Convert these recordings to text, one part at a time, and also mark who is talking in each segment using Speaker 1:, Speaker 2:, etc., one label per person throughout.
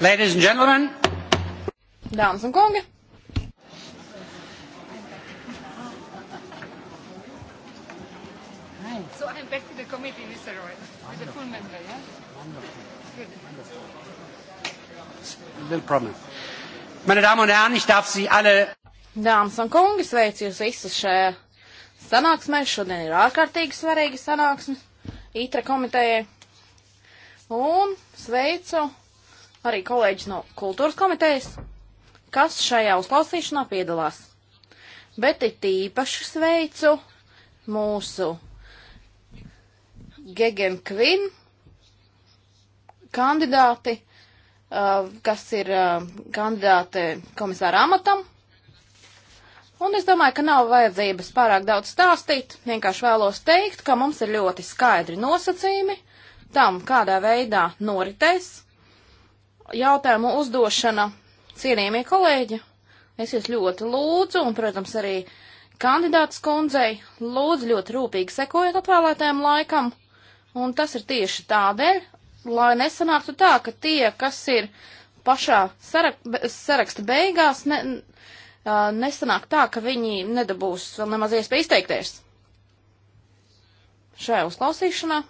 Speaker 1: Ladies and gentlemen.
Speaker 2: Dāmas un kungi. So I'm
Speaker 3: back to the committee, Mr. Roy, with the full member, yeah?
Speaker 1: Wonderful. Good. Wonderful. Little problem. Meine Damen und Herren, ich darf Sie alle.
Speaker 2: Dāmas un kungi, sveicu jūs visus šajā sanāksmē. Šodien ir ārkārtīgi svarīga sanāksme ITRA komitejai. Un sveicu arī kolēģis no kultūras komitejas, kas šajā uzklausīšanā piedalās. Bet it īpaši sveicu mūsu Gegen Kvin kandidāti, uh, kas ir uh, kandidāte komisāra amatam. Un es domāju, ka nav vajadzības pārāk daudz stāstīt. Vienkārši vēlos teikt, ka mums ir ļoti skaidri nosacījumi tam, kādā veidā noritēs jautājumu uzdošana, cienījamie kolēģi. Es jūs ļoti lūdzu, un, protams, arī kandidātas kundzei, lūdzu ļoti rūpīgi sekojiet atvēlētajam laikam, un tas ir tieši tādēļ, lai nesanāktu tā, ka tie, kas ir pašā sarak saraksta beigās, ne, uh, nesanāk tā, ka viņi nedabūs vēl nemaz iespēju izteikties. Šajā uzklausīšanā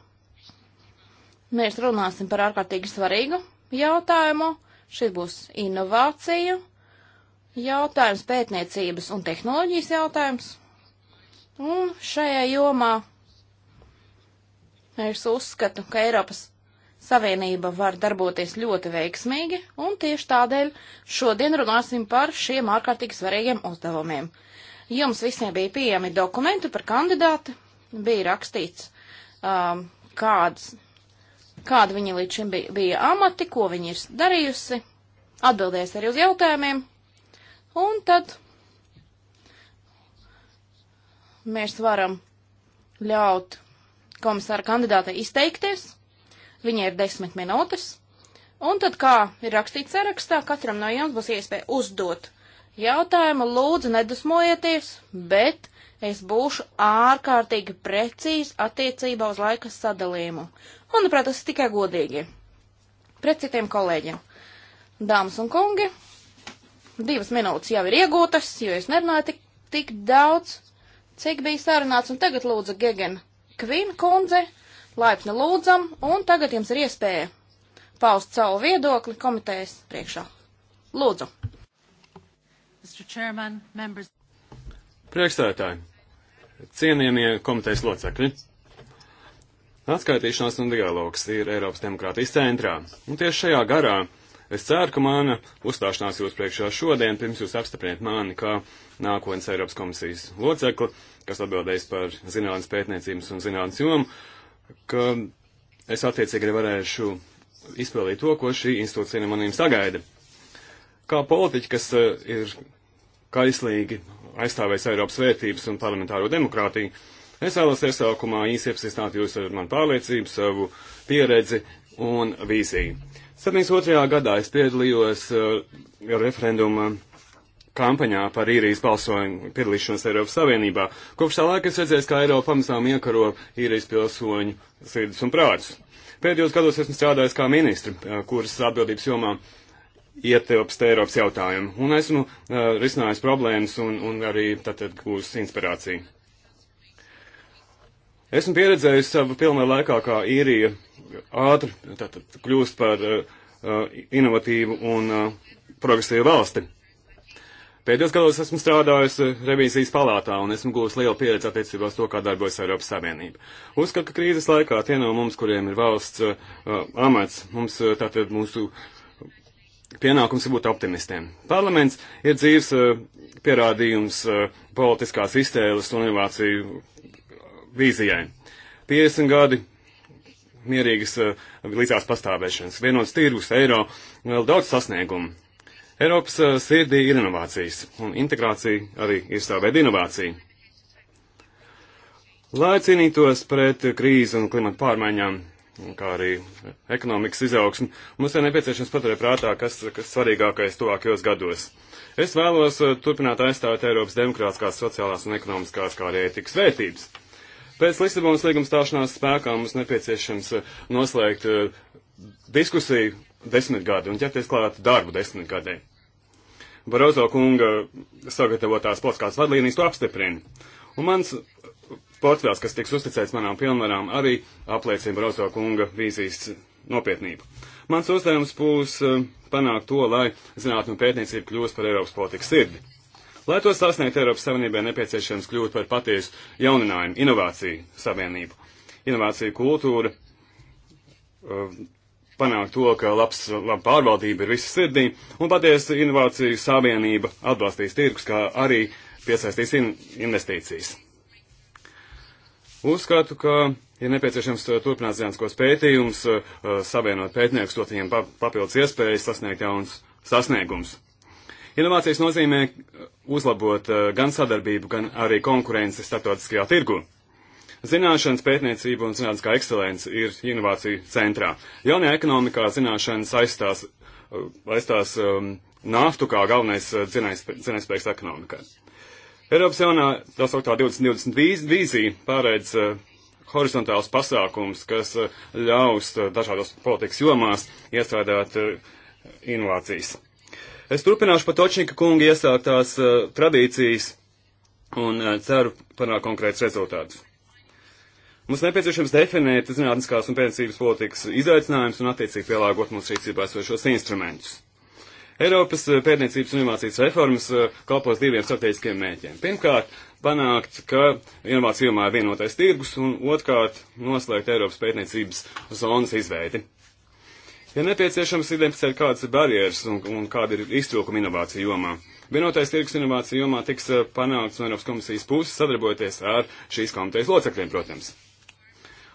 Speaker 2: mēs runāsim par ārkārtīgi svarīgu jautājumu. Šis būs inovāciju jautājums, pētniecības un tehnoloģijas jautājums. Un šajā jomā es uzskatu, ka Eiropas Savienība var darboties ļoti veiksmīgi, un tieši tādēļ šodien runāsim par šiem ārkārtīgi svarīgiem uzdevumiem. Jums visiem bija pieejami dokumenti par kandidāti, bija rakstīts, um, kādas kāda viņa līdz šim bija, bija amati, ko viņa ir darījusi, atbildēs arī uz jautājumiem, un tad mēs varam ļaut komisāra kandidātei izteikties, viņai ir desmit minūtes, un tad, kā ir rakstīts sarakstā, katram no jums būs iespēja uzdot jautājumu, lūdzu, nedusmojieties, bet es būšu ārkārtīgi precīzi attiecībā uz laika sadalījumu. Manuprāt, tas ir tikai godīgi. Pret citiem kolēģiem. Dāmas un kungi, divas minūtes jau ir iegūtas, jo es nerunāju tik, tik daudz, cik bija sarunāts, un tagad lūdzu Gegen Kvin kundze, laipni lūdzam, un tagad jums ir iespēja paust savu viedokli komitejas priekšā. Lūdzu.
Speaker 3: Priekšstādātāji, Cienījamie komitejas locekļi, atskaitīšanās un dialogs ir Eiropas demokrātijas centrā. Un tieši šajā garā es ceru, ka mana uzstāšanās jūs priekšā šodien, pirms jūs apstiprināt mani kā nākotnes Eiropas komisijas locekli, kas atbildēs par zinātnes pētniecības un zinātnes jomu, ka es attiecīgi arī varēšu izpildīt to, ko šī institūcija no manīm sagaida. Kā politiķi, kas eh, ir kaislīgi aizstāvēs Eiropas vērtības un parlamentāro demokrātiju. Es vēlos iesākumā īsi iepazīstināt jūs ar manu pārliecību, savu pieredzi un vīziju. 72. gadā es piedalījos uh, referenduma kampaņā par īrijas balsojumu piedalīšanos Eiropas Savienībā. Kopš tā laika es redzēju, kā Eiropa pamazām iekaro īrijas pilsoņu sirdis un prātus. Pēdējos gados esmu strādājis kā ministri, uh, kuras atbildības jomā uh, ietilpst Eiropas jautājumu. Un esmu uh, risinājis problēmas un, un arī tātad gūs inspirāciju. Esmu pieredzējis savu pilnā laikā, kā īrija ātri tātad, kļūst par uh, uh inovatīvu un uh, progresīvu valsti. Pēdējos gados esmu strādājis uh, revīzijas palātā un esmu gūst lielu pieredzi attiecībā uz to, kā darbojas Eiropas Savienība. Uzskatu, ka krīzes laikā tie no mums, kuriem ir valsts uh, uh amats, mums uh, tātad mūsu uh, pienākums ir būt optimistiem. Parlaments ir dzīves uh, pierādījums uh, politiskās iztēles un inovāciju eh, vīzijai. 50 gadi mierīgas uh, līdzās pastāvēšanas, vienots tirgus, eiro, vēl daudz sasniegumu. Eiropas sirdī ir inovācijas, un integrācija arī ir sava veida inovācija. Lai cīnītos pret krīzi un klimatu pārmaiņām, kā arī ekonomikas izaugsmu. Mums ir nepieciešams paturēt prātā, kas, kas svarīgākais tuvākajos gados. Es vēlos uh, turpināt aizstāvēt Eiropas demokrātiskās, sociālās un ekonomiskās, kā arī ētikas vērtības. Pēc Lisabonas līguma stāšanās spēkā mums nepieciešams uh, noslēgt uh, diskusiju desmitgadi un ķerties klāt darbu desmitgadē. Barozo kunga sagatavotās politiskās vadlīnijas to apstiprina. Un mans portfels, kas tiks uzticēts manām pilnvarām, arī apliecina Brozo kunga vīzijas nopietnību. Mans uzdevums būs eh, panākt to, lai zinātnē un pētniecība kļūst par Eiropas politikas sirdi. Lai to sasniegtu, Eiropas Savienībai nepieciešams kļūt par patiesu jauninājumu, inovāciju savienību. Inovāciju kultūra eh, panākt to, ka labs, laba pārvaldība ir visu sirdī, un patiesa inovāciju savienība atbalstīs tirgus, kā arī piesaistīs in investīcijas. Uzskatu, ka ir nepieciešams uh, turpināt zinātniskos pētījumus, uh, uh, savienot pētniekus, dot viņiem papildus iespējas sasniegt jaunas sasniegums. Inovācijas nozīmē uzlabot gan sadarbību, gan arī konkurenci starptautiskajā tirgu. Zināšanas, pētniecība un zinātniskā ekscelence ir inovāciju centrā. Jaunajā ekonomikā zināšanas aizstās, aizstās um, naftu kā galvenais dzinējspēks ekonomikai. Eiropas jaunā tā sauktā 2020 vīzija pārēdz uh, horizontāls pasākums, kas uh, ļaus uh, dažādos politikas jomās iestrādāt inovācijas. Es turpināšu pat Očņika kunga iesāktās tradīcijas un ceru panākt konkrētus rezultātus. Mums nepieciešams definēt zinātniskās un pēcības politikas izaicinājumus un attiecīgi pielāgot mūsu rīcībā esošos instrumentus. Eiropas eh, pētniecības un inovācijas reformas eh, kalpos diviem strateģiskiem mēķiem. Pirmkārt, panākt, ka inovācija jomā ir vienotais tirgus, un otrkārt, noslēgt Eiropas pētniecības zonas izveidi. Ja nepieciešams identificēt, kādas ir barjeras un, un kāda ir iztrūkuma inovāciju jomā. Vienotais tirgus inovāciju jomā tiks eh, panākts no Eiropas komisijas puses, sadarbojoties ar šīs komitejas locekļiem, protams.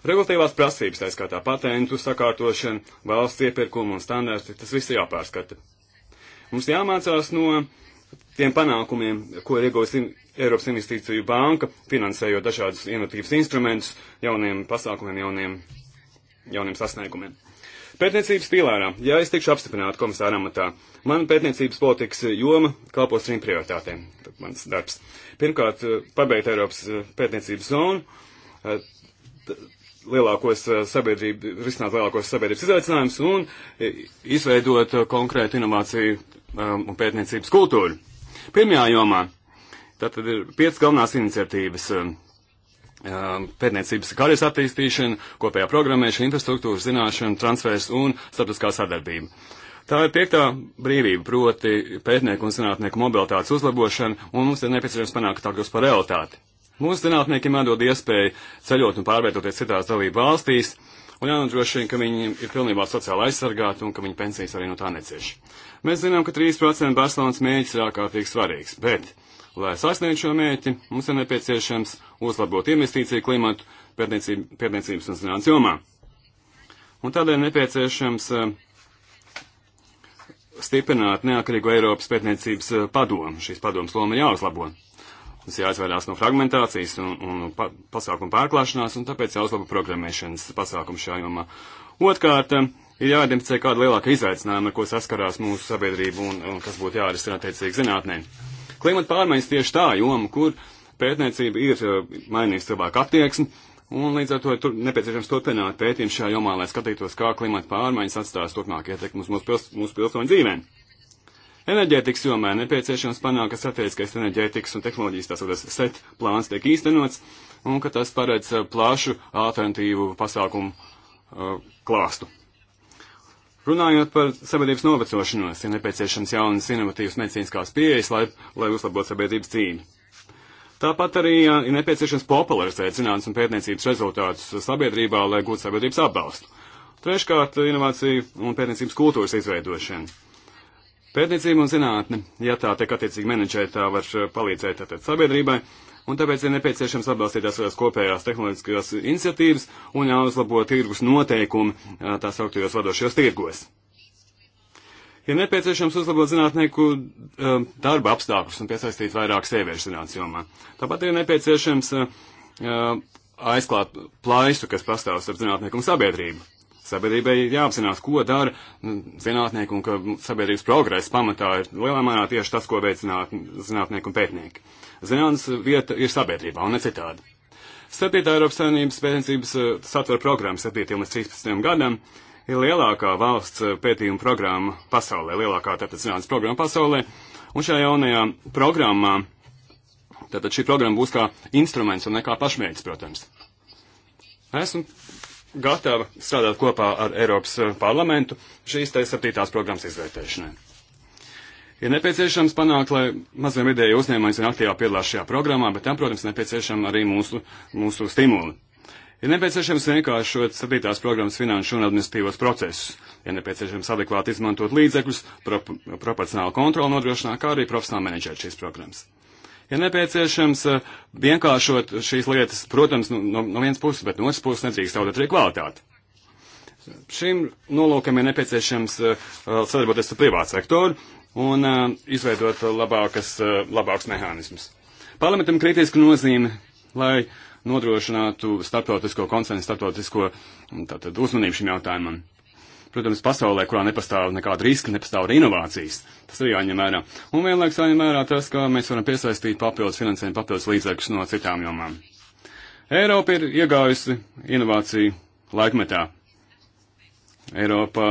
Speaker 3: Regulatīvās prasības, tā skatā patentu sakārtošana, valsts iepirkuma un standarti, tas viss ir jāpārskata. Mums jāmācās no tiem panākumiem, ko ir iegūst Eiropas investīciju banka, finansējot dažādus inovatīvus instrumentus jauniem pasākumiem, jauniem, jauniem sasniegumiem. Pētniecības pīlārā, ja es tikšu apstiprināta komisāra amatā, man pētniecības politikas joma kalpos trim prioritātēm. Tad mans darbs. Pirmkārt, eh, pabeigt Eiropas eh, pētniecības zonu, eh, lielākos eh, sabiedrību, risināt lielākos sabiedrības izaicinājumus un eh, izveidot eh, konkrētu inovāciju un pētniecības kultūru. Pirmajā jomā tātad ir piecas galvenās iniciatīvas pētniecības karjeras attīstīšana, kopējā programmēšana, infrastruktūras zināšana, transfers un starptautiskā sadarbība. Tā ir piektā brīvība, proti pētnieku un zinātnieku mobilitātes uzlabošana, un mums ir nepieciešams panākt tā kļūst par realitāti. Mūsu zinātniekiem jādod iespēju ceļot un pārvietoties citās dalību valstīs, un jānodrošina, ka viņi ir pilnībā sociāli aizsargāti un ka viņu pensijas arī no tā necieš. Mēs zinām, ka 3% Barcelonas mēģis ir ārkārtīgi svarīgs, bet, lai sasniegtu šo mēķi, mums ir nepieciešams uzlabot investīciju klimatu pētniecības un zinātnes jomā. Un tādēļ nepieciešams eh, stiprināt neatkarīgo Eiropas pētniecības eh, padomu. Šīs padomas loma jāuzlabo. Mums jāizvairās no fragmentācijas un, un pa, pasākumu pārklāšanās, un tāpēc jāuzlabo programmēšanas pasākumu šajā jomā. Otrkārt, ir jāidentificē kāda lielāka izaicinājuma, ar ko saskarās mūsu sabiedrība un, un kas būtu jārisina attiecīgi zinātnē. Klimata pārmaiņas tieši tā joma, kur pētniecība ir eh, mainījusi cilvēku attieksmi, un līdz ar to ir nepieciešams turpināt pētījumu šajā jomā, lai skatītos, kā klimata pārmaiņas atstās turpmāk ietekmi uz mūsu, pils, mūsu pilsoņu dzīvēm. Enerģētikas jomē nepieciešams panākt, ka strateģiskais enerģētikas un tehnoloģijas tās otrs set plāns tiek īstenots un ka tas paredz eh, plašu alternatīvu pasākumu uh, klāstu. Runājot par sabiedrības novecošanos, ir nepieciešams jaunas inovatīvas medicīniskās pieejas, lai, lai uzlabotu sabiedrības dzīvi. Tāpat arī uh, ir nepieciešams popularizēt zinātnes un pētniecības rezultātus sabiedrībā, lai gūtu sabiedrības atbalstu. Treškārt, inovāciju un pētniecības kultūras izveidošana. Pētniecība un zinātne, ja tā tiek attiecīgi menedžēta, tā var eh, palīdzēt tātad sabiedrībai, un tāpēc ir nepieciešams atbalstīt tās kopējās tehnoloģiskās iniciatīvas un jāuzlabo tirgus noteikumi eh, tā sauktajos vadošajos tirgos. Ir ja nepieciešams uzlabot zinātnieku uh, darba apstākļus un piesaistīt vairāk sieviešu zinātnes jomā. Tāpat ir nepieciešams uh, aizklāt plaisu, kas pastāv starp zinātnieku un sabiedrību. Sabiedrībai ir jāapzinās, ko dara nu, zinātnieki un ka sabiedrības progresa pamatā ir lielā mērā tieši tas, ko veic zinātnieki un pētnieki. Zinātnes vieta ir sabiedrībā un ne citādi. 7. Eiropas Savienības pētniecības eh, satvera programma 7. līdz 13. gadam ir lielākā valsts eh, pētījuma programma pasaulē, lielākā tātad zinātnes programma pasaulē, un šajā jaunajā programmā, tātad šī programma būs kā instruments un ne kā pašmērķis, protams. Esmu gatava strādāt kopā ar Eiropas eh, parlamentu šīs te septītās programmas izvērtēšanai. Ir nepieciešams panākt, lai maziem vidēji uzņēmējs ir aktīvā piedalās šajā programmā, bet tam, protams, nepieciešama arī mūsu, mūsu stimuli. Ir nepieciešams vienkāršot sadītās programmas finanšu un administratīvos procesus. Ir nepieciešams adekvāti izmantot līdzekļus, pro, proporcionālu kontroli nodrošināt, kā arī profesionāli menedžēt šīs programmas. Ja nepieciešams eh, vienkāršot šīs lietas, protams, nu, no, no vienas puses, bet no otras puses nedrīkst zaudēt arī kvalitāti. Šim nolūkam ir nepieciešams eh, sadarboties ar privātu sektoru un eh, izveidot labākas, labākus mehānismus. Parlamentam kritiski nozīme, lai nodrošinātu starptautisko konsensu, starptautisko tātad, uzmanību šim jautājumam. Protams, pasaulē, kurā nepastāv nekāda riska, nepastāv arī inovācijas. Tas ir jāņem vērā. Un vienlaiks jāņem vērā tas, ka mēs varam piesaistīt papildus finansējumu, papildus līdzekļus no citām jomām. Eiropa ir iegājusi inovāciju laikmetā. Eiropa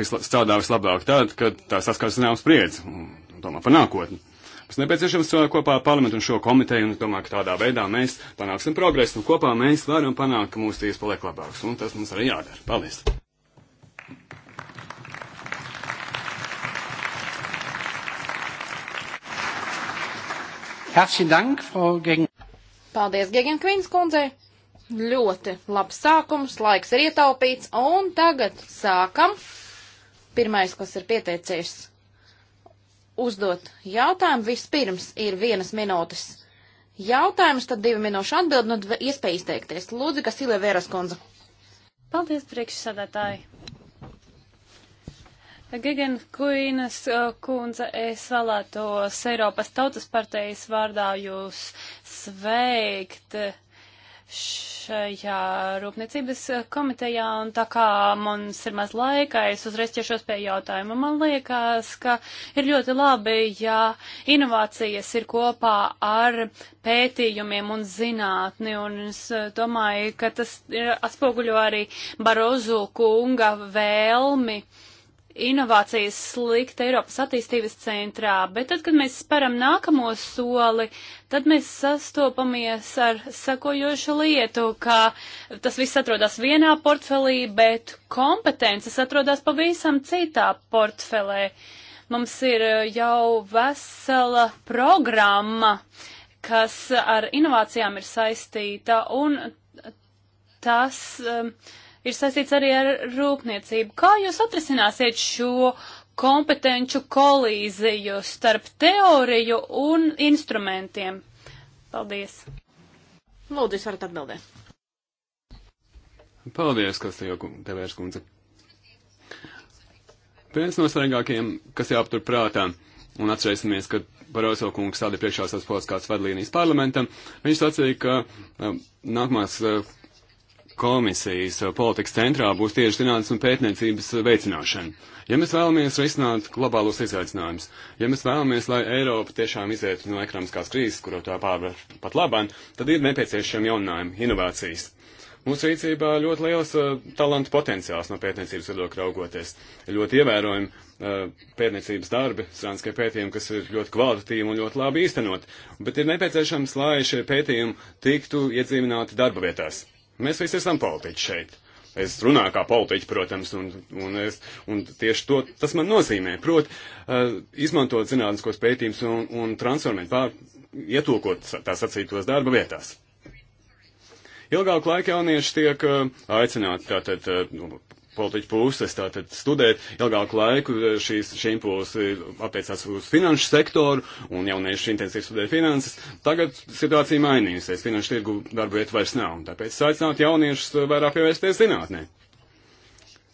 Speaker 3: visla, strādā vislabāk tad, kad tā saskars zināms spriedzi un domā par nākotni. Mums nepieciešams strādāt kopā ar parlamentu un šo komiteju, un es domāju, ka tādā veidā mēs panāksim progresu, un kopā mēs varam panākt, ka mūsu tiesa paliek labāks, un tas mums arī jādara. Paldies!
Speaker 1: Herzlichen Dank, Frau Gegen.
Speaker 2: Paldies, Gegen Kvīns kundzei. Ļoti labs sākums, laiks ir ietaupīts, un tagad sākam. Pirmais, kas ir pieteicies uzdot jautājumu, vispirms ir vienas minūtes jautājums, tad divi minūšu atbildi, nu, iespēja izteikties. Lūdzu, kas ir Vēras kundze. Paldies, priekšsādātāji.
Speaker 1: Gigan Kuīnas uh, kundze, es vēlētos Eiropas Tautas partijas vārdā jūs sveikt šajā rūpniecības komitejā, un tā kā mums ir maz laika, es uzreiz ķeršos pie jautājuma. Man liekas, ka ir ļoti labi, ja inovācijas ir kopā ar pētījumiem un zinātni, un es uh, domāju, ka tas atspoguļo arī Barozu kunga vēlmi. Uh, inovācijas slikta Eiropas attīstības centrā, bet tad, kad mēs speram nākamo soli, tad mēs sastopamies ar sakojošu lietu, ka tas viss atrodas vienā portfelī, bet kompetences atrodas pavisam citā portfelē. Mums ir e, jau vesela programma, kas ar inovācijām ir saistīta, un tas. Um, ir saistīts arī ar rūpniecību. Kā jūs atrisināsiet šo kompetenču kolīziju starp teoriju un instrumentiem? Paldies! Lūdzu, jūs varat atbildēt.
Speaker 3: Paldies, kas tev tevērs kundze. Viens no svarīgākajiem, kas jāaptur prātā, un atcerēsimies, ka Baroso kungs stāda priekšā savas politiskās vadlīnijas parlamentam, viņš sacīja, ka um, nākamās uh, komisijas politikas centrā būs tieši zinātnes un pētniecības veicināšana. Ja mēs vēlamies risināt globālos izaicinājumus, ja mēs vēlamies, lai Eiropa tiešām iziet no ekonomiskās krīzes, kuru tā pārvar pat labāk, tad ir nepieciešami jauninājumi, inovācijas. Mūsu rīcībā ļoti liels uh, talantu potenciāls no pētniecības viedokļa raugoties. Ir ļoti ievērojami uh, pētniecības darbi, strāniskie pētījumi, kas ir ļoti kvalitatīvi un ļoti labi īstenot, bet ir nepieciešams, lai šie pētījumi tiktu iedzīvināti darba vietās Mēs visi esam politiķi šeit. Es runāju kā politiķi, protams, un, un, es, un tieši to tas man nozīmē. Proti, uh, izmantot zinātniskos pētījumus un, un transformēt, pār, ietulkot tā sacītos darba vietās. Ilgāku laiku jaunieši tiek uh, aicināti tātad uh, politiķu puses, tātad studēt ilgāku laiku, e, šīs, šī impulsi attiecās uz finanšu sektoru, un jaunieši intensīvi studē finanses. Tagad situācija mainījusies, finanšu tirgu darba vietu vairs nav, un tāpēc aicināt jauniešus vairāk pievērsties zinātnē.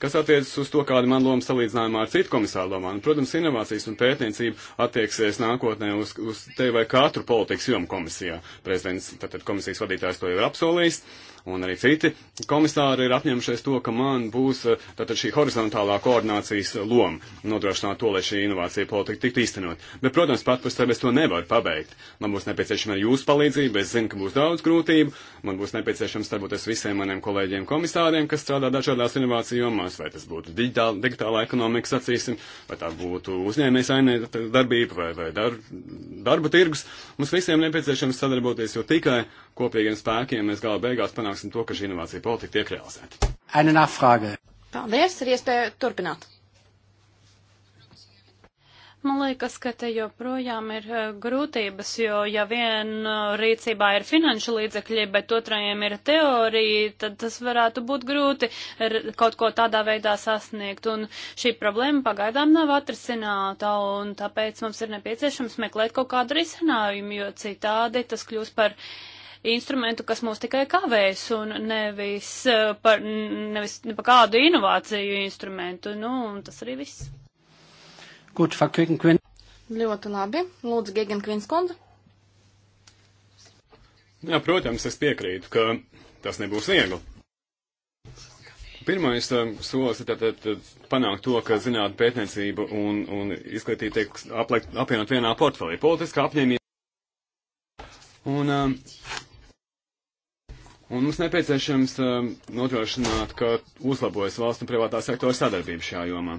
Speaker 3: Kas attiecas uz to, kāda man loma salīdzinājumā ar citu komisāru lomām? Nu, protams, inovācijas un pētniecība attieksies nākotnē uz, uz te vai katru politikas jomu komisijā. Prezidents, tātad komisijas vadītājs to jau ir apsolījis. Uh, un arī citi komisāri ir apņemšies to, ka man būs eh, tātad šī horizontālā koordinācijas eh, loma nodrošināt to, lai šī inovācija politika tiktu īstenot. Bet, protams, pat par sevi es to nevaru pabeigt. Man būs nepieciešama jūsu palīdzība, es zinu, ka būs daudz grūtību, man būs nepieciešams darboties visiem maniem kolēģiem komisāriem, kas strādā dažādās inovāciju jomās, vai tas būtu digitāla, digitāla ekonomika, sacīsim, vai tā būtu uzņēmējs ainē darbība vai, vai dar, darba tirgus. Mums visiem nepieciešams sadarboties, jo tikai kopīgiem spēkiem mēs gala beigās panāksim panāksim to, ka šī inovācija politika tiek realizēta.
Speaker 1: Eine Nachfrage.
Speaker 2: Paldies, ir iespēja turpināt.
Speaker 1: Man liekas, ka te joprojām ir eh, grūtības, jo ja vien eh, rīcībā ir finanšu līdzekļi, bet otrajiem ir teorija, tad tas varētu būt grūti kaut ko tādā veidā sasniegt. Un šī problēma pagaidām nav atrisināta, un tāpēc mums ir nepieciešams meklēt kaut kādu risinājumu, jo citādi tas kļūs par instrumentu, kas mūs tikai kavēs un nevis eh, par, nevis par kādu inovāciju instrumentu. Nu, un tas arī viss. Gut, Frau Kökenkvin.
Speaker 2: Ļoti labi. Lūdzu, Gegenkvins kundze.
Speaker 3: Jā, protams, es piekrītu, ka tas nebūs viegli. Pirmais um, solis ir tātad eh, panākt to, ka zinātnē pētniecība un, un izglītība tiek aplekt, apvienot vienā portfelī. Politiska apņēmība. Un um, Un mums nepieciešams um, nodrošināt, ka uzlabojas valsts un privātā sektora sadarbība šajā jomā.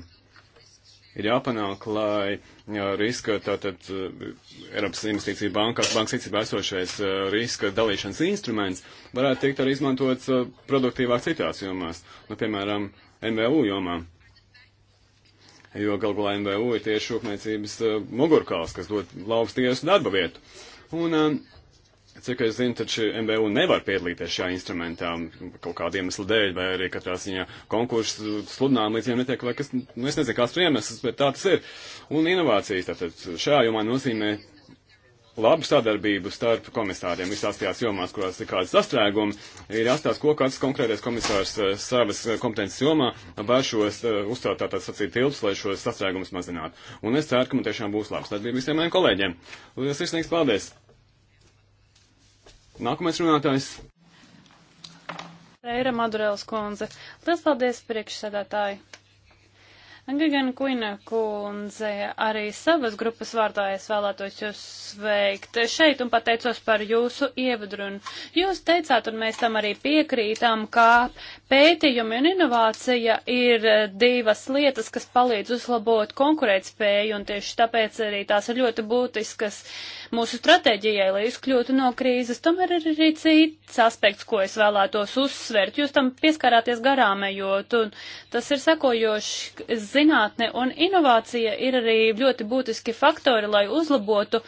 Speaker 3: Ir jāpanāk, lai jā, riska, tātad uh, Eiropas investīcija bankās, bankas rīcībā esošais uh, riska dalīšanas instruments varētu tikt arī izmantots uh, produktīvāk citās jomās, nu, piemēram, MVU jomā. Jo galu galā MVU ir tieši rūpniecības uh, mugurkauls, kas dod labus tiesu darba vietu. Un, uh, Cik es zinu, taču MBU nevar piedalīties šajā instrumentā kaut kāda iemesla dēļ, vai arī katrā ziņā konkursu sludinām līdz viņiem netiek, vai kas, nu es nezinu, kāds tur iemesls, bet tā tas ir. Un inovācijas, tātad šajā jomā nozīmē labu sadarbību starp komisāriem visās tajās jomās, kurās ir kādas sastrēgumi, ir jāstāsta, ko kāds konkrētais komisārs eh, savas eh, kompetences jomā var šos eh, uzstāt tā tāds sacīt tilps, lai šos sastrēgumus mazinātu. Un es ceru, ka man tiešām būs labs sadarbība visiem maniem kolēģiem. Lielas sirsnīgs paldies! Nākamais runātājs.
Speaker 1: Reira Madurēls kundze. Liels paldies priekšsēdētāji. Gagana Kuina kundze, arī savas grupas vārdā es vēlētos jūs sveikt šeit un pateicos par jūsu ievadrunu. Jūs teicāt, un mēs tam arī piekrītām, ka pētījumi un inovācija ir divas lietas, kas palīdz uzlabot konkurētspēju, un tieši tāpēc arī tās ir ļoti būtiskas mūsu stratēģijai, lai izkļūtu no krīzes. Tomēr ir arī cits aspekts, ko es vēlētos uzsvērt. Jūs tam pieskarāties garām ejot, un tas ir sekojoši zinātne un inovācija ir arī ļoti būtiski faktori, lai uzlabotu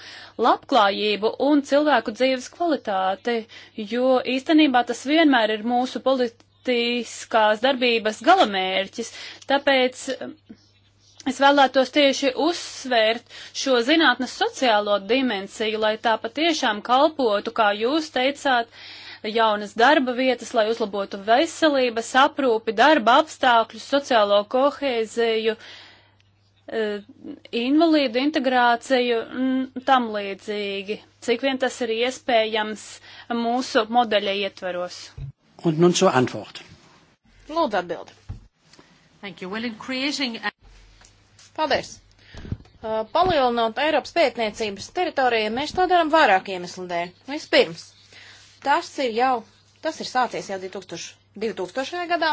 Speaker 1: labklājību un cilvēku dzīves kvalitāti, jo īstenībā tas vienmēr ir mūsu politiskās darbības galamērķis. Tāpēc um, es vēlētos tieši uzsvērt šo zinātnes sociālo dimensiju, lai tā patiešām kalpotu, kā jūs teicāt, uh, jaunas darba vietas, lai uzlabotu veselības aprūpi, darba apstākļus, sociālo kohēziju, e, invalīdu integrāciju un tam līdzīgi, cik vien tas ir iespējams mūsu modeļa ietveros. Un nun zur Antwort. Lūdzu atbildi. Thank you. Well, in creating...
Speaker 2: Paldies! Uh, palielinot Eiropas pētniecības teritoriju, mēs to darām vairāk iemeslu dēļ. Vispirms, Tas ir jau, tas ir sācies jau 2000, 2000. gadā,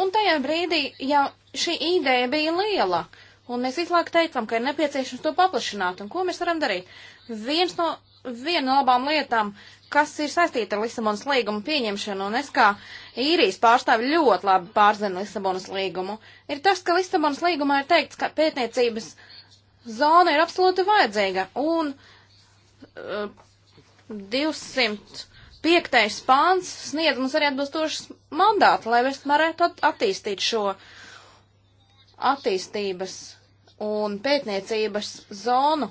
Speaker 2: un tajā brīdī jau šī ideja bija liela, un mēs visu laiku teicām, ka ir nepieciešams to paplašināt, un ko mēs varam darīt? Viens no, viena no labām lietām, kas ir saistīta ar Lisabonas līgumu pieņemšanu, un es kā īrijas pārstāvi ļoti labi pārzinu Lisabonas līgumu, ir tas, ka Lisabonas līgumā ir teikts, ka pētniecības zona ir absolūti vajadzīga, un uh, 205. pāns sniedz mums arī atbilstošas mandātu, lai mēs varētu at attīstīt šo attīstības un pētniecības zonu.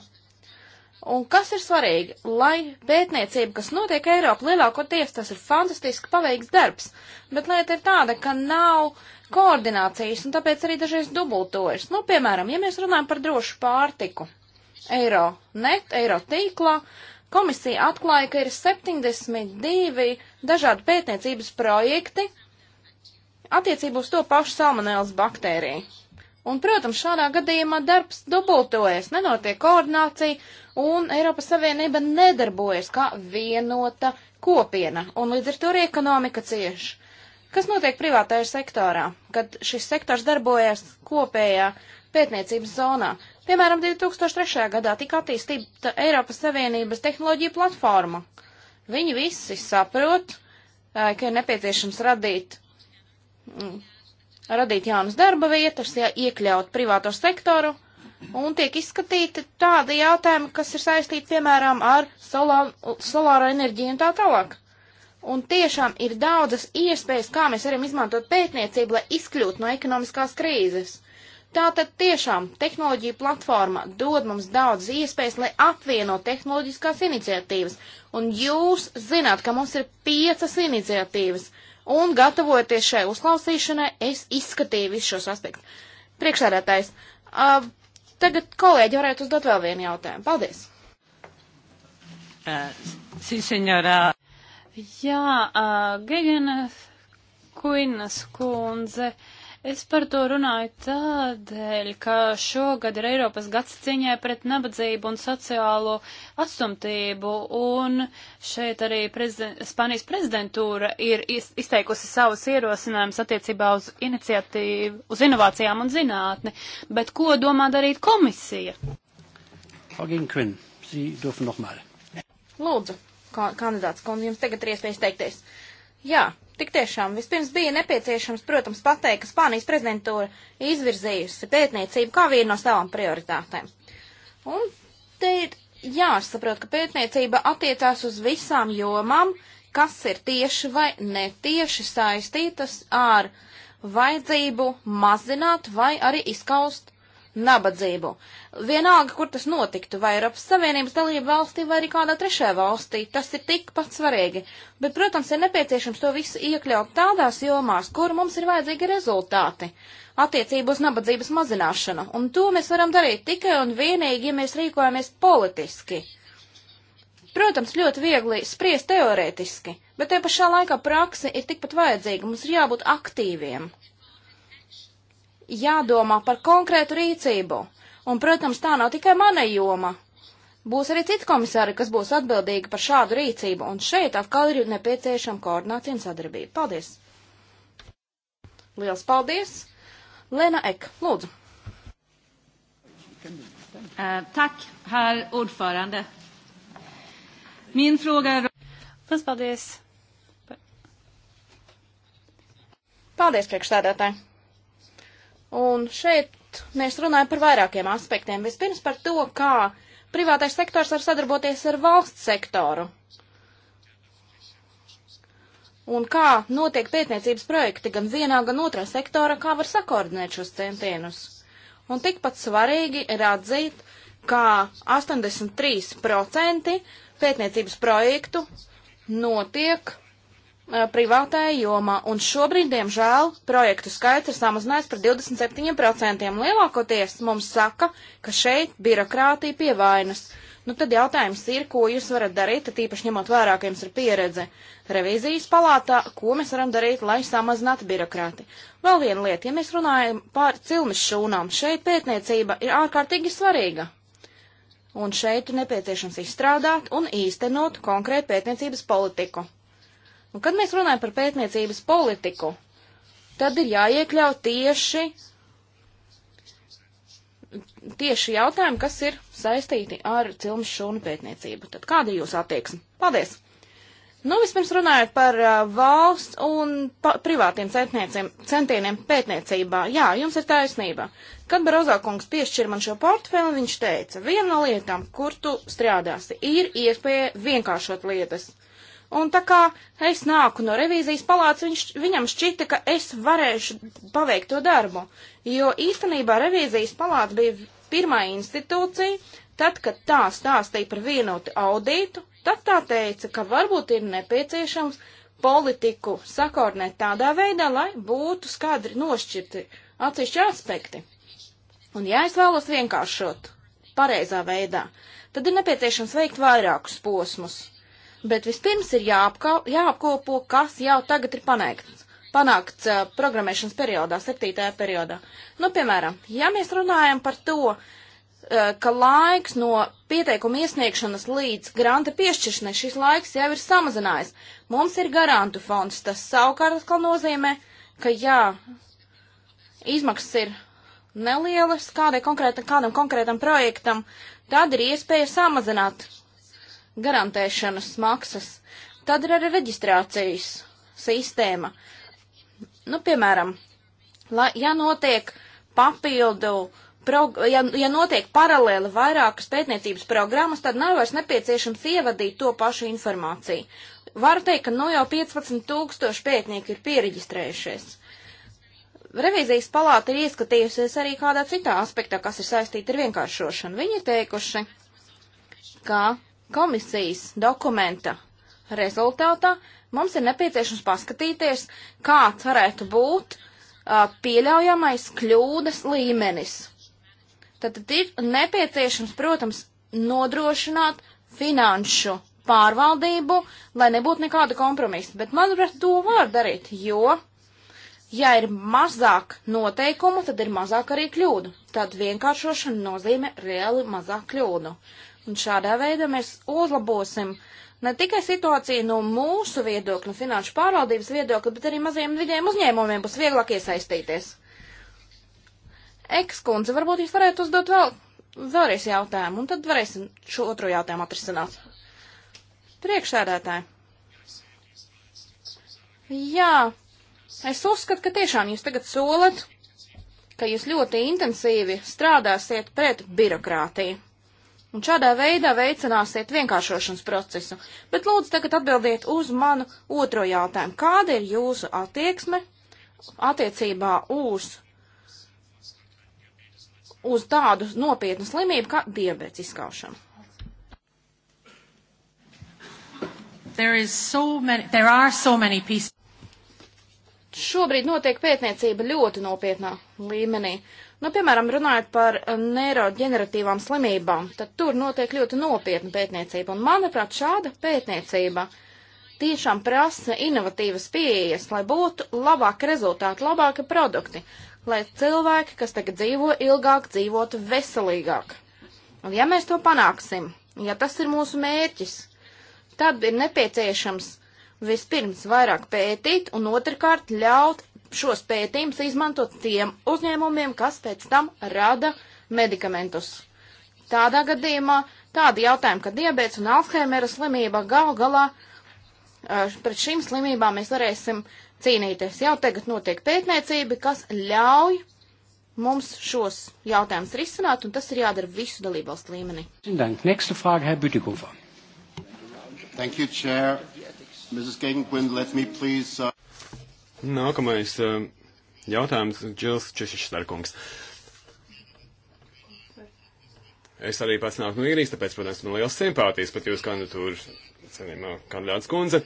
Speaker 2: Un kas ir svarīgi, lai pētniecība, kas notiek Eiropā, lielākoties tas ir fantastiski paveikts darbs, bet lieta ir tāda, ka nav koordinācijas un tāpēc arī dažreiz dubultojas. Nu, piemēram, ja mēs runājam par drošu pārtiku, eiro net, eiro tīklā, Komisija atklāja, ka ir 72 dažādi pētniecības projekti attiecībā uz to pašu salmonēlas baktēriju. Un, protams, šādā gadījumā darbs dubultojas, nenotiek koordinācija, un Eiropas Savienība nedarbojas kā vienota kopiena, un līdz ar to arī ekonomika cieši. Kas notiek privātajā sektorā, kad šis sektors darbojas kopējā pētniecības zonā? Piemēram, 2003. gadā tika attīstīta Eiropas Savienības tehnoloģija platforma. Viņi visi saprot, eh, ka ir nepieciešams radīt, mm, radīt jaunas darba vietas, ja iekļaut privāto sektoru, un tiek izskatīti tādi jautājumi, kas ir saistīti, piemēram, ar solā, solāro enerģiju un tā tālāk. Un tiešām ir daudzas iespējas, kā mēs varam izmantot pētniecību, lai izkļūtu no ekonomiskās krīzes. Tātad tiešām tehnoloģija platforma dod mums daudz iespējas, lai apvieno tehnoloģiskās iniciatīvas. Un jūs zināt, ka mums ir piecas iniciatīvas. Un gatavojoties šai uzklausīšanai, es izskatīju visus šos aspektus. Priekšsēdētājs, uh, tagad kolēģi varētu uzdot vēl vienu jautājumu. Paldies!
Speaker 1: Uh, sí, senjorā. Jā, uh, eh, Gegena Kuinas kundze. Uh, Es par to runāju tādēļ, ka šogad ir Eiropas gads cīņai pret nabadzību un sociālo atstumtību, un šeit arī prezident, Spānijas prezidentūra ir izteikusi savus ierosinājumus attiecībā uz iniciatīvu, uz inovācijām un zinātni. Bet ko
Speaker 2: domā darīt komisija?
Speaker 1: Aginquin, Sie dürfen nochmal.
Speaker 2: Lūdzu, kandidāts, kundze, jums tagad ir iespējas teikties. Jā, Tik tiešām, vispirms bija nepieciešams, protams, pateikt, ka Spānijas prezidentūra izvirzījusi pētniecību kā vienu no savām prioritātēm. Un te ir jāsaprot, ka pētniecība attiecās uz visām jomām, kas ir tieši vai netieši saistītas ar vajadzību mazināt vai arī izskaust nabadzību. Vienalga, kur tas notiktu, vai Eiropas Savienības dalība valstī, vai arī kādā trešajā valstī, tas ir tikpat svarīgi. Bet, protams, ir nepieciešams to visu iekļaut tādās jomās, kur mums ir vajadzīgi rezultāti attiecību uz nabadzības mazināšanu, un to mēs varam darīt tikai un vienīgi, ja mēs rīkojamies politiski. Protams, ļoti viegli spriest teorētiski, bet te pašā laikā prakse ir tikpat vajadzīga, mums ir jābūt aktīviem jādomā par konkrētu rīcību. Un, protams, tā nav tikai mana joma. Būs arī citi komisāri, kas būs atbildīgi par šādu rīcību, un šeit atkal ir nepieciešama koordinācija un sadarbība. Paldies! Liels paldies! Lena Ek, lūdzu! Uh, eh, tak, herr ordförande. Min fråga är... Paldies! Paldies, priekšstādātāji! Un šeit mēs runājam par vairākiem aspektiem. Vispirms par to, kā privātais sektors var sadarboties ar valsts sektoru. Un kā notiek pētniecības projekti gan vienā, gan otrā sektora, kā var sakoordinēt šos centienus. Un tikpat svarīgi ir atzīt, ka 83% pētniecības projektu notiek Uh, privātajā jomā, un šobrīd, diemžēl, projektu skaits ir samazinājies par 27%. Lielākoties mums saka, ka šeit birokrātija pie vainas. Nu, tad jautājums ir, ko jūs varat darīt, tad īpaši ņemot vērā, ka jums ir pieredze revīzijas palātā, ko mēs varam darīt, lai samazinātu birokrāti. Vēl viena lieta, ja mēs runājam par cilmes šūnām, šeit pētniecība ir ārkārtīgi svarīga. Un šeit ir nepieciešams izstrādāt un īstenot konkrētu pētniecības politiku. Un kad mēs runājam par pētniecības politiku, tad ir jāiekļaut tieši, tieši jautājumi, kas ir saistīti ar cilmu šūnu pētniecību. Tad kāda ir jūsu attieksme? Paldies! Nu, vispirms runājot par uh, valsts un pa privātiem centieniem pētniecībā. Jā, jums ir taisnība. Kad Barozā kungs piešķir man šo portfeli, viņš teica, viena no lietām, kur tu strādāsi, ir iespēja vienkāršot lietas. Un tā kā es nāku no revīzijas palāca, viņš, viņam šķita, ka es varēšu paveikt to darbu. Jo īstenībā revīzijas palāca bija pirmā institūcija, tad, kad tā stāstīja par vienotu audītu, tad tā teica, ka varbūt ir nepieciešams politiku sakornēt tādā veidā, lai būtu skaidri nošķirti atsevišķi aspekti. Un ja es vēlos vienkāršot pareizā veidā, tad ir nepieciešams veikt vairākus posmus Bet vispirms ir jāapka, jāapkopo, kas jau tagad ir panēkts, panākts uh, programmēšanas periodā, septītajā periodā. Nu, piemēram, ja mēs runājam par to, uh, ka laiks no pieteikuma iesniegšanas līdz granta piešķiršanai šis laiks jau ir samazinājis. Mums ir garantu fonds, tas savukārt atkal nozīmē, ka jā, izmaksas ir nelielas kādai konkrētam, kādam konkrētam projektam, tad ir iespēja samazināt garantēšanas maksas. Tad ir arī reģistrācijas sistēma. Nu, piemēram, lai, ja notiek papildu, prog, ja, ja notiek paralēli vairākas pētniecības programmas, tad nav vairs nepieciešams ievadīt to pašu informāciju. Varu teikt, ka nu jau 15 tūkstoši pētnieku ir pieregistrējušies. Revīzijas palāta ir ieskatījusies arī kādā citā aspektā, kas ir saistīta ar vienkāršošanu. Viņi ir teikuši, ka komisijas dokumenta rezultātā mums ir nepieciešams paskatīties, kāds varētu būt uh, pieļaujamais kļūdas līmenis. Tad ir nepieciešams, protams, nodrošināt finanšu pārvaldību, lai nebūtu nekāda kompromisa. Bet, manuprāt, to var darīt, jo, ja ir mazāk noteikumu, tad ir mazāk arī kļūdu. Tad vienkāršošana nozīmē reāli mazāk kļūdu. Un šādā veidā mēs uzlabosim ne tikai situāciju no mūsu viedokļa, no finanšu pārvaldības viedokļa, bet arī maziem vidiem uzņēmumiem būs vieglāk iesaistīties. Ekskundze, varbūt jūs varētu uzdot vēl, vēlreiz jautājumu, un tad varēsim šo otro jautājumu atrisināt. Priekšsēdētāji. Jā, es uzskatu, ka tiešām jūs tagad solat, ka jūs ļoti intensīvi strādāsiet pret birokrātiju. Un šādā veidā veicināsiet vienkāršošanas procesu. Bet lūdzu tagad atbildiet uz manu otro jautājumu. Kāda ir jūsu attieksme attiecībā uz, uz tādu nopietnu slimību kā diabetes izskaušana? There, so many, there are so many pieces. Šobrīd notiek pētniecība ļoti nopietnā līmenī, Nu, piemēram, runājot par eh, neiroģeneratīvām slimībām, tad tur notiek ļoti nopietna pētniecība. Un, manuprāt, šāda pētniecība tiešām prasa inovatīvas pieejas, lai būtu labāki rezultāti, labāki produkti, lai cilvēki, kas tagad dzīvo ilgāk, dzīvotu veselīgāk. Un, ja mēs to panāksim, ja tas ir mūsu mērķis, tad ir nepieciešams vispirms vairāk pētīt un otrkārt ļaut šos pētījumus izmantot tiem uzņēmumiem, kas pēc tam rada medikamentus. Tādā gadījumā tādi jautājumi, ka diabetes un Alzheimera slimība gal galā pret šīm slimībām mēs varēsim cīnīties. Jau tagad notiek pētniecība, kas ļauj mums šos jautājumus risināt, un tas ir jādara visu dalībvalstu līmenī.
Speaker 3: Thank
Speaker 1: you, Chair. Mrs. Gegenquin, let me please uh,
Speaker 3: Nākamais eh, jautājums Džils Češišstarkungs. Es arī pats nāku no īrijas, tāpēc, protams, man liels simpātijas pat jūs kandidatūru, cenījumā, kandidāts kundze.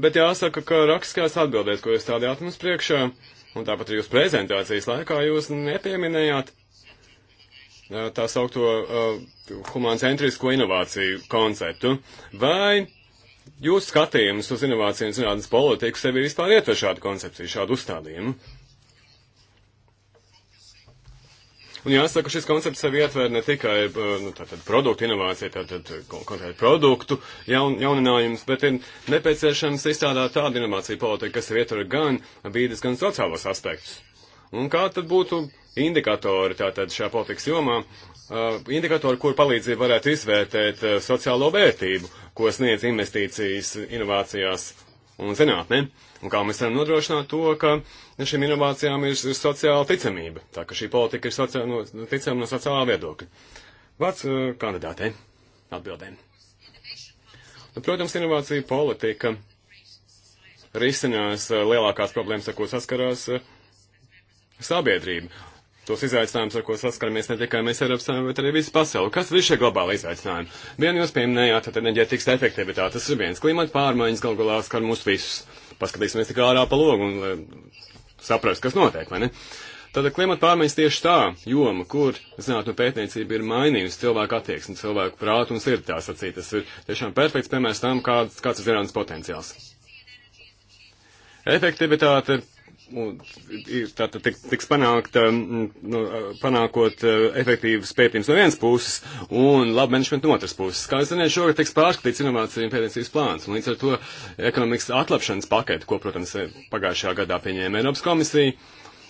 Speaker 3: Bet jāsaka, ka rakstiskās atbildēs, ko jūs stādījāt mums priekšā, un tāpat arī jūs prezentācijas laikā jūs nepieminējāt eh, tā saukto uh, humāncentrisko inovāciju konceptu. Vai Jūsu skatījums uz inovāciju un zinātnes politiku sevi vispār ietver šādu koncepciju, šādu uzstādījumu. Un jāsaka, šis koncepts sev ietver ne tikai eh, nu, tātad produktu inovāciju, tātad konkrēti produktu jaun, jauninājums, bet ir nepieciešams izstrādāt tādu inovāciju politiku, kas ietver gan vīdes, gan sociālos aspektus. Un kā tad būtu indikatori tātad šajā politikas jomā, uh, indikatori, kur palīdzību varētu izvērtēt uh, sociālo vērtību, ko sniedz investīcijas inovācijās un zinātnē, un kā mēs varam nodrošināt to, ka šīm inovācijām ir, ir sociāla ticamība, tā ka šī politika ir sociā, no, ticama no sociālā viedokļa. Vārds uh, kandidātei atbildēm. Nu, protams, inovācija politika risinās uh, lielākās problēmas, ar ko saskarās uh, sabiedrību. Tos izaicinājumus, ar ko saskaramies ne tikai mēs Eiropas Savienībā, bet arī visu pasauli. Kas ir šie globāli izaicinājumi? Vienu jūs pieminējāt, tad enerģētikas efektivitāte, tas ir viens. Klimata pārmaiņas gal galā skar mūs visus. Paskatīsimies tikai ārā pa logu un eh, saprast, kas notiek, vai ne? Tātad klimata pārmaiņas tieši tā joma, kur zinātnē no pētniecība ir mainījusi cilvēku attieksmi, cilvēku prātu un sirdi tā sacīt. Tas ir tiešām perfekts piemērs tam, kāds, kāds ir zinātnes potenciāls. Efektivitāte Nu, tātad tiks, tiks panākt, nu, panākot e, efektīvas pētījums no vienas puses un labu menedžmentu no otras puses. Kā jūs zināt, šogad tiks pārskatīts inovāciju un pētniecības plāns, un līdz ar to ekonomikas atlapšanas paketi, ko, protams, e, pagājušajā gadā pieņēma Eiropas komisija,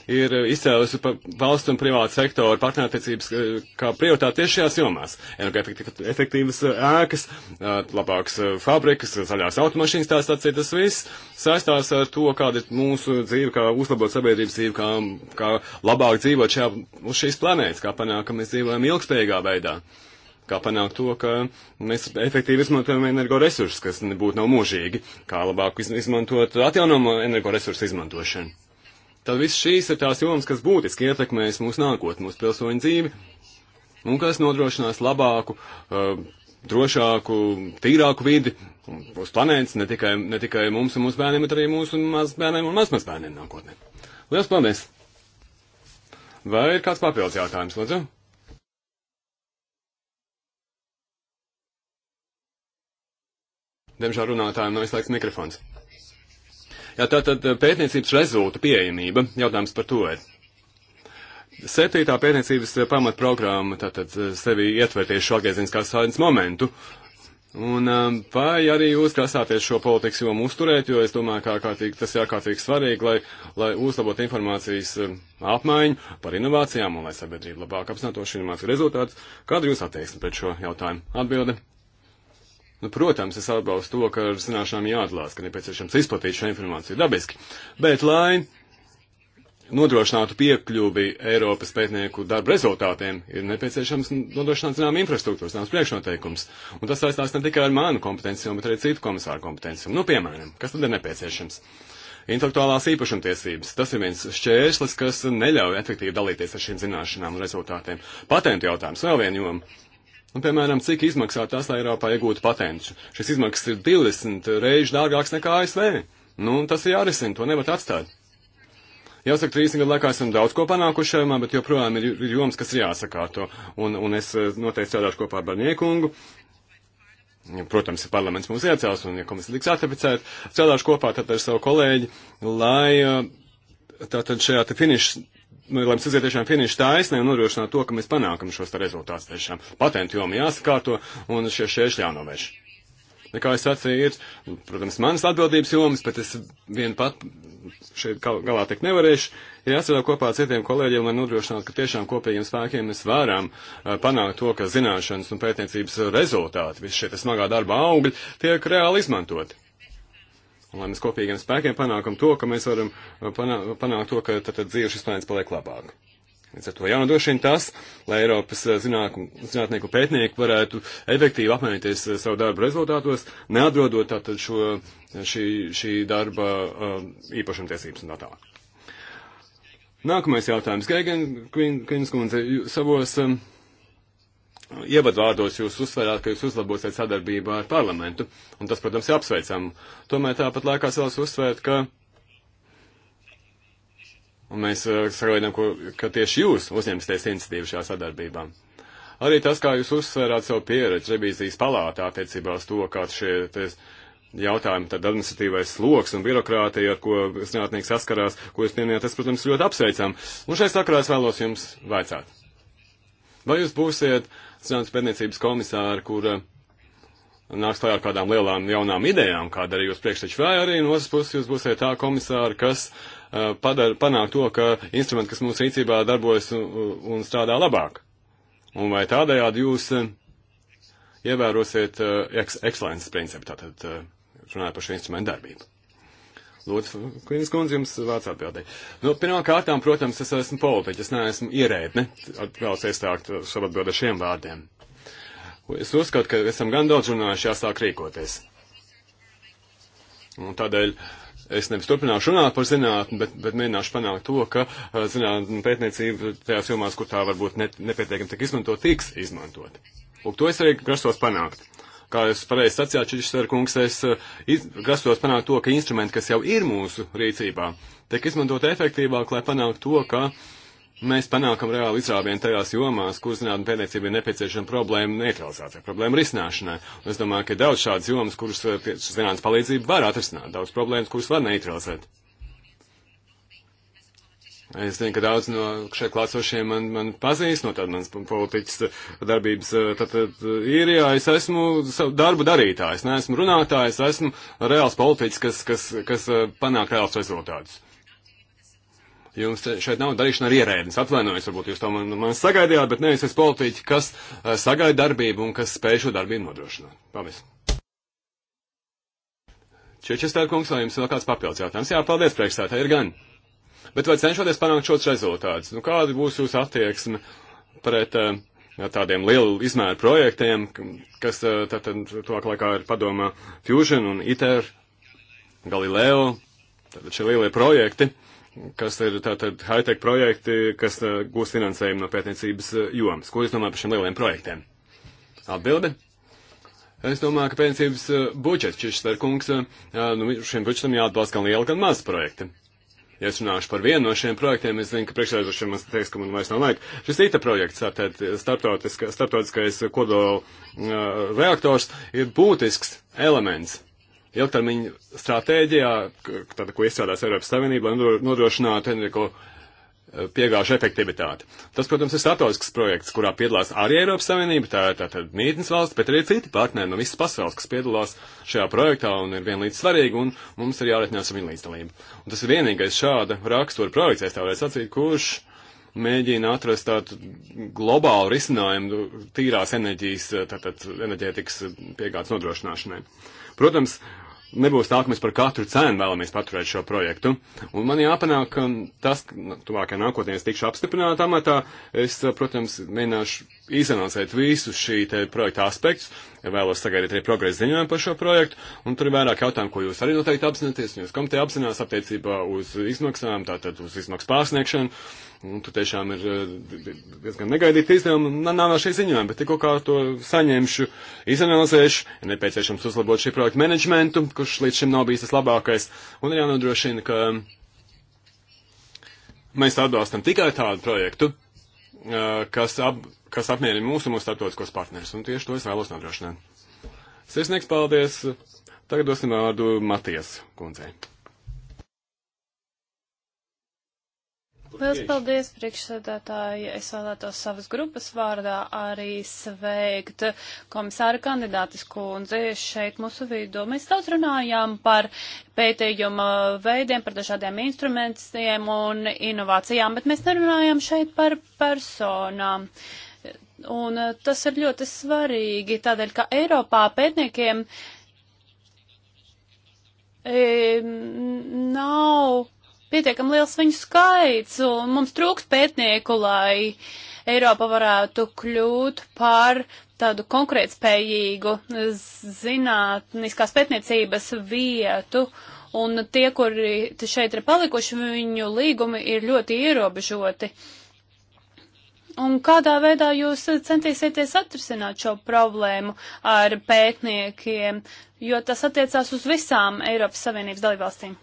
Speaker 3: ir izcēlusi valsts un privāta sektora partnerattiecības eh, kā prioritāti tieši šajās jomās. Energoefektīvas ēkas, eh, labākas eh, fabrikas, zaļās automašīnas, tās acī tas viss saistās ar to, kāda ir mūsu dzīve, kā uzlabot sabiedrības dzīvi, kā, kā labāk dzīvot šajā, uz šīs planētas, kā panākt, ka mēs dzīvojam ilgspējīgā veidā. Kā panākt to, ka mēs efektīvi izmantojam energoresursus, kas nebūtu nav mūžīgi, kā labāk izmantot atjaunojumu energoresursu izmantošanu. Tad viss šīs ir tās jomas, kas būtiski ietekmēs mūsu nākotni, mūsu pilsoņu dzīvi, un kas nodrošinās labāku, uh, drošāku, tīrāku vidi uz planētas, ne tikai, ne tikai mums un mūsu bērniem, bet arī mūsu mazbērniem un mazmazbērniem nākotnē. Lielas paldies! Vai ir kāds papildus jautājums, lūdzu? Diemžēl runātājiem nav izslēgts mikrofons. Jā, tātad eh, pētniecības rezultu pieejamība, jautājums par to ir. Septītā pētniecības eh, pamatprogramma tātad eh, sevi ietver tieši šo atgriezieniskās sādes momentu. Un vai arī jūs grasāties šo politikas jomu uzturēt, jo es domāju, kā kārtīgi, tas ir ārkārtīgi svarīgi, lai, lai uzlabot informācijas apmaiņu par inovācijām un lai sabiedrība labāk apzinātu šo inovāciju rezultātus. Kāda ir jūsu attieksme pret šo jautājumu? Atbilde Nu, protams, es atbalstu to, ka ar zināšanām jāatlās, ka nepieciešams izplatīt šo informāciju dabiski. Bet, lai nodrošinātu piekļuvi Eiropas pētnieku darba rezultātiem, ir nepieciešams nodrošināt zinām infrastruktūru, zināms priekšnoteikums. Un tas saistās ne tikai ar manu kompetencijām, bet arī citu komisāru kompetencijām. Nu, piemēram, kas tad ir nepieciešams? Intelektuālās īpašumtiesības. Tas ir viens šķērslis, kas neļauj efektīvi dalīties ar šīm zināšanām un rezultātiem. Patentu jautājums vēl vien joma. Un, piemēram, cik izmaksā tas, lai Eiropā iegūtu patentu? Šis izmaksas ir 20 reizes dārgāks nekā ASV. Nu, tas ir jārisina, to nevar atstāt. Jāsaka, 30 gadu laikā esam daudz ko panākuši šajā, bet joprojām ir joms, kas ir jāsakārto. Un, un es eh, noteikti strādāšu kopā ar Barniekungu. Protams, ja parlaments mūs iecels un ja komisija liks ratificēt, strādāšu kopā tad ar savu kolēģi, lai eh, tātad šajā te finiša lai mums iziet tiešām finišu taisnē un nodrošināt to, ka mēs panākam šos rezultātus tiešām. Patentu jomi jāsakārto un šie šķēršļi jānovērš. Ja kā es sacīju, ir, protams, manas atbildības jomas, bet es vien pat šeit gal, galā tikt nevarēšu. Ir jāstrādā kopā ar citiem kolēģiem, lai nodrošinātu, ka tiešām kopējiem spēkiem mēs varam uh, panākt to, ka zināšanas un pētniecības rezultāti, visi šie smagā darba augļi, tiek reāli izmantoti. Un lai mēs kopīgiem spēkiem panākam to, ka mēs varam uh, panā, panākt to, ka tad, tad dzīve šis planētas paliek labāk. Līdz ar to jānodrošina tas, lai Eiropas uh, zināk, zinātnieku pētnieki varētu efektīvi apmainīties uh, savu darbu rezultātos, neatrodot tātad šo, šī, šī darba īpašumtiesības un tā tālāk. Nākamais jautājums. Geigen, Kvīnskundze, savos um, ievadvārdos jūs uzsverāt, ka jūs uzlabosiet sadarbību ar parlamentu, un tas, protams, ir apsveicam. Tomēr tāpat laikās vēlas uzsvērt, ka un mēs eh, sagaidām, ka tieši jūs uzņemsieties iniciatīvu šajā sadarbībā. Arī tas, kā jūs uzsvērāt savu pieredzi revīzijas palātā attiecībā uz to, kā šie ties, jautājumi, tad administratīvais sloks un birokrātija, ar ko zinātnieks saskarās, ko jūs pieminējāt, tas, protams, ļoti apsveicam. Un šai sakarā es vēlos jums vaicāt. Vai jūs būsiet zinātnes pētniecības komisāra, kura nāks klajā ar kādām lielām jaunām idejām, kāda arī jūs priekšteči, vai arī no otras puses jūs būsiet tā komisāra, kas uh, padara, panāk to, ka instrumenti, kas mūsu rīcībā darbojas un, un strādā labāk. Un vai tādējādi jūs uh, ievērosiet uh, ekscelences principu, tātad uh, runājot par šo instrumentu darbību? Lūdzu, Kvīnas kundze, jums vārds atbildēt. Nu, pirmā kārtām, protams, es esmu politiķis, es neesmu ierēdne. Vēlos iestākt šo atbildu ar šiem vārdiem. Es uzskatu, ka esam gan daudz runājuši, jāsāk rīkoties. Un tādēļ es nevis turpināšu runāt par zinātni, bet, bet mēģināšu panākt to, ka zinātni pētniecība tajās jomās, kur tā varbūt ne, nepietiekami tik izmantot, tiks izmantot. Un to es arī grasos panākt kā jūs pareizi sacījāt, Čičisver kungs, es eh, iz, grasos panākt to, ka instrumenti, kas jau ir mūsu rīcībā, tiek izmantot efektīvāk, lai panāktu to, ka mēs panākam reāli izrāvienu tajās jomās, kur zinātnē pētniecība ir nepieciešama problēma neutralizācijai, problēma risināšanai. Un es domāju, ka ir daudz šādas jomas, kuras eh, zinātnes palīdzība var atrisināt, daudz problēmas, kuras var neutralizēt. Es zinu, ka daudz no šeit klāsošiem man, man pazīst no tādas manas politiķas darbības. Tātad eh, īrijā eh, es esmu savu darbu darītājs, neesmu runātājs, esmu reāls politiķis, kas, kas, kas eh, panāk reāls rezultātus. Jums šeit nav darīšana ar ierēdnes, atvainojos, varbūt jūs to man, man sagaidījāt, bet nē, es esmu politiķis, kas sagaida darbību un kas spēj šo darbību nodrošināt. Paldies! Čečestēr kungs, vai jums vēl kāds papildus jautājums? Jā, paldies, priekšstādā, ir gan. Bet vai cenšoties panākt šos rezultātus? Nu, kāda būs jūsu attieksme pret uh, tādiem lielu izmēru projektiem, kas uh, eh, tātad tuvāk laikā ir padomā Fusion un ITER, Galileo, tātad šie lielie projekti, kas ir tātad high-tech projekti, kas uh, gūs finansējumu no pētniecības jomas. Ko jūs domājat par šiem lieliem projektiem? Atbildi? Es domāju, ka pētniecības budžets, Čišsver kungs, nu, šiem budžetam jāatbalsta gan liela, gan maza projekta. Ja es runāšu par vienu no šiem projektiem, es zinu, ka priekšsēdētājiem man teiks, ka man vairs nav laika. Šis ITA projekts, tātad starptautiska, starptautiskais kodola uh, reaktors, ir būtisks elements ilgtermiņa stratēģijā, tāda, ko izstrādās Eiropas Savienība, lai nodrošinātu energo piegāžu efektivitāti. Tas, protams, ir statoisks projekts, kurā piedalās arī Eiropas Savienība, tā ir tātad mītnes valsts, bet arī citi partneri no visas pasaules, kas piedalās šajā projektā un ir vienlīdz svarīgi, un mums ir jāreķinās ar viņu līdzdalību. Un tas ir vienīgais šāda rakstura projekts, es tā varētu sacīt, kurš mēģina atrast tādu globālu risinājumu tīrās enerģijas, tātad enerģētikas piegādes nodrošināšanai. Protams, nebūs tā, ka mēs par katru cenu vēlamies paturēt šo projektu. Un man jāpanāk, ka tas, nu, tuvākajā nākotnē es tikšu apstiprināt amatā, es, eh, protams, mēģināšu izanalizēt visus šī te projekta aspektus, vēlos sagaidīt arī progresa ziņojumu par šo projektu, un tur ir vairāk jautājumu, ko jūs arī noteikti apzināties, un jūs komitē apzinās attiecībā uz izmaksām, tātad uz izmaksu pārsniegšanu, Un nu, tu tiešām ir eh, diezgan negaidīti izdevumi, nav vēl šī ziņojuma, bet tikko kā to saņemšu, izanalizēšu, ir nepieciešams uzlabot šī projekta menedžmentu, kurš līdz šim nav bijis tas labākais, un ir jānodrošina, ka mēs atbalstam tikai tādu projektu, eh, kas, ap, kas apmierina mūsu un mūsu starptautiskos partnerus, un tieši to es vēlos nodrošināt. Sirsnieks, paldies! Tagad dosim vārdu Matijas kundzei. Liels
Speaker 1: paldies, priekšsēdētāji. Es vēlētos savas grupas vārdā arī sveikt komisāra kandidātis kundzi šeit mūsu vidū. Mēs daudz runājām par pētījuma veidiem, par dažādiem instrumentiem un inovācijām, bet mēs nerunājām šeit par personām. Un eh, tas ir ļoti svarīgi, tādēļ, ka Eiropā pētniekiem e, nav pietiekami liels viņu skaits, un mums trūkst pētnieku, lai Eiropa varētu kļūt par tādu konkrētspējīgu zinātniskās pētniecības vietu. Un tie, kuri šeit ir palikuši, viņu līgumi ir ļoti ierobežoti. Un kādā veidā jūs centīsieties atrisināt šo problēmu ar pētniekiem, jo tas attiecās uz visām Eiropas Savienības dalībvalstīm?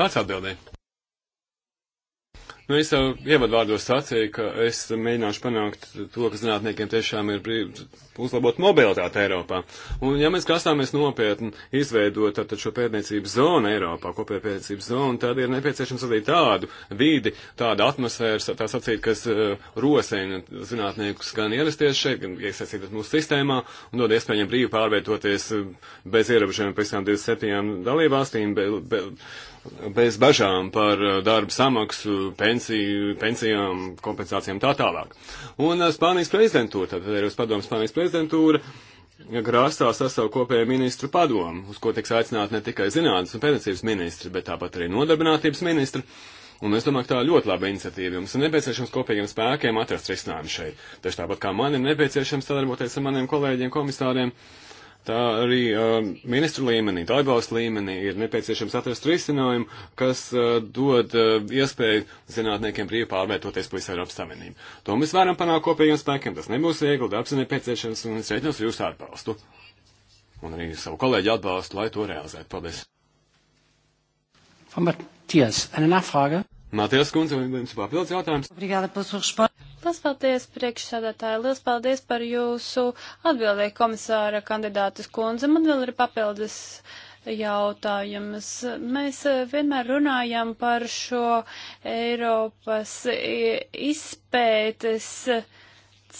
Speaker 3: Nāc atbildēt. Nu, es jau ievadvārdos sacīju, ka es mēģināšu panākt to, ka zinātniekiem tiešām ir brīv, uzlabot mobilitāti Eiropā. Un ja mēs kastāmies nopietni izveidot tad, šo pētniecības zonu Eiropā, kopēju pētniecības zonu, tad ir nepieciešams arī tādu vidi, tādu atmosfēru, tā sacīt, kas uh, rosina zinātniekus gan ierasties šeit, gan iesaistīties mūsu sistēmā un dod iespējām brīvi pārvietoties eh, bez ierobežojumiem pēc tam 27 dalībvalstīm, be, be, bez bažām par eh, darbu samaksu, pensiju pensiju, pensijām, kompensācijām tā tālāk. Un eh, Spānijas prezidentūra, tad Eiropas padomu Spānijas prezidentūra, grāstās ar savu kopējo ministru padomu, uz ko tiks aicināti ne tikai zinātnes un pētniecības ministri, bet tāpat arī nodarbinātības ministri. Un es domāju, ka tā ir ļoti laba iniciatīva. Mums ir nepieciešams kopīgiem spēkiem atrast risinājumu šeit. Taču tāpat kā man ir nepieciešams sadarboties ar maniem kolēģiem, komisāriem, uh, tā arī uh, ministru līmenī, tā atbalsta līmenī ir nepieciešams atrast risinājumu, kas uh, dod uh, iespēju zinātniekiem brīvi pārvietoties pa visu Eiropas Savienību. To mēs varam panākt kopīgiem spēkiem, tas nebūs viegli, darbs ir nepieciešams, un es reiķinos jūsu atbalstu. Un arī savu kolēģi atbalstu, lai to realizētu. Paldies!
Speaker 1: Matijas,
Speaker 3: eine Nachfrage? Matijas kundze, jums papildus jautājums. Obrigada pela sua resposta.
Speaker 1: Lielas paldies, priekšsādātāji. Lielas paldies par jūsu atbildēju komisāra kandidātas kundze. Man vēl ir papildus jautājums. Mēs eh, vienmēr runājam par šo Eiropas eh, izpētes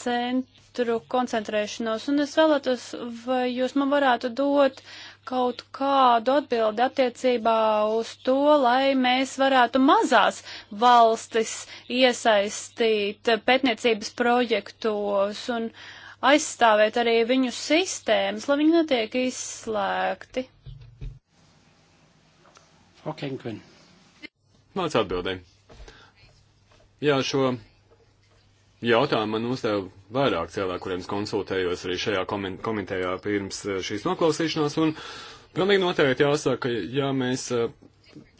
Speaker 1: centru koncentrēšanos, un es vēlētos, vai jūs man varētu dot uh, kaut kādu atbildi attiecībā uz to, lai mēs varētu mazās valstis iesaistīt pētniecības projektos un aizstāvēt arī viņu sistēmas, lai viņi netiek izslēgti.
Speaker 3: Hokenkvin. Māc atbildēm. Jā, šo jautājumu man uzdev vairāk cilvēku, kuriem es konsultējos arī šajā komitejā pirms eh, šīs noklausīšanās, un pilnīgi noteikti jāsaka, ja mēs eh,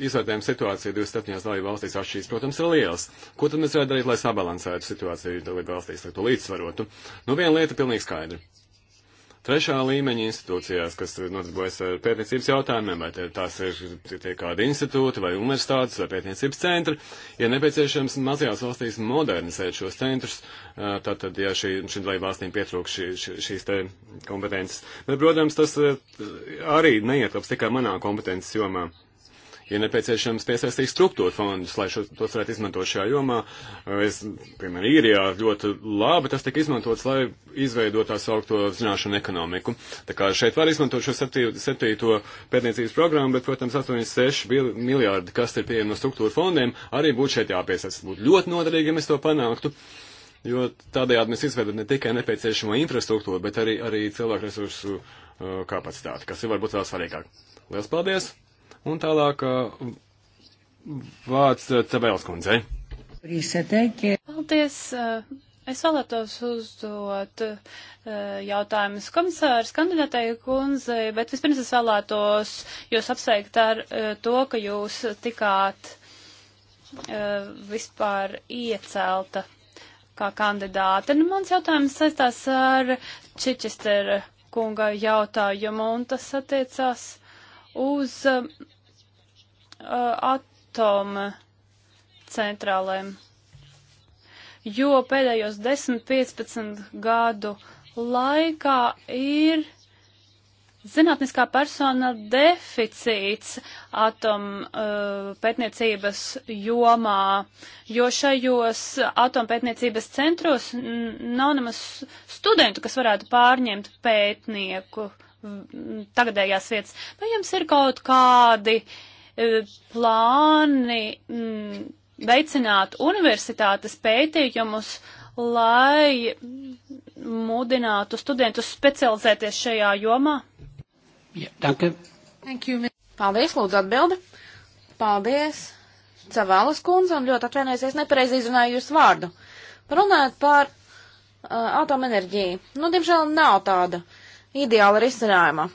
Speaker 3: izvērtējam situāciju 27 dalību valstīs atšķirības, protams, ir liels. Ko tad mēs varētu darīt, lai sabalansētu situāciju dalību valstīs, lai to līdzsvarotu? Nu, viena lieta pilnīgi skaidra trešā līmeņa institūcijās, kas nodarbojas ar pētniecības jautājumiem, vai te, tās ir tie kādi institūti vai universitātes vai pētniecības centri, ja nepieciešams mazajās valstīs modernizēt šos centrus, tātad, ja šī, šī lai valstīm pietrūk šī, šī, šīs te kompetences. Bet, protams, tas arī neietilps tikai manā kompetences jomā ir nepieciešams piesaistīt struktūra fondus, lai šo, tos varētu izmantot šajā jomā. Es, piemēram, īrijā ļoti labi tas tika izmantots, lai izveidot tā saukto zināšanu ekonomiku. Tā kā šeit var izmantot šo septīto pētniecības programmu, bet, protams, 86 miljārdi, kas ir pieejami no struktūra fondiem, arī būtu šeit jāpiesaist. Būtu ļoti noderīgi, ja mēs to panāktu. Jo tādējādi mēs izveidot ne tikai nepieciešamo infrastruktūru, bet arī, arī cilvēku resursu uh, kapacitāti, kas ir varbūt vēl svarīgāk. Lielas paldies! Un tālāk vārds Cebēls kundzei. Paldies!
Speaker 1: Es vēlētos uzdot jautājumus komisārs kandidatei kundzei, bet vispirms es vēlētos jūs apsveikt ar to, ka jūs tikāt vispār iecelta kā kandidāte. Nu, mans jautājums saistās ar Čičestera kunga jautājumu, un tas attiecās uz um, uh, atoma centrālēm, jo pēdējos 10-15 gadu laikā ir zinātniskā persona deficīts atomu uh, pētniecības jomā, jo šajos atomu pētniecības centros nav nemaz studentu, kas varētu pārņemt pētnieku tagadējās vietas. Vai jums ir kaut kādi e, plāni m, mm, veicināt universitātes pētījumus, lai mudinātu studentus specializēties šajā jomā?
Speaker 2: Jā, yeah, danke. Thank you. Paldies, lūdzu atbildi. Paldies, Cavālas kundze, un ļoti atvainojos, es nepareizi izrunāju jūsu vārdu. Runājot par uh, atomenerģiju, nu, diemžēl nav tāda uh, ideāla risinājuma.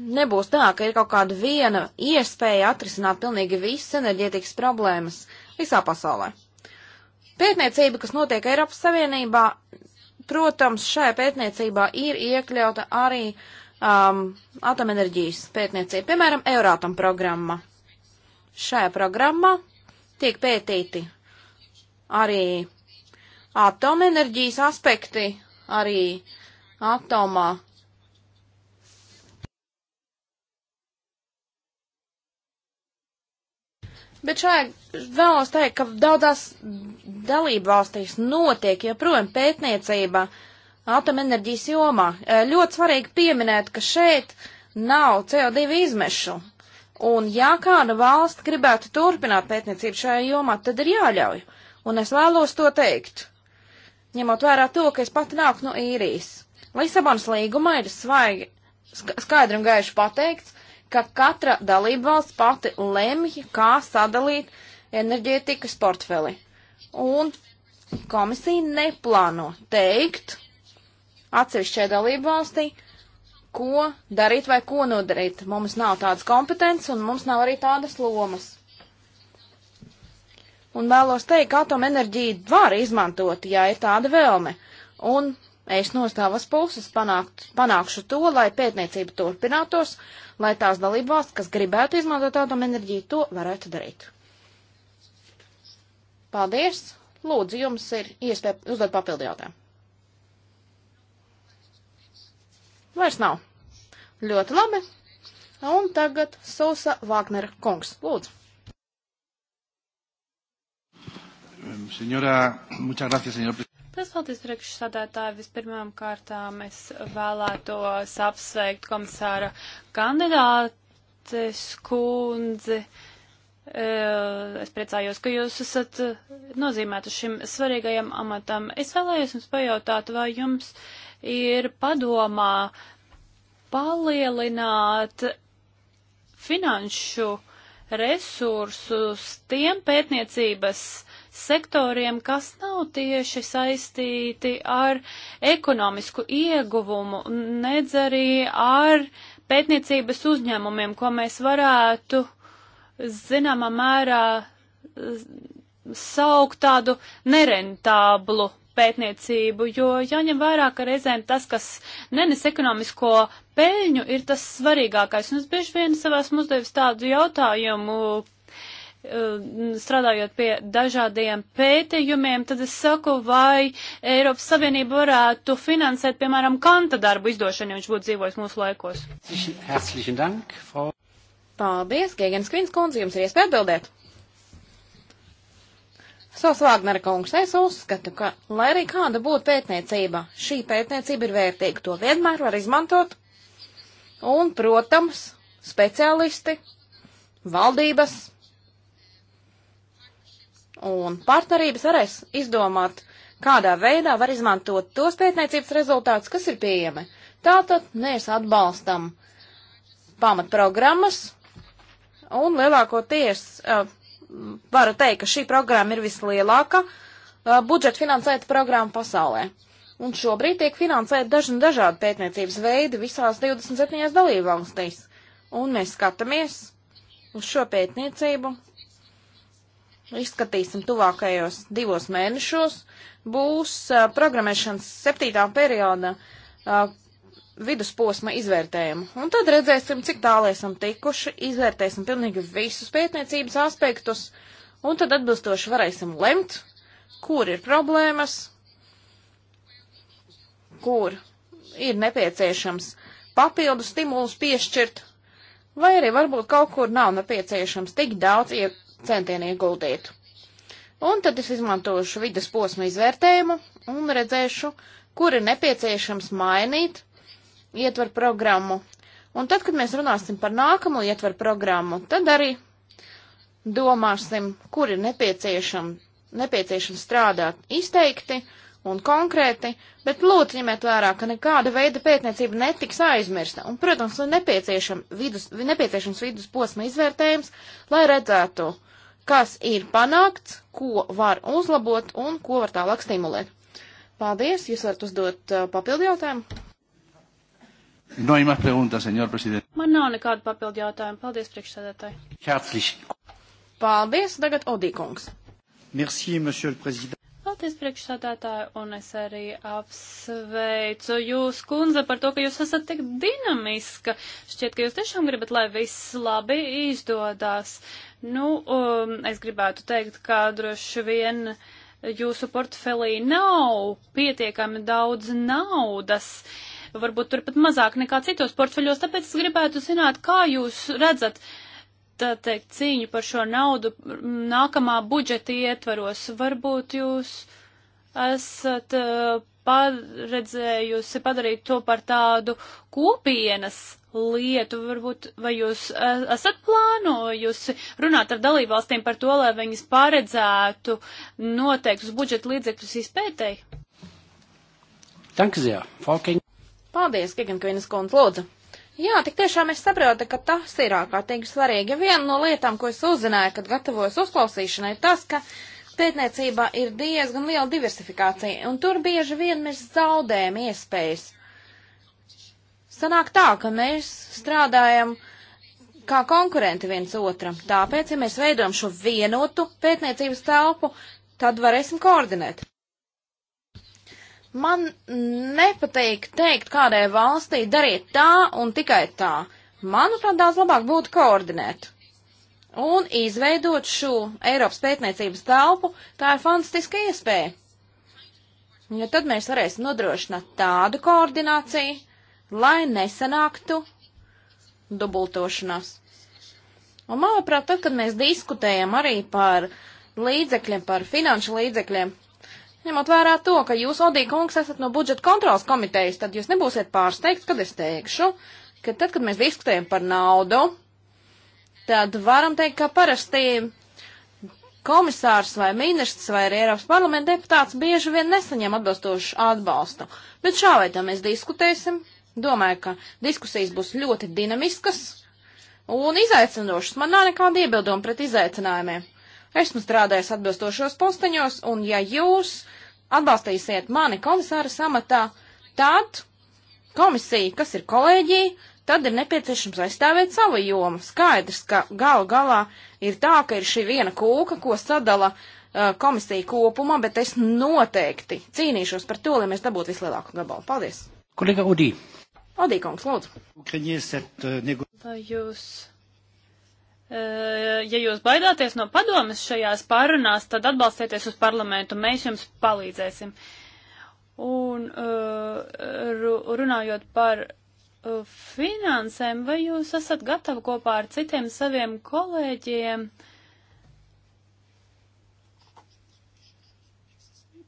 Speaker 2: Nebūs tā, ka ir kaut kāda viena iespēja atrisināt pilnīgi visas enerģētikas problēmas visā pasaulē. Pētniecība, kas notiek Eiropas Savienībā, protams, šajā pētniecībā ir iekļauta arī um, atomenerģijas pētniecība, piemēram, Eurātam programma. Šajā programmā tiek pētīti arī atomenerģijas aspekti, arī atomā Bet šajā vēlos teikt, ka daudzās dalību valstīs notiek joprojām pētniecība atomenerģijas jomā. E, ļoti svarīgi pieminēt, ka šeit nav CO2 izmešu. Un ja kāda valsts gribētu turpināt pētniecību šajā jomā, tad ir jāļauj. Un es vēlos to teikt, ņemot vērā to, ka es pat nāku no īrijas. Lisabonas līgumā ir svaigi, skaidri un gaiši pateikts, ka katra dalība valsts pati lemj, kā sadalīt enerģētikas portfeli. Un komisija neplāno teikt atsevišķai dalību valstī, ko darīt vai ko nodarīt. Mums nav tādas kompetences un mums nav arī tādas lomas. Un vēlos teikt, ka atomenerģiju var izmantot, ja ir tāda vēlme. Un es no savas puses panākt, panākšu to, lai pētniecība turpinātos lai tās dalībvalsts, kas gribētu izmantot atomenerģiju, to varētu darīt. Paldies! Lūdzu, jums ir iespēja uzdot papildu jautājumu. Vairs nav. Ļoti labi. Un tagad Sousa Vāgnera kungs. Lūdzu.
Speaker 1: Senora, muchas gracias, señor. Paldies, paldies, priekšsādātāji. Vispirmām kārtām es vēlētos apsveikt komisāra kandidātes kundzi. E, es priecājos, ka jūs esat nozīmēta šim svarīgajam amatam. Es vēlējos jums pajautāt, vai jums ir padomā palielināt finanšu resursus tiem pētniecības uh, sektoriem, kas nav tieši saistīti ar ekonomisku ieguvumu, nedz arī ar pētniecības uzņēmumiem, ko mēs varētu zināmā mērā saukt tādu nerentāblu pētniecību, jo jāņem vērā, ka reizēm tas, kas nenes ekonomisko peļņu, ir tas svarīgākais. Un es bieži vien savās uzdevis tādu jautājumu, Uh, strādājot pie dažādiem pētījumiem, tad es saku, vai Eiropas Savienība varētu finansēt, piemēram, Kanta darbu izdošanu, ja viņš būtu dzīvojis mūsu laikos.
Speaker 2: Paldies, Gēgens Kvins kundze, jums ir iespēja atbildēt. Savs Vāgnera kungs, es uzskatu, ka, lai arī kāda būtu pētniecība, šī pētniecība ir vērtīga, to vienmēr var izmantot. Un, protams, speciālisti, valdības, Un partnerības varēs izdomāt, kādā veidā var izmantot tos pētniecības rezultātus, kas ir pieejami. Tātad mēs atbalstam pamatprogrammas, un lielākoties uh, varu teikt, ka šī programma ir vislielākā uh, budžeta finansēta programma pasaulē. Un šobrīd tiek finansēta daži dažādi pētniecības veidi visās 27 dalībvalstīs. Un mēs skatāmies uz šo pētniecību izskatīsim tuvākajos divos mēnešos, būs uh, programmēšanas septītā perioda uh, vidusposma izvērtējumu. Un tad redzēsim, cik tālu esam tikuši, izvērtēsim pilnīgi visus pētniecības aspektus, un tad atbilstoši varēsim lemt, kur ir problēmas, kur ir nepieciešams papildu stimulus piešķirt, vai arī varbūt kaut kur nav nepieciešams tik daudz ie centieni ieguldītu. Un tad es izmantošu vidas posmu izvērtējumu un redzēšu, kur ir nepieciešams mainīt ietvaru programmu. Un tad, kad mēs runāsim par nākamo ietvaru programmu, tad arī domāsim, kur ir nepieciešam, nepieciešams strādāt izteikti un konkrēti, bet lūdzu ņemiet vērā, ka nekāda veida pētniecība netiks aizmirsta. Un, protams, ir nepieciešam vidus, nepieciešams vidus posma izvērtējums, lai redzētu, uh, kas ir panākts, ko var uzlabot un ko var tālāk stimulēt. Paldies, jūs varat uzdot uh, papildu jautājumu. No hay más preguntas, señor presidente.
Speaker 1: Man nav nekādu papildu jautājumu. Paldies, priekšsēdētāji. Herzlich. Paldies, tagad Odīkungs. Merci, monsieur le président. Paldies, priekšsādātāji, un es arī apsveicu jūs, kundze, par to, ka jūs esat tik dinamiska. Šķiet, ka jūs tiešām gribat, lai viss labi izdodas. Uh, Nu, um, es gribētu teikt, ka droši vien jūsu portfelī nav pietiekami daudz naudas. Varbūt tur pat mazāk nekā citos portfeļos, tāpēc es gribētu zināt, kā jūs redzat tā teikt, cīņu par šo naudu nākamā budžeta ietvaros. Varbūt jūs esat uh, paredzējusi padarīt to par tādu kopienas lietu, varbūt vai jūs e, esat plānojusi runāt ar dalībvalstīm par to, lai viņas paredzētu noteiktus budžeta līdzekļus izpētēji?
Speaker 2: Paldies, Gigantkvīnas kundze, lūdzu. Jā, tik tiešām es saprotu, ka tas ir ārkārtīgi svarīgi. Viena no lietām, ko es uzzināju, kad gatavojos uzklausīšanai, ir tas, ka pētniecībā ir diezgan liela diversifikācija, un tur bieži vien mēs zaudējam iespējas sanāk tā, ka mēs strādājam kā konkurenti viens otram. Tāpēc, ja mēs veidojam šo vienotu pētniecības telpu, tad varēsim koordinēt. Man nepatīk teikt kādai valstī dariet tā un tikai tā. Manuprāt, daudz labāk būtu koordinēt un izveidot šo Eiropas pētniecības telpu. Tā ir fantastiska iespēja. Jo ja tad mēs varēsim nodrošināt tādu koordināciju, lai nesanāktu dubultošanās. Un, manuprāt, tad, kad mēs diskutējam arī par līdzekļiem, par finanšu līdzekļiem, ņemot vērā to, ka jūs, Odī kungs, esat no budžeta kontrolas komitejas, tad jūs nebūsiet pārsteigts, kad es teikšu, ka tad, kad mēs diskutējam par naudu, tad varam teikt, ka parasti komisārs vai ministrs vai arī Eiropas parlamenta deputāts bieži vien nesaņem atbilstošu atbalstu. Bet šā vai tā mēs diskutēsim, Domāju, ka diskusijas būs ļoti dinamiskas un izaicinošas. Man nav nekāda iebilduma pret izaicinājumiem. Esmu strādājis atbilstošos posteņos, un ja jūs atbalstīsiet mani komisāra samatā, tad komisija, kas ir kolēģija, tad ir nepieciešams aizstāvēt savu jomu. Skaidrs, ka galu galā ir tā, ka ir šī viena kūka, ko sadala uh, komisija kopumā, bet es noteikti cīnīšos par to, lai mēs dabūtu vislielāko gabalu. Paldies! Kolēģa Udī. Odīkungs, lūdzu.
Speaker 1: E, vai jūs, e, ja jūs baidāties no padomas šajās pārunās, tad atbalstieties uz parlamentu, mēs jums palīdzēsim. Un e, runājot par finansēm, vai jūs esat gatavi kopā ar citiem saviem kolēģiem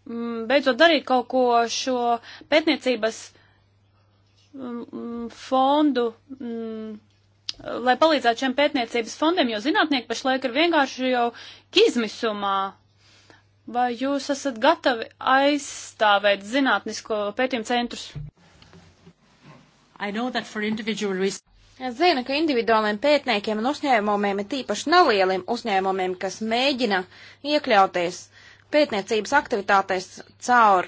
Speaker 1: mm, beidzot darīt kaut ko šo pētniecības Um, um, fondu, m, um, lai palīdzētu šiem pētniecības fondiem, jo zinātnieki pašlaik ir vienkārši jau izmisumā. Vai jūs esat gatavi aizstāvēt zinātnisko
Speaker 2: pētījumu centrus? Es zinu, ka individuāliem pētniekiem un uzņēmumiem ir tīpaši nelieliem uzņēmumiem, kas mēģina iekļauties pētniecības aktivitātēs caur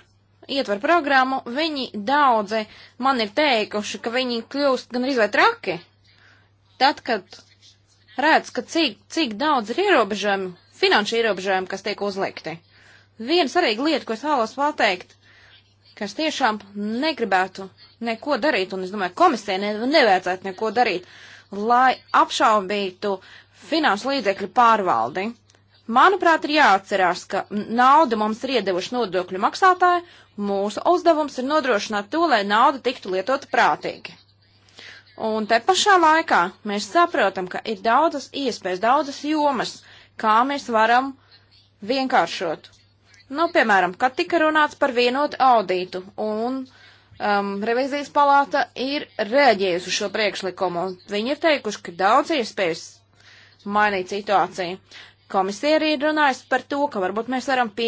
Speaker 2: ietver programmu, viņi daudzi man ir teikuši, ka viņi kļūst gan arī vai traki. Tad, kad redz, ka cik, cik daudz ir ierobežojumi, finanšu ierobežojumi, kas tiek uzlikti. Viena svarīga lieta, ko es vēlos pateikt, ka es tiešām negribētu neko darīt, un es domāju, komisija ne, nevajadzētu neko darīt, lai apšaubītu finanšu līdzekļu pārvaldi. Manuprāt, ir jāatcerās, ka naudu mums ir iedevuši nodokļu maksātāji, mūsu uzdevums ir nodrošināt to, lai nauda tiktu lietota prātīgi. Un te pašā laikā mēs saprotam, ka ir daudzas iespējas, daudzas jomas, kā mēs varam vienkāršot. Nu, piemēram, kad tika runāts par vienotu audītu un um, revizijas palāta ir rēģējusi uz šo priekšlikumu, viņi ir teikuši, ka daudz iespējas mainīt situāciju. Komisija arī ir runājusi par to, ka varbūt mēs varam pie,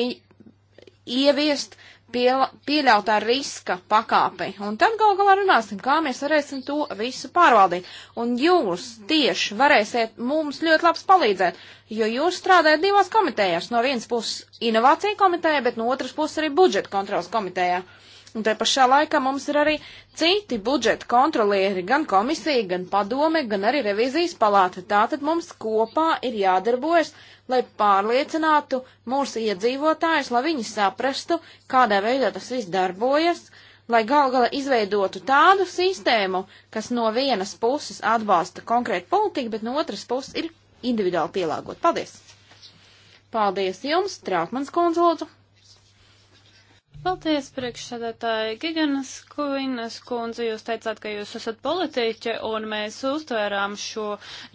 Speaker 2: ieviest pie, pieļautā riska pakāpei. Un tad gal galā runāsim, kā mēs varēsim to visu pārvaldīt. Un jūs tieši varēsiet mums ļoti labs palīdzēt, jo jūs strādājat divās komitejās. No vienas puses inovācija komiteja, bet no otras puses arī budžeta kontrols komitejā. Uh, Un te pašā laikā mums ir arī citi budžeta kontrolieri, gan komisija, gan padome, gan arī revizijas palāta. Tātad mums kopā ir jādarbojas, lai pārliecinātu mūsu iedzīvotājus, lai viņi saprastu, kādā veidā tas viss darbojas, lai gal gala izveidotu tādu sistēmu, kas no vienas puses atbalsta konkrētu politiku, bet no otras puses ir individuāli pielāgot. Paldies! Paldies jums, Trautmans konsultants! Paldies, priekšsēdētāji
Speaker 1: Giganas Kuinas kundze. Jūs teicāt, ka jūs esat politiķe, un mēs uztvērām šo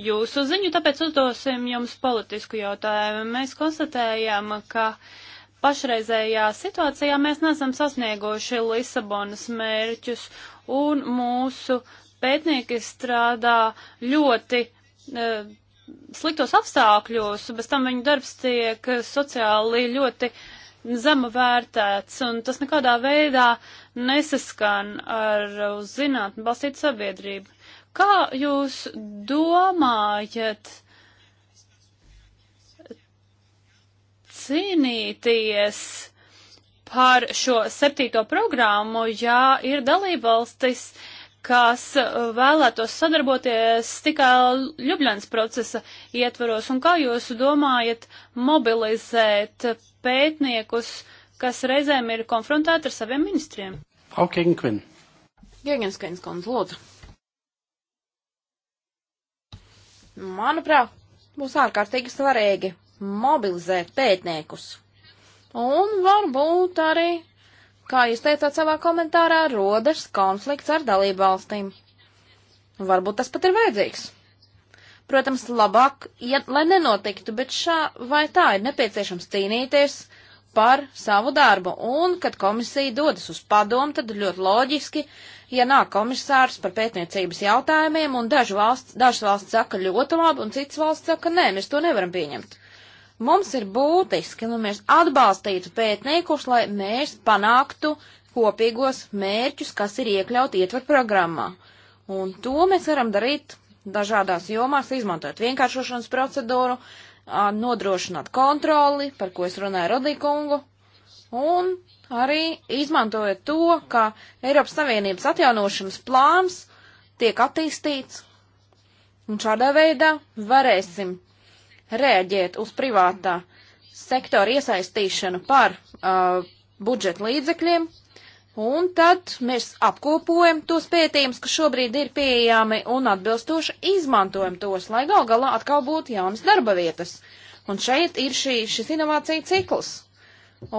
Speaker 1: jūsu ziņu, tāpēc uzdosim jums politisku jautājumu. Mēs konstatējām, ka pašreizējā situācijā mēs nesam sasnieguši Lisabonas mērķus, un mūsu pētnieki strādā ļoti. E, sliktos apstākļos, bez tam viņu darbs tiek sociāli ļoti zema vērtēts, un tas nekādā veidā nesaskan ar uz zinātni balstītu sabiedrību. Kā jūs domājat cīnīties par šo septīto programmu, ja ir dalībvalstis, uh, kas uh, vēlētos sadarboties tikai Ljubljans procesa ietvaros, un kā jūs domājat mobilizēt pētniekus, kas reizēm ir konfrontēti ar saviem ministriem?
Speaker 2: Frau Gegenkvin. Gegenskvins, kundze, lūdzu. Manuprāt, būs ārkārtīgi svarīgi mobilizēt pētniekus. Un varbūt arī kā jūs teicāt savā komentārā, rodas konflikts ar dalību valstīm. Varbūt tas pat ir vajadzīgs. Protams, labāk, ja, lai nenotiktu, bet šā vai tā ir nepieciešams cīnīties par savu darbu. Un, kad komisija dodas uz padomu, tad ļoti loģiski, ja nāk komisārs par pētniecības jautājumiem, un dažu valsts, dažas valsts saka ļoti labi, un citas valsts saka, nē, mēs to nevaram pieņemt. Mums ir būtiski, lai nu, mēs atbalstītu pētniekus, lai mēs panāktu kopīgos mērķus, kas ir iekļauti ietver programmā. Un to mēs varam darīt dažādās jomās, izmantojot vienkāršošanas procedūru, nodrošināt kontroli, par ko es runāju Rodīkungu, un arī izmantojot to, ka Eiropas Savienības atjaunošanas plāns tiek attīstīts, un šādā veidā varēsim rēģēt uz privātā sektora iesaistīšanu par uh, budžeta līdzekļiem, un tad mēs apkopojam tos pētījumus, kas šobrīd ir pieejami, un atbilstoši izmantojam tos, lai gal galā atkal būtu jaunas darba vietas. Un šeit ir šī, šis inovācija cikls.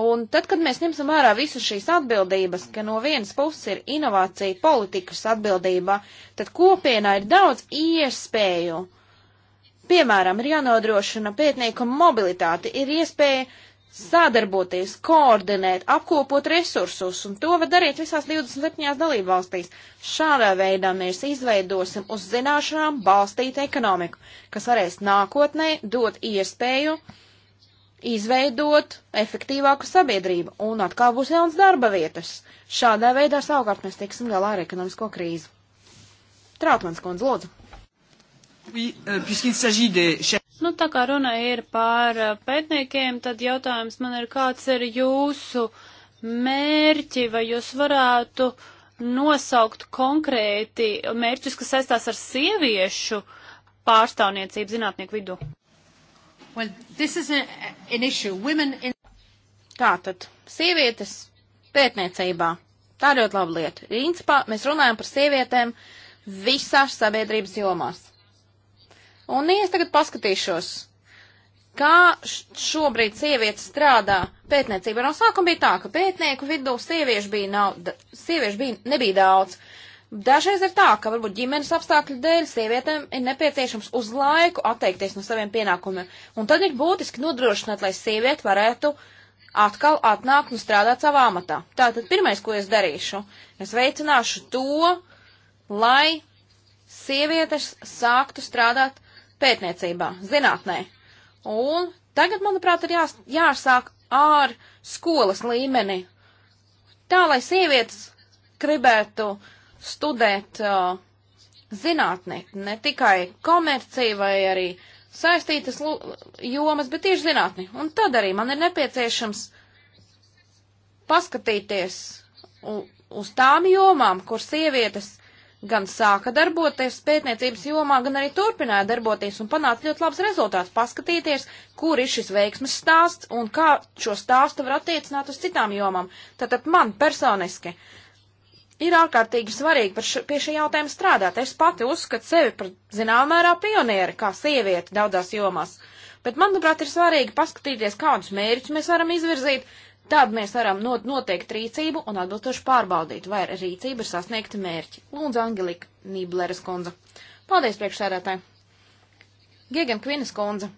Speaker 2: Un tad, kad mēs ņemsim vērā visu šīs atbildības, ka no vienas puses ir inovācija politikas atbildība, tad kopienā ir daudz iespēju uh, Piemēram, ir jānodrošina pētnieku mobilitāte, ir iespēja sadarboties, koordinēt, apkopot resursus, un to var darīt visās 27 dalībvalstīs. Šādā veidā mēs izveidosim uz zināšanām balstītu ekonomiku, kas varēs nākotnē dot iespēju izveidot efektīvāku sabiedrību, un atkal būs jauns darba vietas. Šādā veidā savukārt mēs tieksim galā ar ekonomisko krīzi. Trautmans kundze, lūdzu.
Speaker 3: Euh,
Speaker 2: nu, tā kā runa
Speaker 1: ir par uh, pētniekiem, tad jautājums man ir, kāds ir jūsu mērķi, vai jūs varētu nosaukt konkrēti mērķus, kas saistās ar sieviešu pārstāvniecību zinātnieku vidū? Well, this is a,
Speaker 2: an issue. Women in... Tātad, sievietes pētniecībā. Tā ir ļoti laba lieta. Principā mēs runājam par sievietēm visās sabiedrības jomās. Un ja es tagad paskatīšos, kā šobrīd sievietes strādā pētniecībā. No sākuma bija tā, ka pētnieku vidū sieviešu bija, nav, sieviešu bija nebija daudz. Dažreiz ir tā, ka varbūt ģimenes apstākļu dēļ sievietēm ir nepieciešams uz laiku atteikties no saviem pienākumiem. Un tad ir būtiski nodrošināt, lai sieviete varētu atkal atnākt un strādāt savā amatā. Tātad pirmais, ko es darīšu, es veicināšu to, lai sievietes sāktu strādāt uh, pētniecībā, zinātnē. Un tagad, manuprāt, ir jā, jāsāk ar skolas līmeni. Tā, lai sievietes gribētu studēt uh, zinātni, ne tikai komerciju vai arī saistītas jomas, bet tieši zinātni. Un tad arī man ir nepieciešams paskatīties uz tām jomām, kur sievietes gan sāka darboties pētniecības jomā, gan arī turpināja darboties un panāca ļoti labs rezultāts. Paskatīties, kur ir šis veiksmes stāsts un kā šo stāstu var attiecināt uz citām jomām. Tātad man personiski ir ārkārtīgi svarīgi par š, pie šī jautājuma strādāt. Es pati uzskatu sevi par zināmā mērā pionieri, kā sievieti daudzās jomās. Bet, manuprāt, ir svarīgi paskatīties, kādus mērķus mēs varam izvirzīt, Tad mēs varam not noteikt rīcību un atbilstoši pārbaudīt, vai rīcība ir sasniegta mērķi. Lūdzu, Angelika Nībleres kundze. Paldies, priekšsēdētāji. Gigan Kvinas kundze.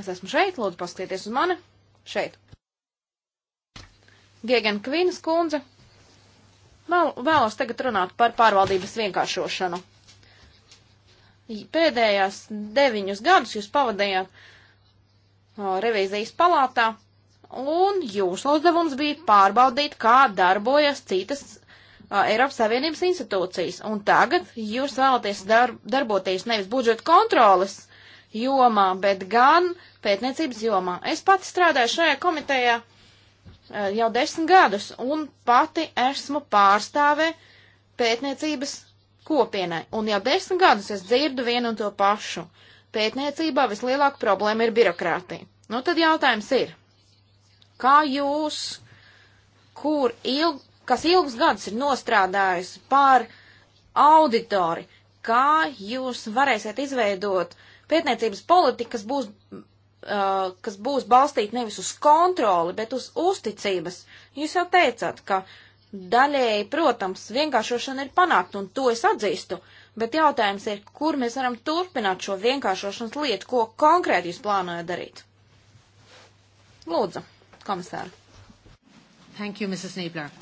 Speaker 2: Es esmu šeit, lūdzu, paskatieties uz mani. Šeit. Gigan Kvinas kundze. Vēl, vēlos tagad runāt par pārvaldības vienkāršošanu. Pēdējās deviņus gadus jūs pavadījāt revīzijas palātā, un jūsu uzdevums bija pārbaudīt, kā darbojas citas uh, Eiropas Savienības institūcijas. Un tagad jūs vēlaties dar darboties nevis budžeta kontrolas jomā, bet gan pētniecības jomā. Es pati strādāju šajā komitejā uh, jau desmit gadus, un pati esmu pārstāve pētniecības kopienai. Un jau desmit gadus es dzirdu vienu un to pašu. Pētniecībā vislielāka problēma ir birokrātija. Nu tad jautājums ir, kā jūs, kur ilg, kas ilgus gadus ir nostrādājusi par auditori, kā jūs varēsiet izveidot pētniecības politiku, kas būs, uh, kas būs balstīta nevis uz kontroli, bet uz uzticības. Jūs jau teicāt, ka daļēji, protams, vienkāršošana ir panākt, un to es atzīstu, bet jautājums ir, kur mēs varam turpināt šo vienkāršošanas lietu, ko konkrēti jūs plānojat darīt. Lūdzu komisāru.
Speaker 3: Thank you, Mrs. Nībler.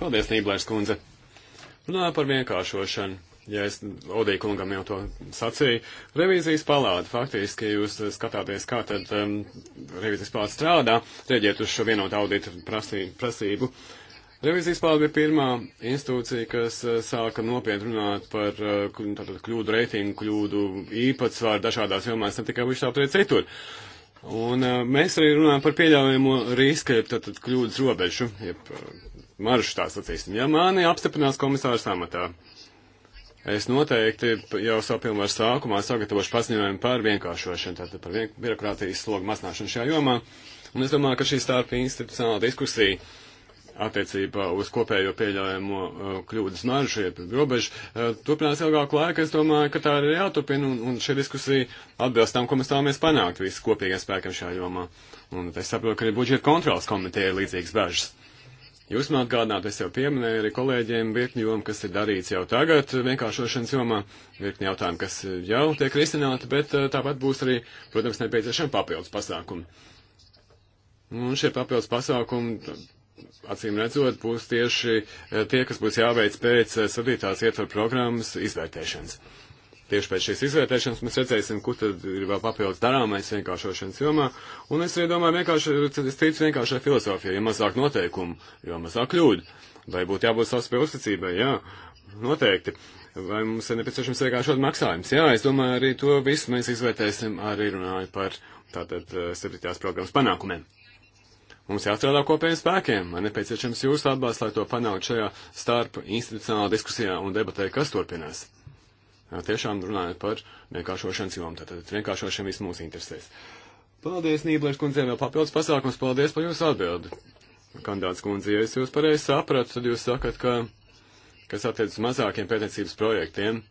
Speaker 3: Paldies, Nīblērs kundze. Runāju par vienkāršošanu. Ja es Odī kungam jau to sacīju, revīzijas palāda faktiski jūs skatāties, kā tad um, revīzijas palāda strādā, rēģiet uz šo vienotu audītu prasī, prasību. Revizijas palāta bija pirmā institūcija, kas uh, sāka nopietni runāt par uh, tātad, kļūdu reitingu, kļūdu īpatsvaru dažādās jomās, ne tikai viņš tāpēc citur. Un eh, mēs arī runājam par pieļaujamo riska, jeb tātad kļūdas robežu, jeb eh, maršu tā sacīsim. Ja mani apstiprinās komisārs amatā, es noteikti jau savu pilnvaru sākumā sagatavošu paziņojumu par vienkāršošanu, tātad par vien birokrātijas slogu mazināšanu šajā jomā. Un es domāju, ka šī starp institucionāla diskusija attiecībā uz kopējo pieļaujamo uh, kļūdas maržu, jeb robežu, uh, turpinās ilgāku laiku. Es domāju, ka tā ir jāturpina, un, un šī diskusija atbilst tam, ko mēs vēlamies panākt visi kopīgiem spēkiem šajā jomā. Un es saprotu, ka arī budžeta kontrolas komiteja ir līdzīgas bažas. Jūs man atgādināt, es jau pieminēju arī kolēģiem virkni jomu, kas ir darīts jau tagad vienkāršošanas jomā, virkni jautājumu, kas jau tiek risināti, bet uh, tāpat būs arī, protams, nepieciešami papildus pasākumi. Un šie papildus pasākumi acīm redzot, būs tieši eh, tie, kas būs jāveic pēc eh, sadītās ietvaru programmas izvērtēšanas. Tieši pēc šīs izvērtēšanas mēs redzēsim, kur tad ir vēl papildus darāmais vienkāršošanas jomā, un es arī domāju, vienkārši, es ticu vienkāršai filozofijai, ja mazāk noteikumu, jo mazāk kļūdu, vai būtu jābūt savstarpēji uzticībai, jā, noteikti. Vai mums ir nepieciešams vienkāršot maksājums? Jā, es domāju, arī to visu mēs izvērtēsim, arī runāju par tātad eh, septītās programmas panākumiem. Mums jāstrādā kopējiem spēkiem, man nepieciešams jūsu atbalsts, lai to panāktu šajā starp institucionālā diskusijā un debatē, kas turpinās. Tiešām runājot par vienkāršošanas jomu, tātad vienkāršošana viss mūs interesēs. Paldies, Nīblērs kundzei, vēl papildus pasākums, paldies par jūsu atbildi. Kandāts kundze, ja es jūs pareizi sapratu, tad jūs sakat, ka, kas attiec uz mazākiem pētniecības projektiem,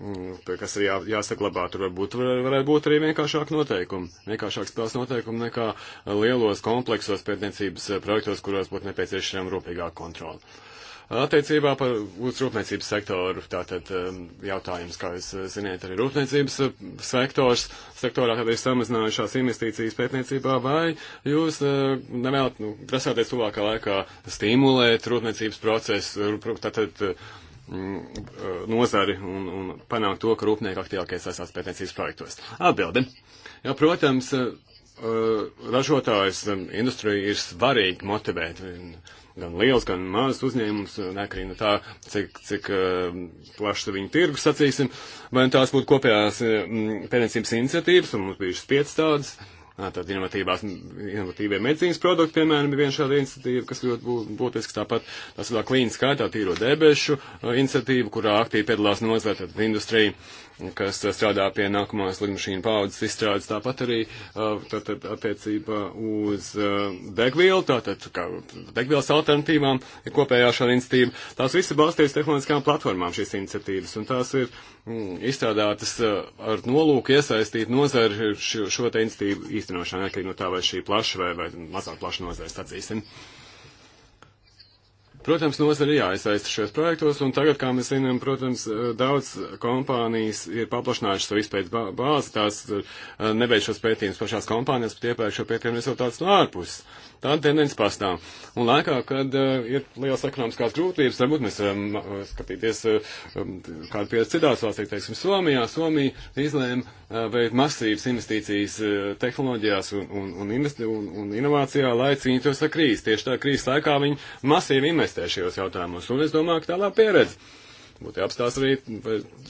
Speaker 3: Mm, kas ir jā, jāsaglabā. Tur varbūt var, varētu būt arī vienkāršāk noteikumi, vienkāršāk spēles noteikumi nekā lielos kompleksos pētniecības eh, projektos, kuros būtu nepieciešama rūpīgāka kontrola. Attiecībā par uz rūpniecības sektoru, tātad eh, jautājums, kā jūs eh, ziniet, arī rūpniecības sektors, sektorā tad ir samazinājušās investīcijas pētniecībā, vai jūs nevēlat, nu, grasāties tuvākā laikā stimulēt rūpniecības procesu, tātad Mm, nozari un, un panākt to, ka rūpnieki aktīvākie saistās pētniecības projektos? Atbildi. Jā, protams, eh, ražotājs mm, industrija ir svarīgi motivēt gan liels, gan mazs uzņēmums, nekarīgi no tā, cik, cik eh, plašs viņu tirgus, sacīsim, vai tās būtu kopējās mm, pētniecības iniciatīvas, un mums bija šis piec tādas, Tātad inovatīvās, inovatīvie medicīnas produkti, piemēram, ir viena šāda iniciatīva, kas ļoti būtiski tāpat. Tas vēl klīniskā, tā tīro debešu uh, iniciatīva, kurā aktīvi piedalās nozara, tātad industrija, kas strādā pie nākamās lidmašīnu paudzes izstrādes, tāpat arī uh, tātad, attiecībā uz uh, degvielu, tātad kā degvielas alternatīvām ir kopējā šāda iniciatīva. Tās visi balstīs tehnoloģiskām platformām šīs iniciatīvas, un tās ir mm, izstrādātas uh, ar nolūku iesaistīt nozari šo, šo te iniciatīvu īstenošanā, neatkarīgi no tā, vai šī plaša vai, vai mazāk plaša nozars, atzīsim. Uh, Protams, nozara ir jāiesaista šajos projektos, un tagad, kā mēs zinām, protams, eh, daudz kompānijas ir paplašinājušas savu izpētes bāzi, tās eh, neveic šos pētījumus pašās kompānijas, bet iepērk šo pētījumu rezultātus no ārpuses. Tāda tendence pastāv. Un laikā, kad uh, ir liels ekonomiskās grūtības, varbūt mēs varam eh, eh, um, skatīties um, kādu pieredzi citās valstīs, teiksim, Somijā. Somija izlēma uh, veikt masīvas investīcijas uh, tehnoloģijās un, un, un, investi un, un inovācijā, lai cīnītos ar krīzi. Tieši tā krīzes laikā viņi masīvi investē šajos jautājumos. Un es domāju, ka tā laba pieredze. Būtu jāapstāst arī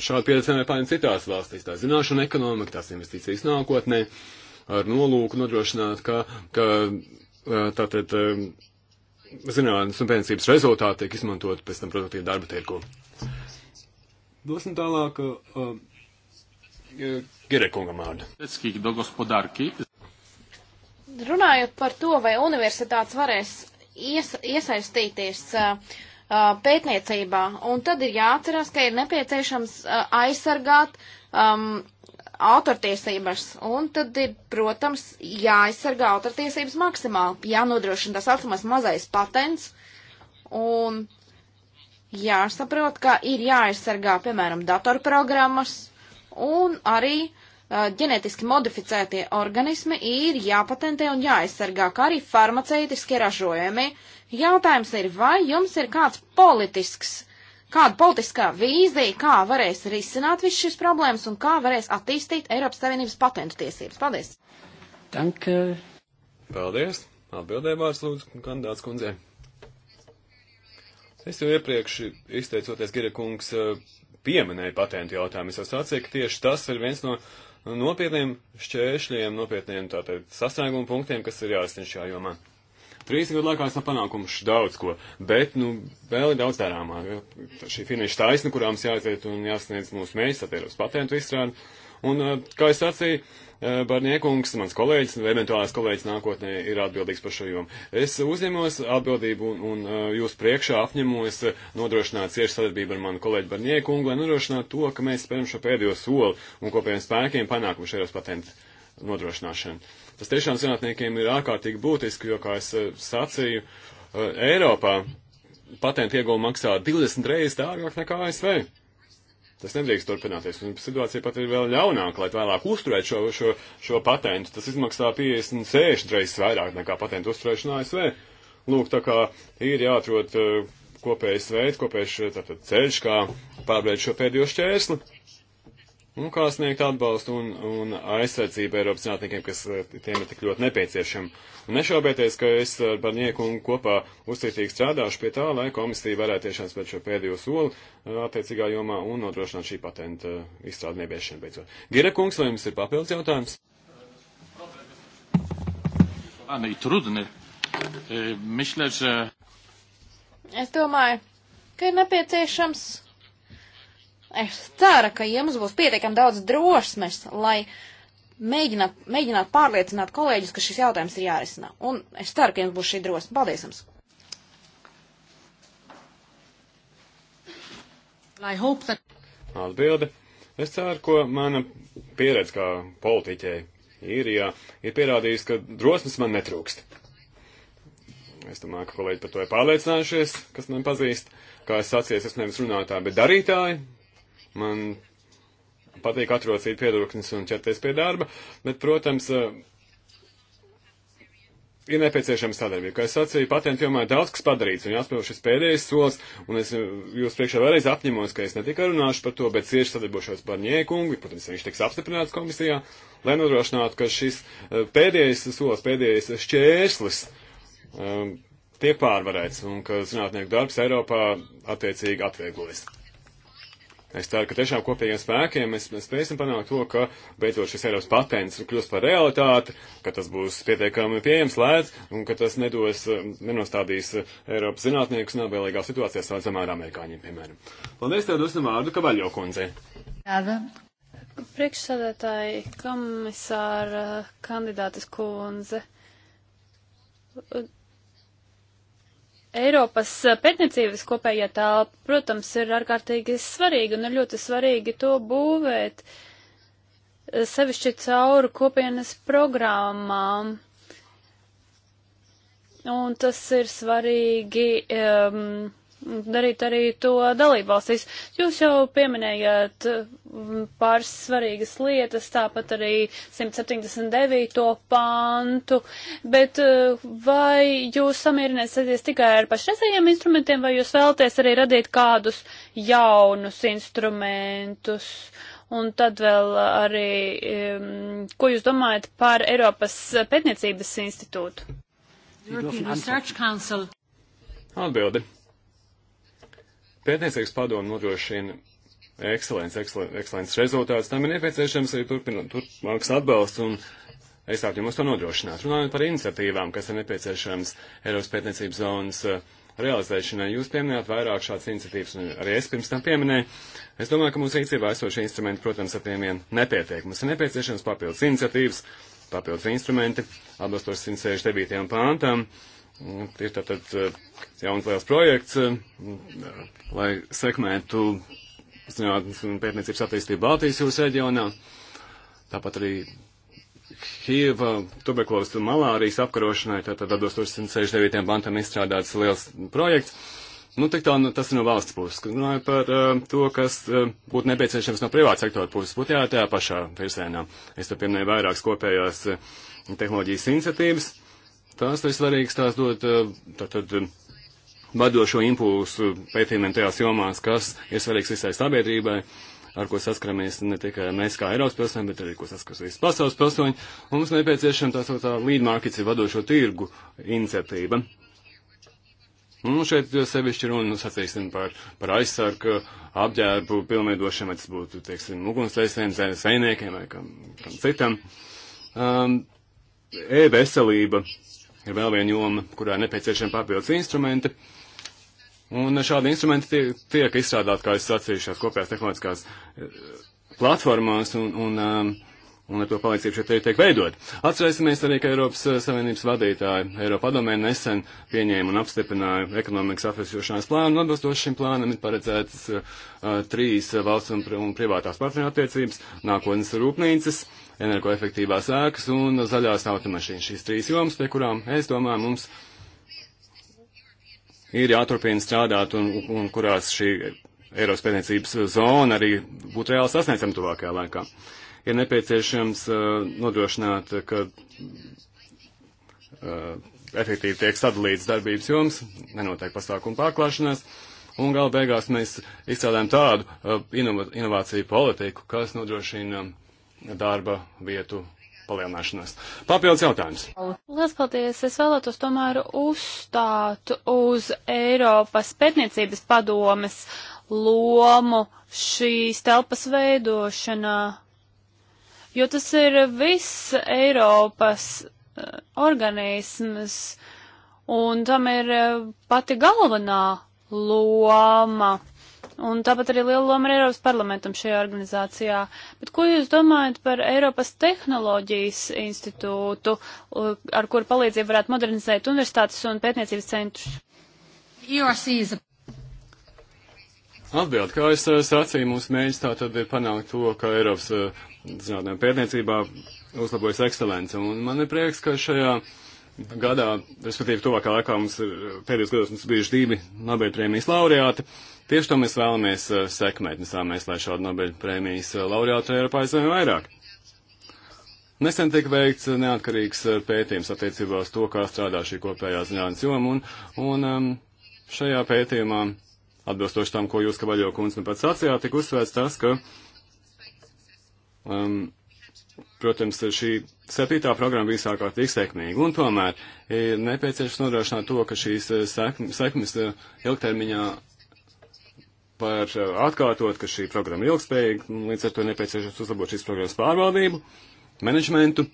Speaker 3: šādu pieredzi nepārņem citās valstīs. Tā zināšana ekonomika, tās investīcijas nākotnē ar nolūku nodrošināt, ka, ka Eh, tātad eh, zinātnes un pēcniecības rezultāti tiek izmantot pēc tam produktīvi darba tirgu. Dosim tālāk uh, eh, Gerekungam vārdu.
Speaker 2: Runājot par to, vai universitātes varēs ies, iesaistīties uh, pētniecībā, un tad ir jāatcerās, ka ir nepieciešams uh, aizsargāt um, autortiesības, un tad ir, protams, jāaizsargā autortiesības maksimāli, jānodrošina tas saucamais mazais patents, un jāsaprot, ka ir jāaizsargā, piemēram, datorprogrammas, un arī uh, eh, ģenetiski modificētie organismi ir jāpatentē un jāaizsargā, kā arī farmaceitiskie ražojumi. Jautājums ir, vai jums ir kāds politisks kāda politiskā vīzija, kā varēs risināt visu šīs problēmas un kā varēs attīstīt Eiropas Savienības patentu tiesības. Paldies!
Speaker 1: Danke!
Speaker 3: Paldies! Atbildē vārds lūdzu kandidāts kundzē. Es jau iepriekš izteicoties, Gira kungs, pieminēja patentu jautājumu. Es jau sacīju, ka tieši tas ir viens no nopietniem šķēršļiem, nopietniem tātad sasniegumu punktiem, kas ir jāizsniedz šajā jomā. Trīs gadu laikā esam panākuši daudz ko, bet, nu, vēl ir daudz darāmā. Šī finiša taisna, kurām mums jāiziet un jāsniedz mūsu mērķis, attiecībā uz patentu izstrādi. Un, eh, kā es sacīju, eh, Barniekungs, mans kolēģis, eventuālais kolēģis nākotnē ir atbildīgs par šo jomu. Es uzņemos atbildību un, un eh, jūs priekšā apņemos nodrošināt ciešu sadarbību ar manu kolēģi Barniekungu, lai nodrošinātu to, ka mēs spējam šo pēdējo soli un kopējiem spēkiem panākumu šajos patentos nodrošināšanu. Tas tiešām zinātniekiem ir ārkārtīgi būtiski, jo, kā es eh, sacīju, eh, Eiropā patentu iegūma maksā 20 reizes dārgāk nekā ASV. Tas nedrīkst turpināties. Un situācija pat ir vēl ļaunāka, lai vēlāk uzturētu šo, šo, šo patentu. Tas izmaksā 50, 60 reizes vairāk nekā patentu uzturēšana ASV. Lūk, tā kā ir jāatrod eh, kopējs veids, kopējs tātad, ceļš, kā pārbraukt šo pēdējo šķērsli un kā sniegt atbalstu un, un aizsardzību Eiropas zinātniekiem, kas eh, tiem ir tik ļoti nepieciešama. Un nešaubieties, ka es ar Barnieku un kopā uzticīgi strādāšu pie tā, lai komisija varētu tiešām spēt šo pēdējo soli eh, attiecīgā jomā un nodrošināt šī patenta eh, izstrādi nebiešanu beidzot. Gira kungs, vai jums ir papildus jautājums? E,
Speaker 2: es domāju, ka ir nepieciešams Es ceru, ka jums būs pietiekami daudz drosmes, lai mēģināt, mēģināt pārliecināt kolēģus, ka šis jautājums ir jārisina. Un es ceru, ka jums būs šī drosme. Paldies jums! That...
Speaker 3: Atbilde. Es ceru, ka mana pieredze kā politiķei īrijā ir pierādījusi, ka drosmes man netrūkst. Es domāju, ka kolēģi par to ir pārliecinājušies, kas man pazīst. Kā es sacīju, es nevis runātāji, bet darītāji, Man patīk atrocīt piedurknes un ķerties pie darba, bet, protams, eh, ir nepieciešama sadarbība. Kā es sacīju, patentu jomā ir daudz kas padarīts, un jāspēj šis pēdējais solis, un es eh, jūs priekšā vēlreiz apņemos, ka es ne tikai runāšu par to, bet cieši sadarbošos par ņēkungu, protams, viņš tiks apstiprināts komisijā, lai nodrošinātu, ka šis eh, pēdējais solis, pēdējais šķērslis um, tiek pārvarēts, un ka zinātnieku darbs Eiropā attiecīgi atvieglojas. Es ceru, ka tiešām kopīgiem spēkiem mēs, mēs spēsim panākt to, ka beidzot šis Eiropas patents kļūs par realitāti, ka tas būs pietiekami pieejams lēts un ka tas nedos, nenostādīs Eiropas zinātniekus nabēlīgā situācijā savā zemē ar amerikāņiem, piemēram. Paldies, tev dosim vārdu Kavaļo kundzei.
Speaker 1: Priekšsādātāji, komisāra kandidātas kundze. Eiropas pētniecības kopējā telpa, protams, ir ārkārtīgi svarīga un ir ļoti svarīgi to būvēt, eh, sevišķi cauri kopienas programmām. Un tas ir svarīgi um, darīt arī to dalībvalstīs. Jūs jau pieminējāt mm, pāris svarīgas lietas, tāpat arī 179. pantu, bet eh, vai jūs samierināsieties tikai ar pašreizējiem instrumentiem, vai jūs vēlaties arī radīt kādus jaunus instrumentus? Un tad vēl arī, ko jūs domājat par Eiropas pētniecības institūtu?
Speaker 3: Atbildi. Pētniecības padomu nodrošina ekscelents, ekscelents rezultāts. Tam ir nepieciešams arī turpināt, turpmāks atbalsts un es tāpēc jums to nodrošinātu. Runājot par iniciatīvām, kas ir nepieciešams Eiropas pētniecības zonas eh, realizēšanai, jūs pieminējāt vairāk šādas iniciatīvas, un arī es pirms tam pieminēju. Es domāju, ka mūsu rīcībā esošie instrumenti, protams, ar tiem vien nepietiek. Mums ir nepieciešams papildus iniciatīvas, papildus instrumenti, atbilstoši 169. pāntam. Uh, Nu, ir tātad eh, jauns liels projekts, eh, lai sekmētu zinātnes un pētniecības attīstību Baltijas jūras reģionā. Tāpat arī HIV, tuberkulozes un malārijas apkarošanai, tātad atbilstoši 169. bantam izstrādāts liels projekts. Nu, tik tā, nu, tas ir no valsts puses. Runāju par uh, to, kas uh, būtu nepieciešams no privāta sektora puses, būtu jātājā pašā virsienā. Es te pieminēju vairākas kopējās uh, tehnoloģijas iniciatīvas. Tās ir svarīgas, tās dod eh, tātad eh, vadošo impulsu pētījumiem tajās jomās, kas ir svarīgs visai sabiedrībai, ar ko saskaramies ne tikai mēs kā Eiropas pilsoņi, bet arī ko saskaras visas pasaules pilsoņi. Un mums nepieciešama tā sauktā lead markets ir vadošo tirgu iniciatīva. Un šeit sevišķi runa, nu, sacīsim, par, par aizsargu apģērbu pilnveidošiem, vai tas būtu, teiksim, ugunsveisiem, zvejniekiem vai kam, kam citam. Um, e-veselība ir vēl viena joma, kurā ir nepieciešami papildus instrumenti. Un šādi instrumenti tiek, tiek izstrādāti, kā es sacīju, šās kopējās tehnoloģiskās eh, platformās, un, un, um, un ar to palīdzību šeit arī tiek veidot. Atcerēsimies arī, ka Eiropas eh, Savienības vadītāji Eiropa padomē nesen pieņēma un apstiprināja ekonomikas atvesļošanās plānu, un atbilstoši šim plānam ir paredzētas uh, trīs valsts un, un privātās partnerattiecības, nākotnes rūpnīcas. Uh, energoefektīvās ēkas un zaļās automašīnas. Šīs trīs jomas, pie kurām, es domāju, mums ir jāturpina strādāt un, un kurās šī Eiropas pētniecības zona arī būtu reāli sasniedzama tuvākajā laikā. Ir nepieciešams uh, nodrošināt, ka uh, efektīvi tiek sadalīts darbības joms, nenotiek pasākumu pārklāšanās, un gala beigās mēs izstrādājam tādu uh, inovāciju politiku, kas nodrošina uh, darba vietu palielināšanās. Papildus jautājums.
Speaker 1: Lielas paldies. Es vēlētos tomēr uzstāt uz Eiropas pētniecības padomes lomu šīs telpas veidošanā, jo tas ir viss Eiropas eh, organisms, un tam ir eh, pati galvenā loma. Un tāpat arī liela loma ir Eiropas parlamentam šajā organizācijā. Bet ko jūs domājat par Eiropas tehnoloģijas institūtu, uh, ar kur palīdzību varētu modernizēt universitātes un pētniecības centrus?
Speaker 3: Atbildi, kā es uh, sacīju, mūsu mēģis tā tad ir panākt to, ka Eiropas uh, zinātnē pētniecībā uzlabojas ekscelence. Un man ir prieks, ka šajā gadā, respektīvi tuvākā laikā mums ir pēdējos gados mums bijuši divi Nobel prēmijas laureāti. Uh, Tieši to mēs vēlamies eh, sekmēt, mēs vēlamies, lai šāda Nobel prēmijas eh, laureāta Eiropā aizvien vairāk. Nesen tika veikts eh, neatkarīgs pētījums attiecībā uz to, kā strādā šī kopējā zinātnes joma, un, un um, šajā pētījumā, atbilstoši tam, ko jūs, Kavaļo kundze, nu pats sacījāt, tika uzsvērts tas, ka, um, protams, šī septītā programma bija sākārtīgi sekmīga, un tomēr ir nepieciešams nodrošināt to, ka šīs sekmes ilgtermiņā par eh, atkārtot, ka šī programma ir ilgspējīga, un līdz ar to nepieciešams uzlabot šīs programmas pārvaldību, menedžmentu,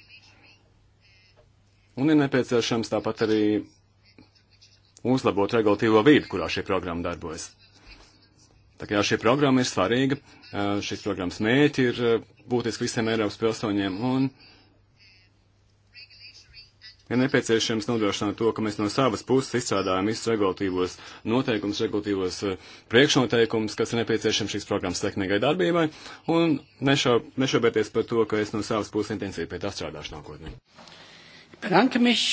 Speaker 3: un ir nepieciešams tāpat arī uzlabot regulatīvo vīdi, kurā šī programma darbojas. Tā kā šī programma ir svarīga, eh, šīs programmas mēķi ir eh, būtiski visiem Eiropas pilsoņiem, un ir nepieciešams nodrošināt to, ka mēs no savas puses izstrādājam visus regulatīvos noteikumus, regulatīvos eh, priekšnoteikumus, kas ir nepieciešams šīs programmas sekmīgai darbībai, un nešau, nešaubieties par to, ka es no savas puses intensīvi pie tā strādāšu nākotnē.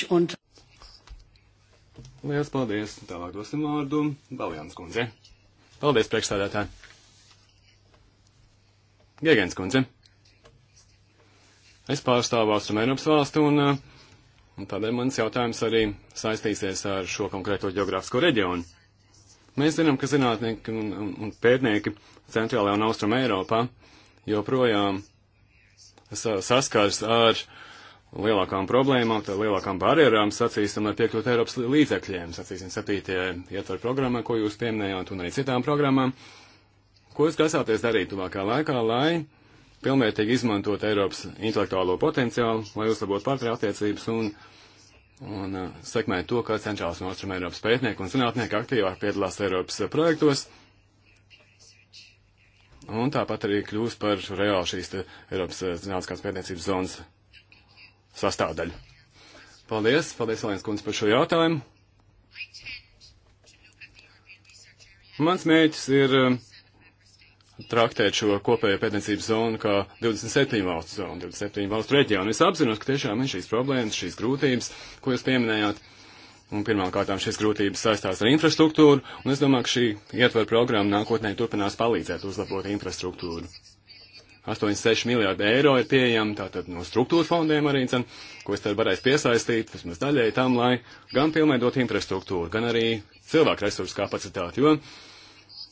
Speaker 3: Un... Lielas paldies! Tālāk dosim vārdu Baljāns kundze. Paldies, priekšstādātāji! Gēgens kundze. Es pārstāvu Austrum Eiropas valstu un uh, Un tādēļ mans jautājums arī saistīsies ar šo konkrēto geogrāfisko reģionu. Mēs zinām, ka zinātnieki un, un, un pētnieki centrālajā un austrumē Eiropā joprojām sa saskars ar lielākām problēmām, tā lielākām barjerām, sacīsim, lai piekļūtu Eiropas līdzekļiem, sacīsim, septītajai ietvaru programmai, ko jūs pieminējāt, un arī citām programmām. Ko jūs grasāties darīt tuvākā laikā, lai pilnvērtīgi izmantot Eiropas intelektuālo potenciālu, lai uzlabotu partneru attiecības un, un uh, sekmēt to, ka centrālas un austrum Eiropas pētnieki un zinātnieki aktīvāk piedalās Eiropas uh, projektos. Un tāpat arī kļūst par reāli šīs te, uh, Eiropas uh, zinātniskās pētniecības zonas sastāvdaļu. Paldies, paldies, Alēns kundze, par šo jautājumu. Mans mēģis ir uh, traktēt šo kopējo pētniecības zonu kā 27 valstu zonu, 27 valstu reģionu. Es apzinos, ka tiešām ir šīs problēmas, šīs grūtības, ko jūs pieminējāt. Un pirmām kārtām šīs grūtības saistās ar infrastruktūru, un es domāju, ka šī ietver programma nākotnē turpinās palīdzēt uzlabot infrastruktūru. 86 miljārdi eiro ir pieejami, tātad no struktūra fondiem arī, cen, ko es tad varēs piesaistīt, vismaz daļēji tam, lai gan pilnveidot infrastruktūru, gan arī cilvēku resursu kapacitāti, jo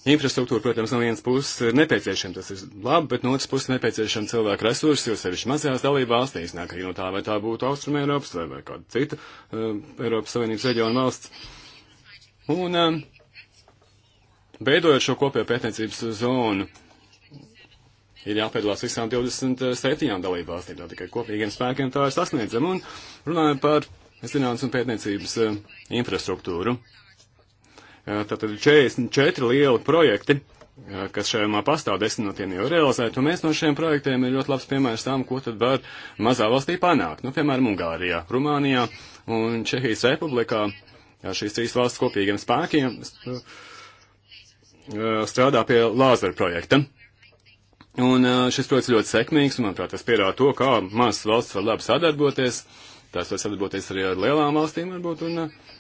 Speaker 3: Infrastruktūra, protams, no vienas puses ir nepieciešama, tas ir labi, bet no otras puses nepieciešama cilvēku resursi, jo sevišķi mazajās dalība valstīs, neatkarīgi no tā, vai tā būtu Austrum Eiropas vai, vai kāda cita uh, Eiropas Savienības reģiona valsts. Un uh, veidojot šo kopējo pētniecības zonu, ir jāpiedalās visām 27 dalībvalstīm, tā tikai kopīgiem spēkiem tā ir sasniedzama. Un runājot par zinātnes un pētniecības uh, infrastruktūru, tātad 44 lieli projekti, kas šajā jomā pastāv, desmit no tiem jau realizēti, un mēs no šiem projektiem ir ļoti labs piemērs tam, ko tad var mazā valstī panākt. Nu, piemēram, Ungārijā, Rumānijā un Čehijas republikā šīs trīs valsts kopīgiem spēkiem strādā pie lāzera projekta. Un šis projekts ļoti sekmīgs, un, manuprāt, tas pierāda to, kā mazas valsts var labi sadarboties. Tās var sadarboties arī ar lielām valstīm, varbūt, un uh,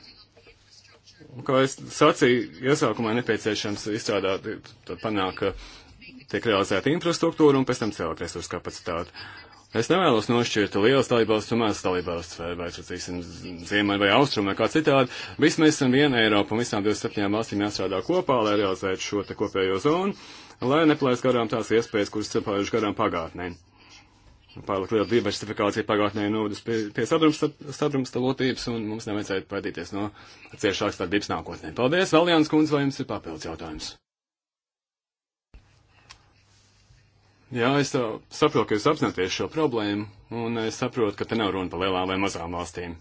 Speaker 3: kā es sacīju, iesākumā nepieciešams izstrādāt, tad panāk, ka tiek realizēta infrastruktūra un pēc tam cilvēku resursu kapacitāte. Es nevēlos nošķirt lielas dalībvalsts un mazas dalībvalsts, vai, vai sacīsim, ziemeļi vai austrumi vai kā citādi. Visi mēs esam viena Eiropa un visām 27 valstīm jāstrādā kopā, lai realizētu šo te kopējo zonu, lai nepalaist garām tās iespējas, kuras cilvēku garām pagātnē pārāk liela diversifikācija pagātnē novadus pie, pie sadrumstalotības, un mums nevajadzētu baidīties no ciešākas darbības nākotnē. Paldies, vēl Jānis Kunz, vai jums ir papildus jautājums? Jā, es saprotu, ka jūs apzināties šo problēmu, un es saprotu, ka te nav runa par lielām vai mazām valstīm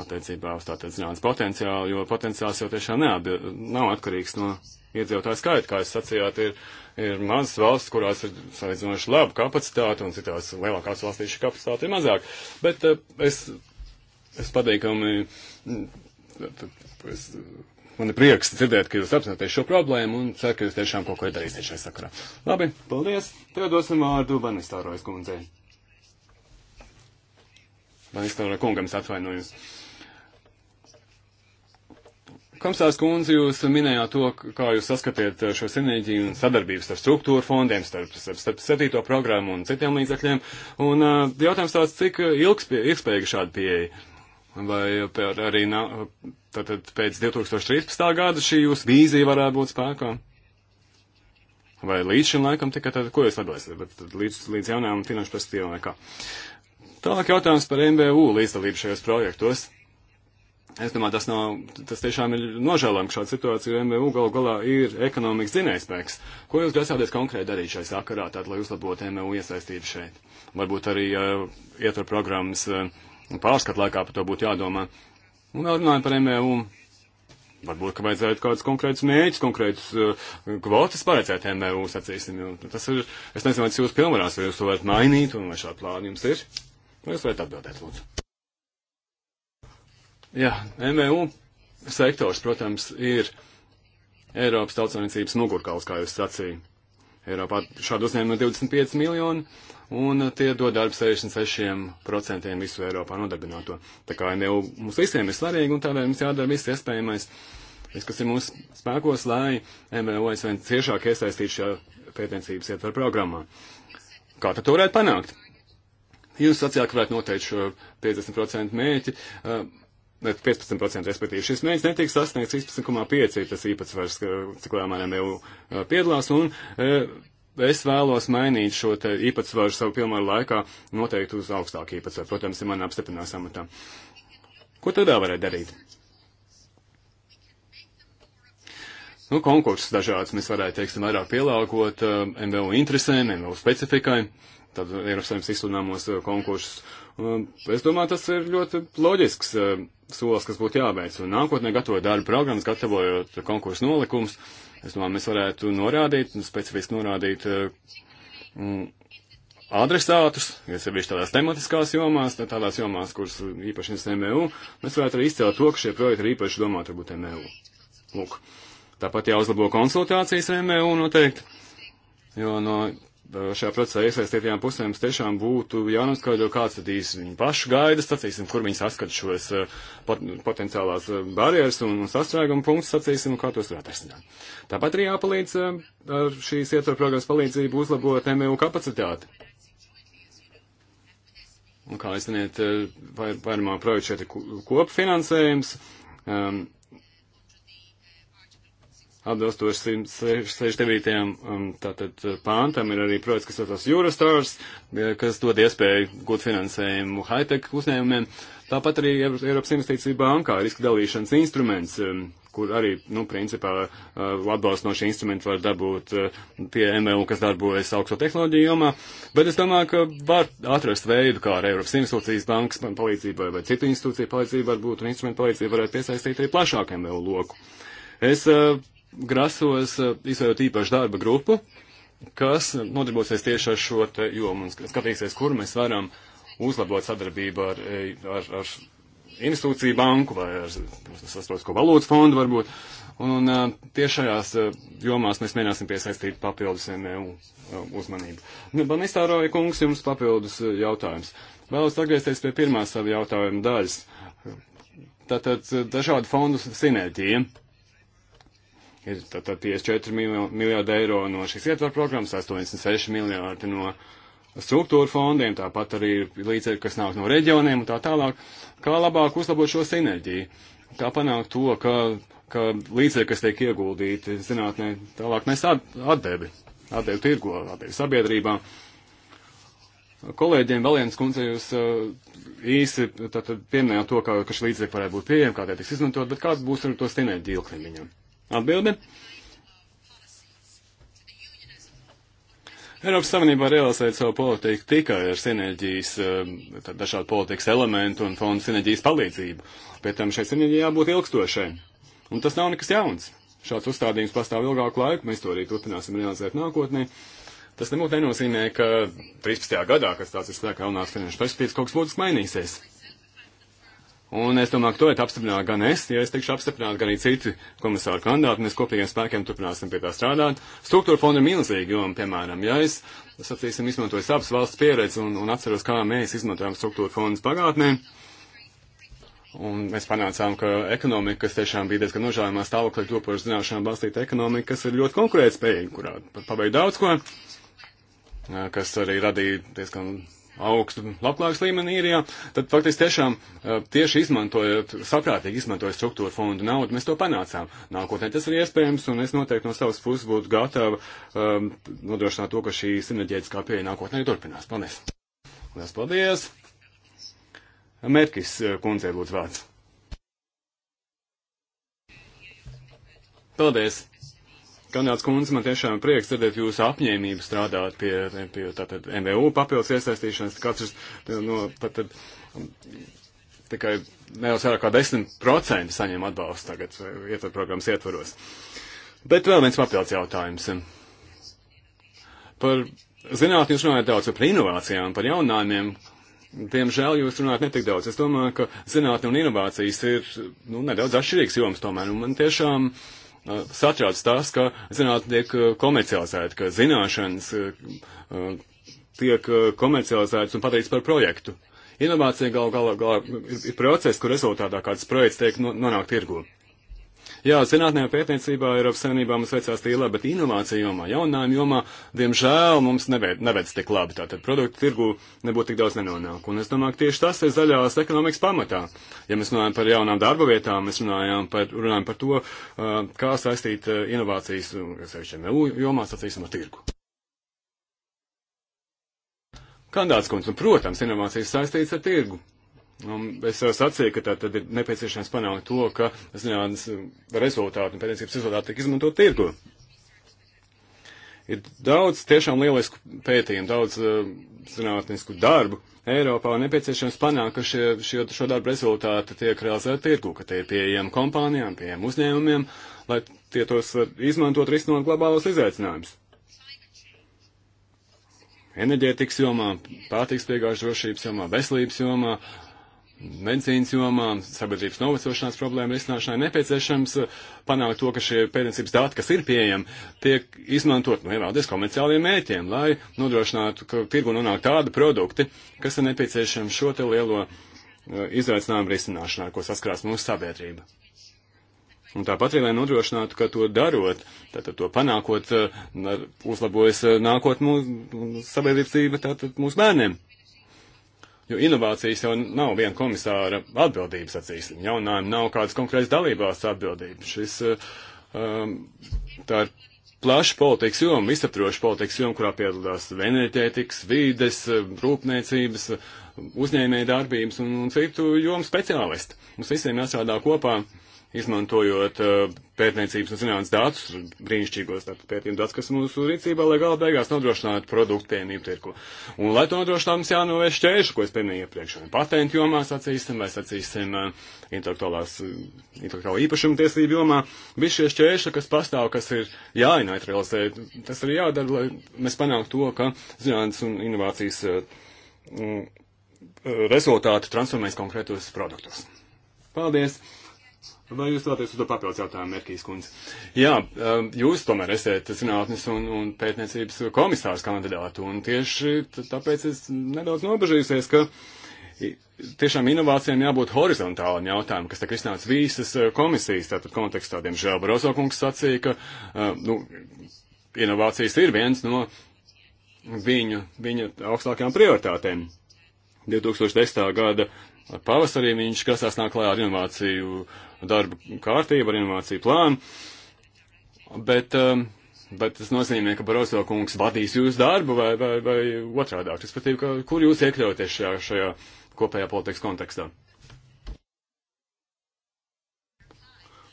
Speaker 3: attiecībā uz tātad zinātnes potenciālu, jo potenciāls jau tiešām neatbil, nav atkarīgs no iedzīvotāju skaitu. Kā jūs sacījāt, ir, ir mazas valsts, kurās ir salīdzinoši laba kapacitāte, un citās lielākās valstīs šī kapacitāte ir mazāk. Bet eh, es, es patīkami, mm, es, man ir prieks dzirdēt, ka jūs apzināties šo problēmu, un ceru, ka jūs tiešām kaut ko darīsiet šai sakarā. Labi, paldies. Tagad dosim vārdu Vanistārojas kundzei. Vanistārojas kungam, es atvainojos. Komisārs Kunze, jūs minējāt to, kā jūs saskatiet šo sinerģiju un sadarbību starp struktūru fondiem, starp, starp, starp septīto programmu un citiem līdzekļiem. Un uh, jautājums tāds, cik ilgspējīga šāda pieeja? Vai arī nā, tātad pēc 2013. gada šī jūsu vīzija varētu būt spēkā? Vai līdz šim laikam tikai tad, ko jūs atbalstāt, līdz, līdz jaunajām finanšu perspektīvām vai kā? Tālāk jautājums par MBU līdzdalību šajos projektos. Es domāju, tas, nav, tas tiešām ir nožēlojami, ka šāda situācija MVU gal galā ir ekonomikas zinājspēks. Ko jūs grasāties konkrēti darīt šai sakarā, tātad, lai uzlabotu MVU iesaistību šeit? Varbūt arī uh, ietver programmas uh, pārskat laikā par to būtu jādomā. Un vēl runājam par MVU. Varbūt, ka vajadzētu kādus konkrētus mēģus, konkrētus uh, kvotas paredzēt MVU, sacīsim. Jo tas ir, es nezinu, vai tas jūs pilnvarās, vai jūs to varat mainīt, un vai šādi plāni jums ir. Vai jūs varat atbildēt, lūdzu? Jā, MVU e sektors, protams, ir Eiropas tautsainicības mugurkauls, kā jūs sacījāt. Eiropā šādu uzņēmumu ir 25 miljoni, un tie dod darbu 66% visu Eiropā nodarbināto. Tā kā MVU e mums visiem ir svarīgi, un tādēļ mums jādara viss iespējamais, viss, kas ir mūsu spēkos, lai MVU e aizvien ciešāk iesaistītu šajā pētniecības ietver programmā. Kā tad to varētu panākt? Jūs sacījāt, ka varētu noteikt šo 50% mēķi. Uh, 15%, respektīvi. Šis mērķis netiek sasniegts 13,5, tas īpatsvars, cik lielā mērā jau piedalās, un es vēlos mainīt šo te īpatsvaru savu pilnvaru laikā noteikti uz augstāku īpatsvaru. Protams, ir man apstiprinās amatā. Ko tad vēl varētu darīt? Nu, konkursus dažādas mēs varētu, teiksim, vairāk pielāgot MVU interesēm, MVU specifikai. Uh, tad Eiropas Savienības izsludināmos uh, konkursus. Uh, es domāju, tas ir ļoti loģisks uh, solis, kas būtu jāveic. Un nākotnē gatavojot darba programmas, gatavojot konkursu nolikumus, es domāju, mēs varētu norādīt, specifiski norādīt mm, adresātus, ja sevišķi tādās tematiskās jomās, tādās jomās, kuras īpaši nes MVU, e mēs varētu arī izcelt to, ka šie projekti ir īpaši domāti varbūt MVU. E Lūk. Tāpat jāuzlabo konsultācijas ar MVU e noteikti, jo no šajā procesā iesaistītajām pusēm tiešām būtu jānoskaidro, kāds tad īsti viņu pašu gaidas, sacīsim, kur viņi saskat šos eh, pot, potenciālās eh, barjeras un sastrēguma punktus, sacīsim, kā tos varētu atrisināt. Tāpat arī jāpalīdz eh, ar šīs ietvaru programmas palīdzību uzlabot MVU e kapacitāti. Un kā es ziniet, vairumā projektu šeit ir kopfinansējums. Um, atbilstoši 169. Um, tātad uh, pāntam ir arī projekts, kas saucas Eurostars, uh, kas dod iespēju gūt finansējumu high-tech uzņēmumiem. Tāpat arī Eiropas investīcija bankā ir riska dalīšanas instruments, um, kur arī, nu, principā uh, atbalstu no šī instrumenta var dabūt pie MVU, kas darbojas augsto tehnoloģiju jomā. Bet es domāju, ka var atrast veidu, kā ar Eiropas investīcijas bankas palīdzību vai citu institūciju palīdzību varbūt un instrumentu palīdzību varētu piesaistīt arī plašāku MVU loku. Es uh, grasos eh, izveidot īpašu darba grupu, kas nodarbosies tieši ar šo te jomu un skatīsies, kur mēs varam uzlabot sadarbību ar, eh, ar, ar institūciju banku vai ar sastrotisko valūtu fondu varbūt. Un, un eh, tieši šajās jomās mēs mēģināsim piesaistīt papildus NMU e uzmanību. Man nu, iztāroja kungs jums papildus jautājums. Vēlos atgriezties pie pirmās savu jautājumu daļas. Tātad dažādu fondu sinerģija ir tātad 54 miljārdi eiro no šīs ietvaru programmas, 86 miljārdi no struktūra fondiem, tāpat arī līdzekļi, kas nāk no reģioniem un tā tālāk. Kā labāk uzlabot šo sinerģiju? Kā panākt to, ka, ka līdzekļi, kas tiek ieguldīti zinātnē, tālāk nes atdevi, atdevi tirgo, atdevi sabiedrībām. Kolēģiem Valienas kundze jūs uh, īsi pieminējāt to, ka, ka šī līdzekļa varētu būt pieejama, kā tie tiks izmantot, bet kāds būs ar to sinerģiju ilgtermiņam? Atbildi. Eiropas Savienībā realizēt savu politiku tikai ar sinerģijas, eh, dažādu politikas elementu un fondu sinerģijas palīdzību. Pēc tam šai sinerģijai jābūt ilgstošai. Un tas nav nekas jauns. Šāds uzstādījums pastāv ilgāku laiku, mēs to arī turpināsim realizēt nākotnē. Tas nebūtu nenozīmē, ka 13. gadā, kas tāds ir spēkā jaunās finanšu perspektīvas, kaut kas būtiski mainīsies. Un es domāju, ka to ir apstiprināt gan es, ja es tikšu apstiprināt, gan arī citi komisāru kandidāti. Mēs kopīgiem spēkiem turpināsim pie tā strādāt. Struktūra fonda ir milzīga, jo, piemēram, ja es, sacīsim, izmantoju savas valsts pieredzi un, un atceros, kā mēs izmantojām struktūra fondus pagātnē, Un mēs panācām, ka ekonomika, kas tiešām bija diezgan nožēlojamā stāvoklī, kļūpa par zināšanām balstīta ekonomika, kas ir ļoti konkurētspējīga, kurā pabeidz daudz ko, kas arī radīja diezgan augstu labklājības līmeni īrijā, tad faktiski tiešām eh, tieši izmantojot, saprātīgi izmantojot struktūra fondu naudu, mēs to panācām. Nākotnē tas ir iespējams, un es noteikti no savas puses būtu gatava um, nodrošināt to, ka šī sinerģētiskā pieeja nākotnē turpinās. Paldies! Lielas paldies! Merkis eh, kundzei lūdzu vārds. Paldies! Kanāds kundze, man tiešām prieks dzirdēt jūsu apņēmību strādāt pie, pie tātad MVU papildus iesaistīšanas. Katrs eh, no tātad um, tikai nedaudz vairāk kā 10% saņem atbalstu tagad eh, ietver programmas ietvaros. Bet vēl viens papildus jautājums. Par zinātni jūs runājat daudz par inovācijām, par jauninājumiem. Diemžēl jūs runājat netik daudz. Es domāju, ka zinātne un inovācijas ir nu, nedaudz atšķirīgs joms tomēr. Un man tiešām uh, satrauc tas, ka zinātne tiek eh, komercializēta, ka zināšanas eh, eh, tiek komercializētas un pateikts par projektu. Inovācija gal galā gal, ir process, kur rezultātā kāds projekts tiek nonākt tirgu. Jā, zinātnē un pētniecībā Eiropas Savienībā mums veicās tie labi, bet inovācija jomā, jaunājuma jomā, diemžēl mums neved, neved tik labi. Tātad produktu tirgu nebūtu tik daudz nenonāk. Un es domāju, ka tieši tas ir zaļās ekonomikas pamatā. Ja mēs runājam par jaunām darba vietām, mēs runājam par, runājam par to, kā saistīt inovācijas, sevišķi MU jomā, sacīsim, ar tirgu. Kandāts kundze, un, protams, inovācijas saistīts ar tirgu. Un es jau sacīju, ka tā tad ir nepieciešams panākt to, ka zinātnes rezultāti un pētniecības rezultāti tiek izmantot tirgu. Ir daudz tiešām lielisku pētījumu, daudz uh, zinātnisku darbu Eiropā un nepieciešams panākt, ka šie, šie, šo darbu rezultāti tiek realizēti tirgu, ka tie ir pieejami kompānijām, pieejami uzņēmumiem, lai tie tos var izmantot risinot globālos izaicinājumus. Enerģētikas jomā, pārtiks piegāžu drošības jomā, veselības jomā, uh, medicīnas jomā, sabiedrības novecošanās problēmu risināšanai nepieciešams eh, panākt to, ka šie pētniecības dati, kas ir pieejami, tiek izmantot, nu, ieraudies komerciāliem mēķiem, lai nodrošinātu, ka tirgu nonāk tādi produkti, kas ir nepieciešami šo te lielo eh, izaicinājumu risināšanā, ko saskarās mūsu sabiedrība. Un tāpat arī, lai nodrošinātu, ka to darot, tātad to panākot, eh, uzlabojas nākotnē sabiedrības dzīve, tātad mūsu bērniem. Jo inovācijas jau nav viena komisāra atbildības, acīsim. Jaunājumi nav kādas konkrētas dalībās atbildības. Šis, eh, um, tā ir plaša politikas joma, visaptroša politikas joma, kurā piedalās enerģētikas, vīdes, rūpniecības, uzņēmēja darbības un, un citu jomu speciālisti. Mums visiem jāstrādā kopā. Uh, izmantojot uh, pētniecības un zinātnes datus, brīnišķīgos pētījumu datus, kas mūsu rīcībā, lai gala beigās nodrošinātu produktu pieejamību tirku. Un, lai to nodrošinātu, mums jānovērš šķēršu, ko es pieminēju iepriekš, vai patentu jomā sacīsim, vai sacīsim uh, intelektuālās, intelektuālā īpašuma tiesību jomā. Visi šie šķēršļi, kas pastāv, kas ir jāinaitralizē, tas arī jādara, lai mēs panāktu to, ka zinātnes un inovācijas uh, mm, rezultāti transformēs konkrētos produktos. Paldies! Vai jūs vēlaties uz to papildus jautājumu, Merkīs kundze? Jā, um, jūs tomēr esat zinātnes un, un pētniecības komisārs kandidātu, un tieši tāpēc es nedaudz nobežījusies, ka tiešām inovācijām jābūt horizontālam jautājumam, kas tiek risināts visas uh, komisijas, tātad kontekstā, diemžēl, Barozo kungs sacīja, ka, uh, nu, inovācijas ir viens no viņu, viņa augstākajām prioritātēm. 2010. gada pavasarī viņš grasās nāk klājā ar inovāciju uh, darba kārtību, ar inovāciju plānu, bet, um, bet tas nozīmē, ka Baroso kungs vadīs jūsu darbu vai, vai, vai otrādāk, respektīvi, ka, kur jūs iekļauties šajā, šajā kopējā politikas kontekstā.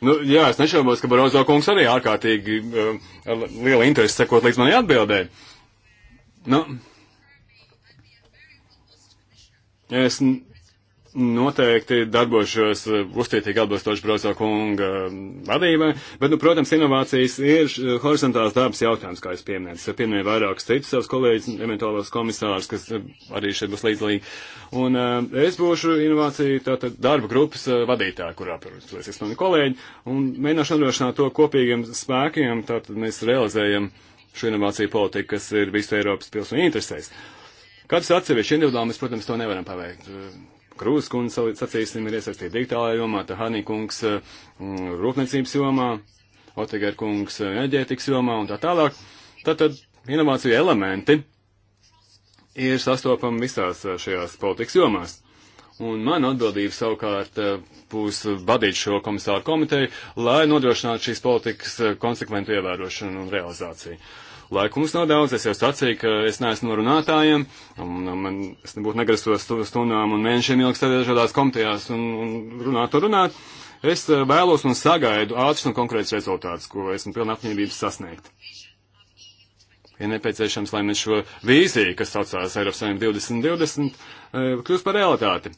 Speaker 3: Nu, jā, es nešaubos, ka Barozo kungs arī ārkārtīgi uh, um, liela interesi sekot līdz manai atbildē. Nu, es noteikti darbošos eh, uztietīgi atbilstoši Brozo kunga eh, vadībai, bet, nu, protams, inovācijas ir eh, horizontāls darbs jautājums, kā es pieminēju. Es pieminēju vairākus citus savus kolēģus, eventuālos komisārus, kas arī šeit būs līdzlīgi. Un uh, es būšu inovāciju tātad darba grupas uh, vadītāja, kurā, protams, es mani kolēģi, un mēģināšu nodrošināt to kopīgiem spēkiem, tātad mēs realizējam šo inovāciju politiku, kas ir visu Eiropas pilsoņu interesēs. Katrs atsevišķi individuāli mēs, protams, to nevaram paveikt. Uh, Krūzes kundze, sacīsim, ir iesaistīta digitālajā jomā, Tahani kungs eh, mm, rūpniecības jomā, Otiger kungs eh, enerģētikas jomā un tā tālāk. Tātad inovāciju elementi ir sastopami visās eh, šajās politikas jomās. Un mana atbildība savukārt būs vadīt šo komisāru komiteju, lai nodrošinātu šīs politikas konsekventu ievērošanu un realizāciju. Laika mums nav daudz, es jau sacīju, ka es neesmu no runātājiem, un man es nebūtu negrastos stundām un mēnešiem ilgi sēdēt dažādās komitejās un, un runāt to runāt. Es eh, vēlos un sagaidu ātrus un konkrētus rezultātus, ko esmu pilna apņēmības sasniegt. Ir ja nepieciešams, lai mēs šo vīziju, kas saucās Eiropas Savienību 2020, eh, kļūst par realitāti.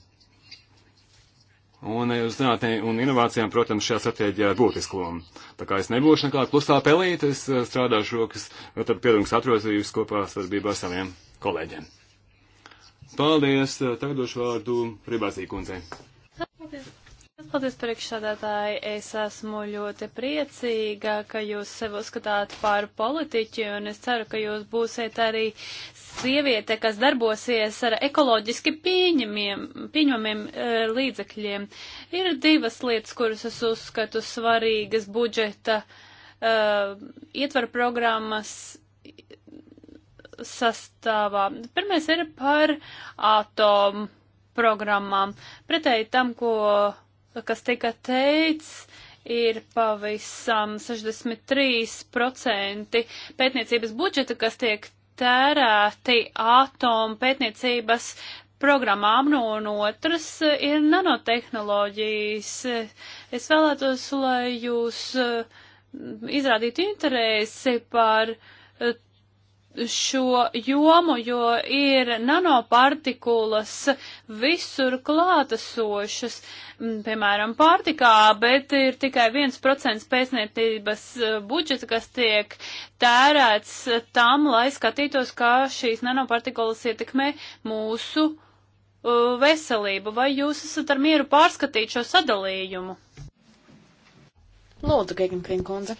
Speaker 3: Un eh, uz zinātnē un inovācijām, protams, šajā stratēģijā ir būtiska loma. Tā kā es nebūšu nekāda klusā pelīte, es eh, strādāšu rokas, eh, tad piedalīgs atrozījus kopā sadarbībā ar saviem kolēģiem. Paldies! Tagad došu vārdu Ribāzī kundzei.
Speaker 1: Paldies! Paldies, priekšsādātāji. Es esmu ļoti priecīga, ka jūs sev uzskatāt par politiķi, un es ceru, ka jūs būsiet arī sieviete, kas darbosies ar ekoloģiski pieņemiem, pieņemiem e, līdzekļiem. Ir divas lietas, kuras es uzskatu svarīgas budžeta e, ietvaru programmas sastāvā. Pirmais ir par atomu programmām. Pretēji tam, ko kas tika teikts, ir pavisam 63% pētniecības budžeta, kas tiek tērēti atomu pētniecības programmām, no nu, un otras ir nanotehnoloģijas. Es vēlētos, lai jūs eh, izrādītu interesi par eh, šo jomu, jo ir nanopartikulas visur klātesošas, piemēram, pārtikā, bet ir tikai 1% pēcniecības e, budžeta, kas tiek tērēts tam, lai skatītos, kā šīs nanopartikulas ietekmē mūsu e, veselību. Vai jūs esat ar mieru pārskatīt šo sadalījumu?
Speaker 2: Lūdzu, Gegenkrīnkundze.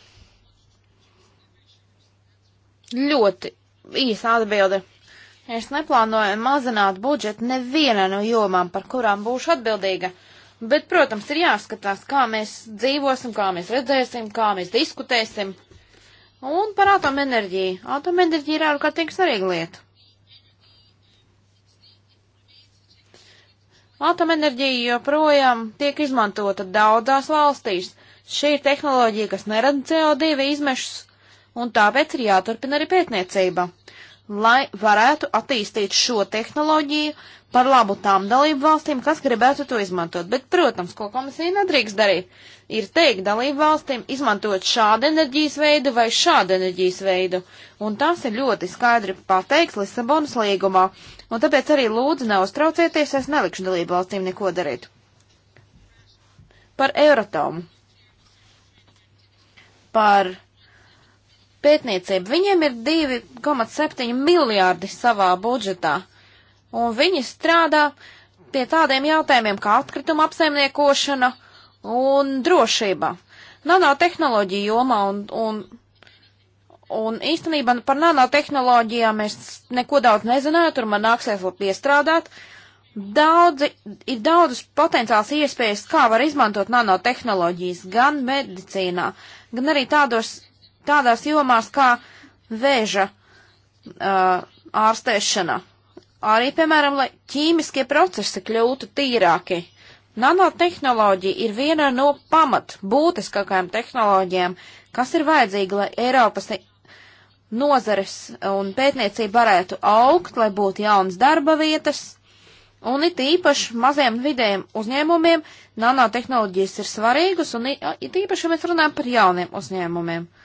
Speaker 2: Ļoti īsa atbilde. Es neplānoju mazināt budžetu nevienā no jomām, par kurām būšu atbildīga. Bet, protams, ir jāskatās, kā mēs dzīvosim, kā mēs redzēsim, kā mēs diskutēsim. Un par atomenerģiju. Atomenerģija ir ārkārtīgi svarīga lieta. Atomenerģija joprojām tiek izmantota daudzās valstīs. Šī ir tehnoloģija, kas nerada CO2 izmešus, un tāpēc ir jāturpina arī pētniecība, lai varētu attīstīt šo tehnoloģiju par labu tām dalību valstīm, kas gribētu to izmantot. Bet, protams, ko komisija nedrīkst darīt, ir teikt dalību valstīm izmantot šādu enerģijas veidu vai šādu enerģijas veidu, un tas ir ļoti skaidri pateikts Lisabonas līgumā, un tāpēc arī lūdzu neuztraucieties, es nelikšu dalību valstīm neko darīt. Par Euratomu par pētniecību. Viņiem ir 2,7 miljārdi savā budžetā, un viņi strādā pie tādiem jautājumiem kā atkrituma apsaimniekošana un drošība. Nanotehnoloģija jomā un, un, un īstenībā par nanotehnoloģijām mēs neko daudz nezinājām, tur man nāksies vēl piestrādāt. Daudzi, ir daudzas potenciāls iespējas, kā var izmantot nanotehnoloģijas gan medicīnā, gan arī tādos tādās jomās kā vēža uh, ārstēšana. Arī, piemēram, lai ķīmiskie procesi kļūtu tīrāki. Nanotehnoloģija ir viena no pamat būtiskākajām tehnoloģijām, kas ir vajadzīga, lai Eiropas nozares un pētniecība varētu augt, lai būtu jaunas darba vietas, un it īpaši maziem vidējiem uzņēmumiem nanotehnoloģijas ir svarīgas, un it īpaši mēs runājam par jauniem uzņēmumiem. Uh,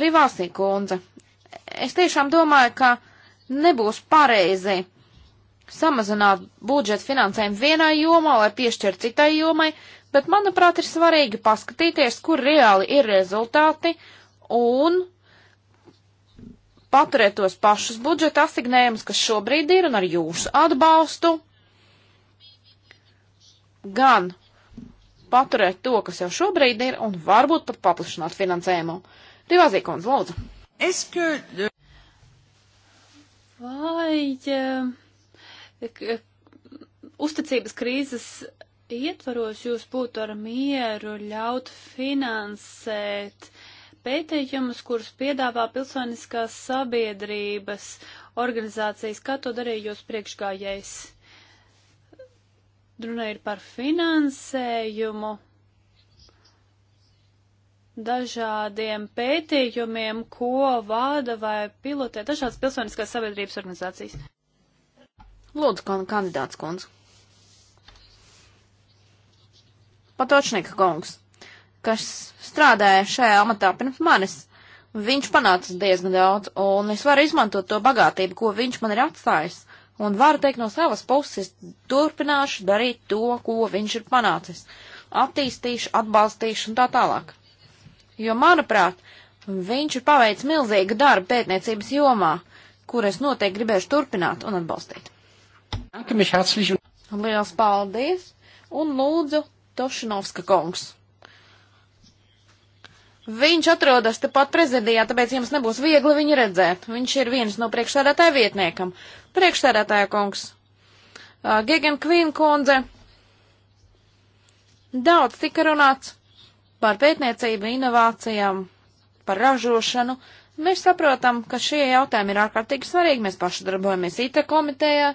Speaker 2: Rivāsī kundze, es tiešām domāju, ka nebūs pareizi samazināt budžeta finansējumu vienai jomā, lai piešķir citai jomai, bet, manuprāt, ir svarīgi paskatīties, kur reāli ir rezultāti un paturēt tos pašus budžeta asignējumus, kas šobrīd ir un ar jūsu atbalstu, gan paturēt to, kas jau šobrīd ir, un varbūt pat paplašināt finansējumu. Uh, Divā zīkons, lūdzu. Es, ka... Vai ja, eh, eh, uzticības krīzes
Speaker 1: ietvaros jūs būtu ar mieru ļaut finansēt pētījumus, kurus piedāvā pilsoniskās sabiedrības organizācijas, kā to darīja jūs priekšgājais? Runa ir par finansējumu dažādiem pētījumiem, ko vada vai pilotē dažādas pilsoniskās sabiedrības organizācijas.
Speaker 2: Lūdzu, kandidāts kundz. Patočnika kungs, kas strādāja šajā amatā pirms manis, viņš panāca diezgan daudz, un es varu izmantot to bagātību, ko viņš man ir atstājis, un varu teikt no savas puses, turpināšu darīt to, ko viņš ir panācis, attīstīšu, atbalstīšu un tā tālāk jo, manuprāt, viņš ir paveicis milzīgu darbu pētniecības jomā, kur es noteikti gribēšu turpināt un atbalstīt. Lielas paldies un lūdzu Tošinovska kungs. Viņš atrodas tepat prezidijā, tāpēc jums nebūs viegli viņu redzēt. Viņš ir viens no priekšsēdētāja vietniekam. Priekšsēdētāja kungs. Gegen Kvīn kundze. Daudz tika runāts par pētniecību, inovācijām, par ražošanu. Mēs saprotam, ka šie jautājumi ir ārkārtīgi svarīgi. Mēs paši darbojamies IT komitejā,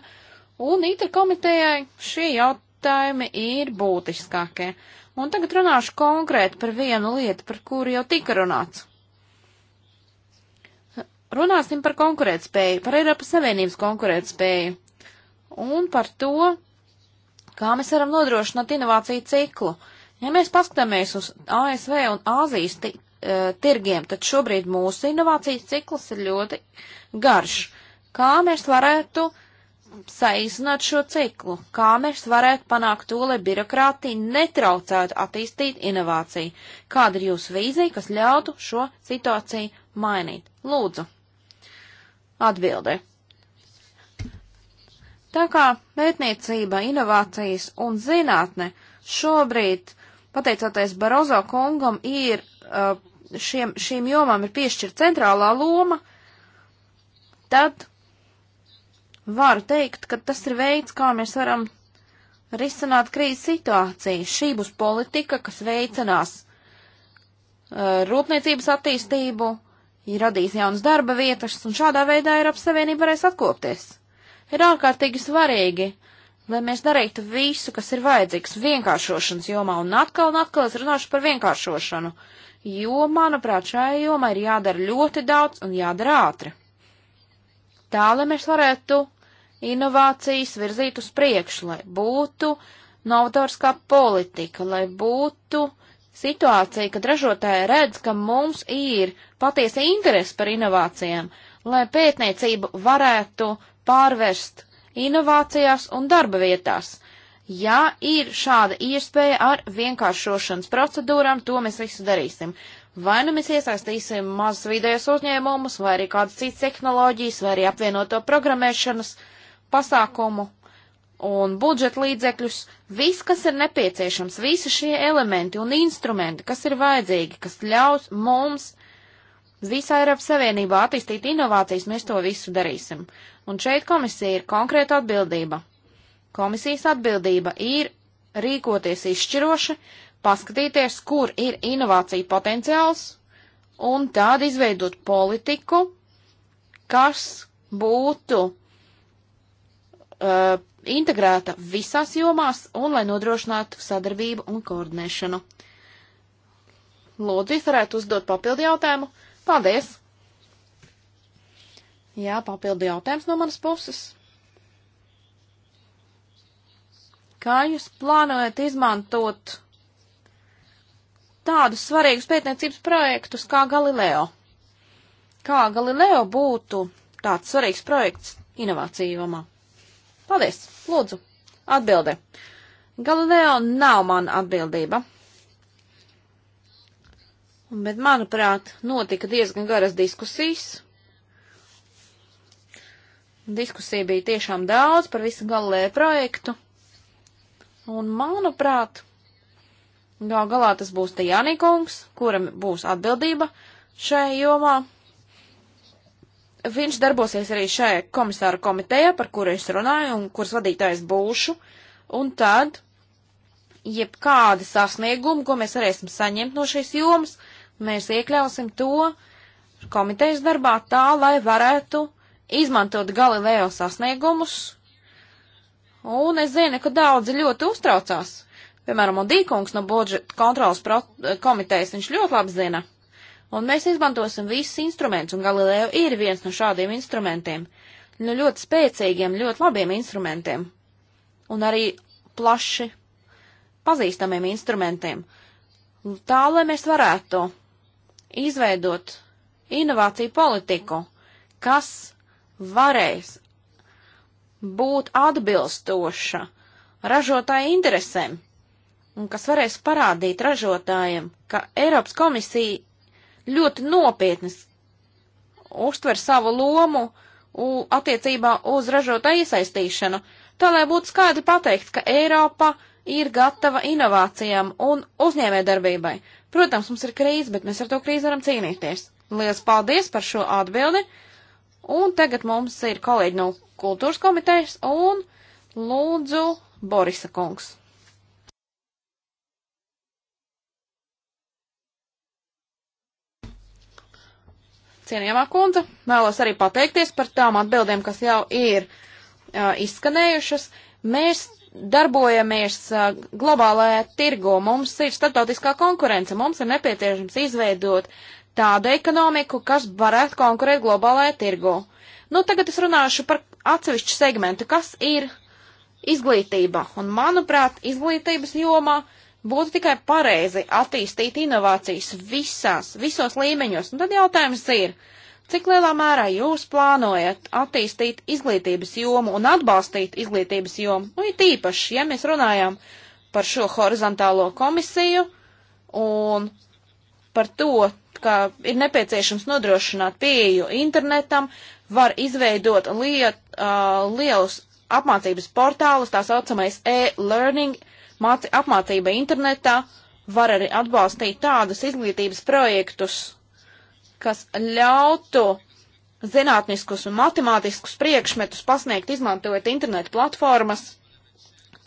Speaker 2: un IT komitejai šie jautājumi ir būtiskākie. Un tagad runāšu konkrēti par vienu lietu, par kuru jau tika runāts. Runāsim par konkurētspēju, par Eiropas Savienības konkurētspēju un par to, kā mēs varam nodrošināt inovāciju ciklu. Uh, Ja mēs paskatāmies uz ASV un Āzijas ti, uh, tirgiem, tad šobrīd mūsu inovācijas cikls ir ļoti garš. Kā mēs varētu saīsināt šo ciklu? Kā mēs varētu panākt to, lai birokrātija netraucētu attīstīt inovāciju? Kāda ir jūsu vīzija, kas ļautu šo situāciju mainīt? Lūdzu! Atbildē. Tā kā pētniecība, inovācijas un zinātne šobrīd pateicoties Barozo kungam, ir uh, šiem, šīm jomām ir piešķirta centrālā loma, tad varu teikt, ka tas ir veids, kā mēs varam risināt krīzes situāciju. Šī būs politika, kas veicinās uh, rūpniecības attīstību, radīs jaunas darba vietas, un šādā veidā Eiropas Savienība varēs atkopties. Ir ārkārtīgi svarīgi lai mēs darītu visu, kas ir vajadzīgs vienkāršošanas jomā, un atkal un atkal es runāšu par vienkāršošanu, jo, manuprāt, šajā jomā ir jādara ļoti daudz un jādara ātri. Tā, lai mēs varētu inovācijas virzīt uz priekšu, lai būtu novatorskā politika, lai būtu situācija, kad ražotāji redz, ka mums ir patiesa interese par inovācijām, lai pētniecību varētu pārvērst inovācijās un darba vietās. Ja ir šāda iespēja ar vienkāršošanas procedūrām, to mēs visu darīsim. Vai nu mēs iesaistīsim mazas vidējos uzņēmumus, vai arī kādas citas tehnoloģijas, vai arī apvienoto programmēšanas pasākumu un budžeta līdzekļus, viss, kas ir nepieciešams, visi šie elementi un instrumenti, kas ir vajadzīgi, kas ļaus mums visā Eiropas Savienībā attīstīt inovācijas, mēs to visu darīsim. Un šeit komisija ir konkrēta atbildība. Komisijas atbildība ir rīkoties izšķiroši, paskatīties, kur ir inovācija potenciāls, un tādu izveidot politiku, kas būtu uh, integrēta visās jomās un lai nodrošinātu sadarbību un koordinēšanu. Lūdzu, jūs varētu uzdot papildu jautājumu. Paldies! Jā, papildi jautājums no manas puses. Kā jūs plānojat izmantot tādus svarīgus pētniecības projektus kā Galileo? Kā Galileo būtu tāds svarīgs projekts inovāciju jomā? Paldies! Lūdzu, atbildi! Galileo nav mana atbildība. Bet, manuprāt, notika diezgan garas diskusijas Diskusija bija tiešām daudz par visu galēju projektu. Un, manuprāt, gal galā tas būs te Janikungs, kuram būs atbildība šajā jomā. Viņš darbosies arī šajā komisāra komitejā, par kuru es runāju un kuras vadītājs būšu. Un tad, jebkādi sasniegumi, ko mēs varēsim saņemt no šīs jomas, mēs iekļausim to komitejas darbā tā, lai varētu izmantot Galileo sasniegumus, un es zinu, ka daudzi ļoti uztraucās. Piemēram, Odīkungs no budžeta kontrolas komitejas, viņš ļoti labi zina. Un mēs izmantosim visus instrumentus, un Galileo ir viens no šādiem instrumentiem. Nu, ļoti spēcīgiem, ļoti labiem instrumentiem. Un arī plaši pazīstamiem instrumentiem. Tā, lai mēs varētu izveidot inovāciju politiku, kas varēs būt atbilstoša ražotāja interesēm un kas varēs parādīt ražotājiem, ka Eiropas komisija ļoti nopietni uztver savu lomu u, attiecībā uz ražotāju iesaistīšanu, tā lai būtu skaidri pateikts, ka Eiropa ir gatava inovācijām un uzņēmējdarbībai. Protams, mums ir krīze, bet mēs ar to krīzi varam cīnīties. Lielas paldies par šo atbildi! Un tagad mums ir kolēģi no kultūras komitejas un lūdzu Borisa kungs. Cienījamā kundze, vēlos arī pateikties par tām atbildēm, kas jau ir uh, izskanējušas. Mēs darbojamies uh, globālajā tirgu, mums ir starptautiskā konkurence, mums ir nepieciešams izveidot uh, tādu ekonomiku, kas varētu konkurēt globālajā tirgu. Nu, tagad es runāšu par atsevišķu segmentu, kas ir izglītība. Un, manuprāt, izglītības jomā būtu tikai pareizi attīstīt inovācijas visās, visos līmeņos. Un tad jautājums ir, cik lielā mērā jūs plānojat attīstīt izglītības jomu un atbalstīt izglītības jomu? Nu, ir tīpaši, ja mēs runājam par šo horizontālo komisiju un par to, ka ir nepieciešams nodrošināt pieeju internetam, var izveidot liet, uh, lielus apmācības portālus, tā saucamais e-learning, apmācība internetā, var arī atbalstīt tādus izglītības projektus, kas ļautu zinātniskus un matemātiskus priekšmetus pasniegt izmantojot internetu platformas,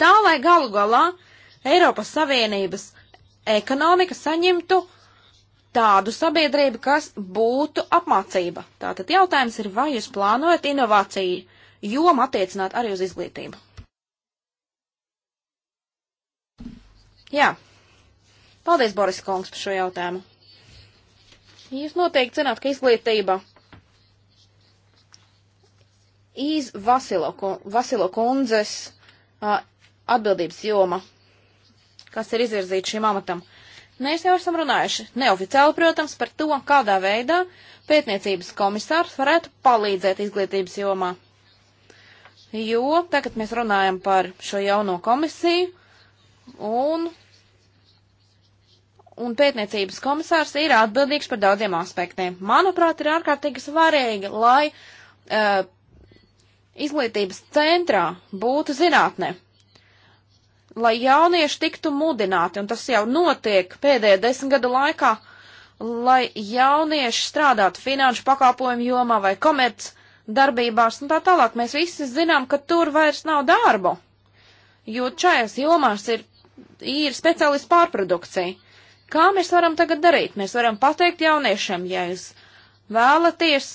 Speaker 2: tā lai galu galā Eiropas Savienības ekonomika saņemtu tādu sabiedrību, kas būtu apmācība. Tātad jautājums ir, vai jūs plānojat inovāciju jomu attiecināt arī uz izglītību? Jā. Paldies, Boris Kungs, par šo jautājumu. Jūs noteikti zināt, ka izglītība īz Vasilo, Vasilo kundzes atbildības joma, kas ir izvirzīta šim amatam. Uh, Mēs jau esam runājuši neoficiāli, protams, par to, kādā veidā pētniecības komisārs varētu palīdzēt izglītības jomā. Jo tagad mēs runājam par šo jauno komisiju un, un pētniecības komisārs ir atbildīgs par daudziem aspektiem. Manuprāt, ir ārkārtīgi svarīgi, lai uh, izglītības centrā būtu zinātne lai jaunieši tiktu mudināti, un tas jau notiek pēdējā desmit gada laikā, lai jaunieši strādātu finanšu pakāpojumu jomā vai komerc darbībās un tā tālāk. Mēs visi zinām, ka tur vairs nav darbu, jo šajās jomās ir, ir speciālisti pārprodukcija. Kā mēs varam tagad darīt? Mēs varam pateikt jauniešiem, ja jūs vēlaties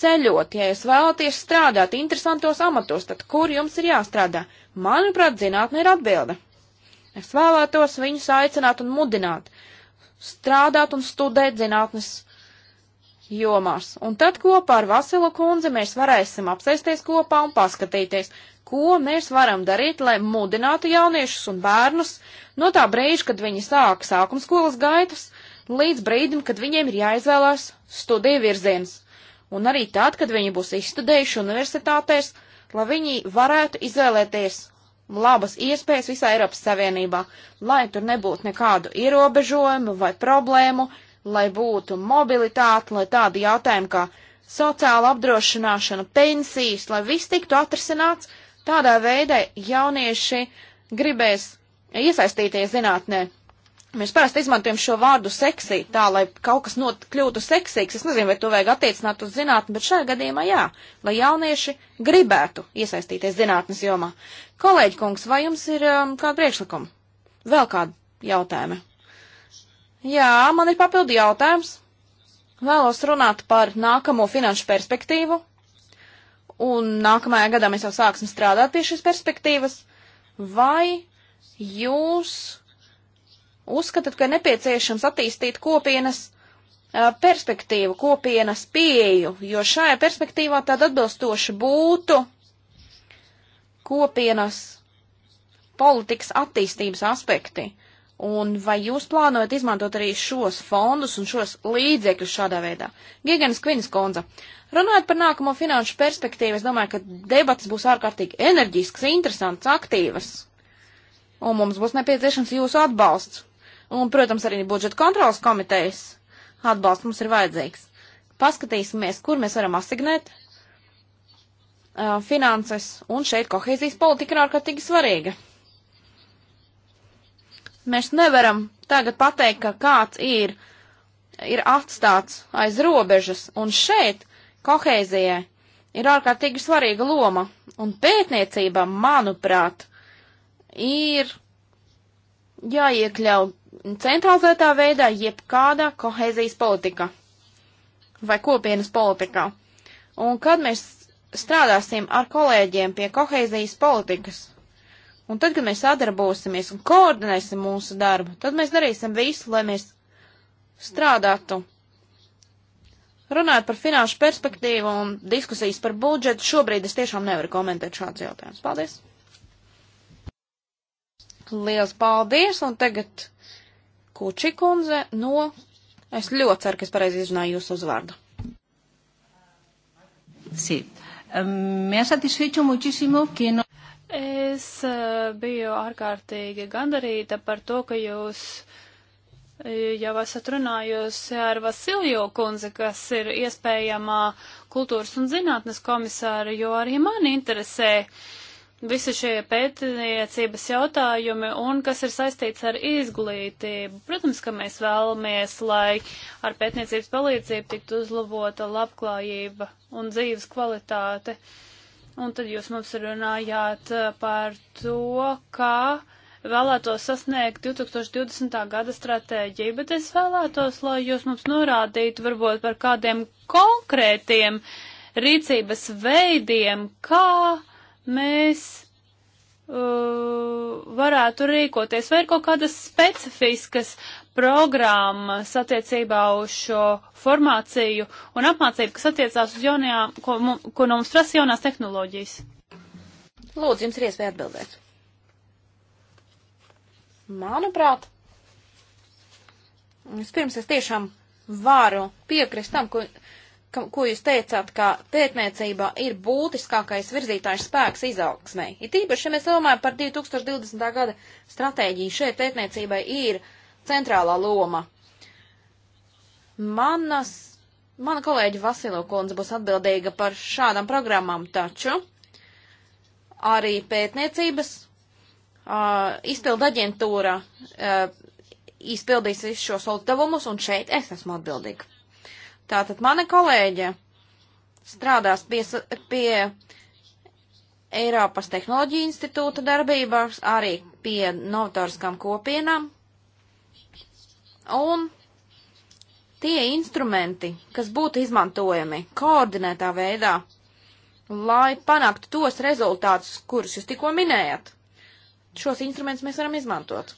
Speaker 2: ceļot, ja jūs vēlaties strādāt interesantos amatos, tad kur jums ir jāstrādā? Manuprāt, zinātne ir atbilde. Es vēlētos viņus aicināt un mudināt strādāt un studēt zinātnes jomās. Un tad kopā ar Vasilu kundzi mēs varēsim apsēsties kopā un paskatīties, ko mēs varam darīt, lai mudinātu jauniešus un bērnus no tā brīža, kad viņi sāk sākumskolas gaitas, līdz brīdim, kad viņiem ir jāizvēlās studiju virziens un arī tad, kad viņi būs izstudējuši universitātēs, lai viņi varētu izvēlēties labas iespējas visā Eiropas Savienībā, lai tur nebūtu nekādu ierobežojumu vai problēmu, lai būtu mobilitāte, lai tādi jautājumi kā sociāla apdrošināšana, pensijas, lai viss tiktu atrisināts, tādā veidā jaunieši gribēs iesaistīties zinātnē. Mēs parasti izmantojam šo vārdu seksī, tā lai kaut kas not, kļūtu seksīgs. Es nezinu, vai to vajag attiecināt uz zinātni, bet šajā gadījumā jā, lai jaunieši gribētu iesaistīties zinātnes jomā. Kolēģi kungs, vai jums ir um, kāda priekšlikuma? Vēl kāda jautājuma? Jā, man ir papildu jautājums. Vēlos runāt par nākamo finanšu perspektīvu. Un nākamajā gadā mēs jau sāksim strādāt pie šīs perspektīvas. Vai jūs uzskatāt, ka nepieciešams attīstīt kopienas perspektīvu, kopienas pieju, jo šajā perspektīvā tad atbilstoši būtu kopienas politikas attīstības aspekti. Un vai jūs plānojat izmantot arī šos fondus un šos līdzekļus šādā veidā? Giganas Kvinas konza. Runājot par nākamo finanšu perspektīvu, es domāju, ka debats būs ārkārtīgi enerģisks, interesants, aktīvas. Un mums būs nepieciešams jūsu atbalsts un, protams, arī budžeta kontrolas komitejas atbalsts mums ir vajadzīgs. Paskatīsimies, kur mēs varam asignēt uh, finanses, un šeit kohēzijas politika ir ārkārtīgi svarīga. Mēs nevaram tagad pateikt, ka kāds ir, ir atstāts aiz robežas, un šeit kohēzijai ir ārkārtīgi svarīga loma, un pētniecība, manuprāt, ir jāiekļau centralizētā veidā jebkādā kohēzijas politikā vai kopienas politikā. Un kad mēs strādāsim ar kolēģiem pie kohēzijas politikas, un tad, kad mēs sadarbosimies un koordinēsim mūsu darbu, tad mēs darīsim visu, lai mēs strādātu. Runājot par finanšu perspektīvu un diskusijas par budžetu, šobrīd es tiešām nevaru komentēt šāds jautājums. Paldies! Liels paldies, un tagad Kuči kundze no, es ļoti ceru, ka es pareizi izrunāju jūsu uzvārdu. Sí. Um, me ha satisfecho muchísimo que no...
Speaker 1: Es uh, biju ārkārtīgi gandarīta par to, ka jūs eh, jau esat runājusi ar Vasiljo kundzi, kas ir iespējamā kultūras un zinātnes komisāra, jo arī mani interesē uh, visi šie pētniecības jautājumi un kas ir saistīts ar izglītību. Protams, ka mēs vēlamies, lai ar pētniecības palīdzību tiktu uzlabota labklājība un dzīves kvalitāte. Un tad jūs mums runājāt eh, par to, kā vēlētos sasniegt 2020. gada stratēģiju, bet es vēlētos, lai jūs mums norādītu varbūt par kādiem konkrētiem rīcības veidiem, kā mēs uh, varētu rīkoties? Vai ir kaut kādas specifiskas programmas attiecībā uz šo formāciju un apmācību, kas attiecās uz jaunajām, ko, ko no mums prasa jaunās
Speaker 2: tehnoloģijas? Lūdzu, jums ir iespēja atbildēt. Manuprāt, vispirms es tiešām varu piekrist tam, ko ka, ko jūs teicāt, ka pētniecība ir būtiskākais virzītājs spēks izaugsmai. Ir tīpaši, ja mēs domājam par 2020. gada stratēģiju, šeit pētniecībai ir centrālā loma. Manas, mana kolēģa Vasilo Kundze būs atbildīga par šādām programmām, taču arī pētniecības uh, izpildu aģentūra uh, izpildīs visus šos uzdevumus, un šeit es esmu atbildīga. Tātad mana kolēģe strādās pie, pie Eiropas Tehnoloģija institūta darbībās, arī pie novatoriskām kopienām. Un tie instrumenti, kas būtu izmantojami koordinētā veidā, lai panāktu tos rezultātus, kurus jūs tikko minējat, šos instrumentus mēs varam izmantot.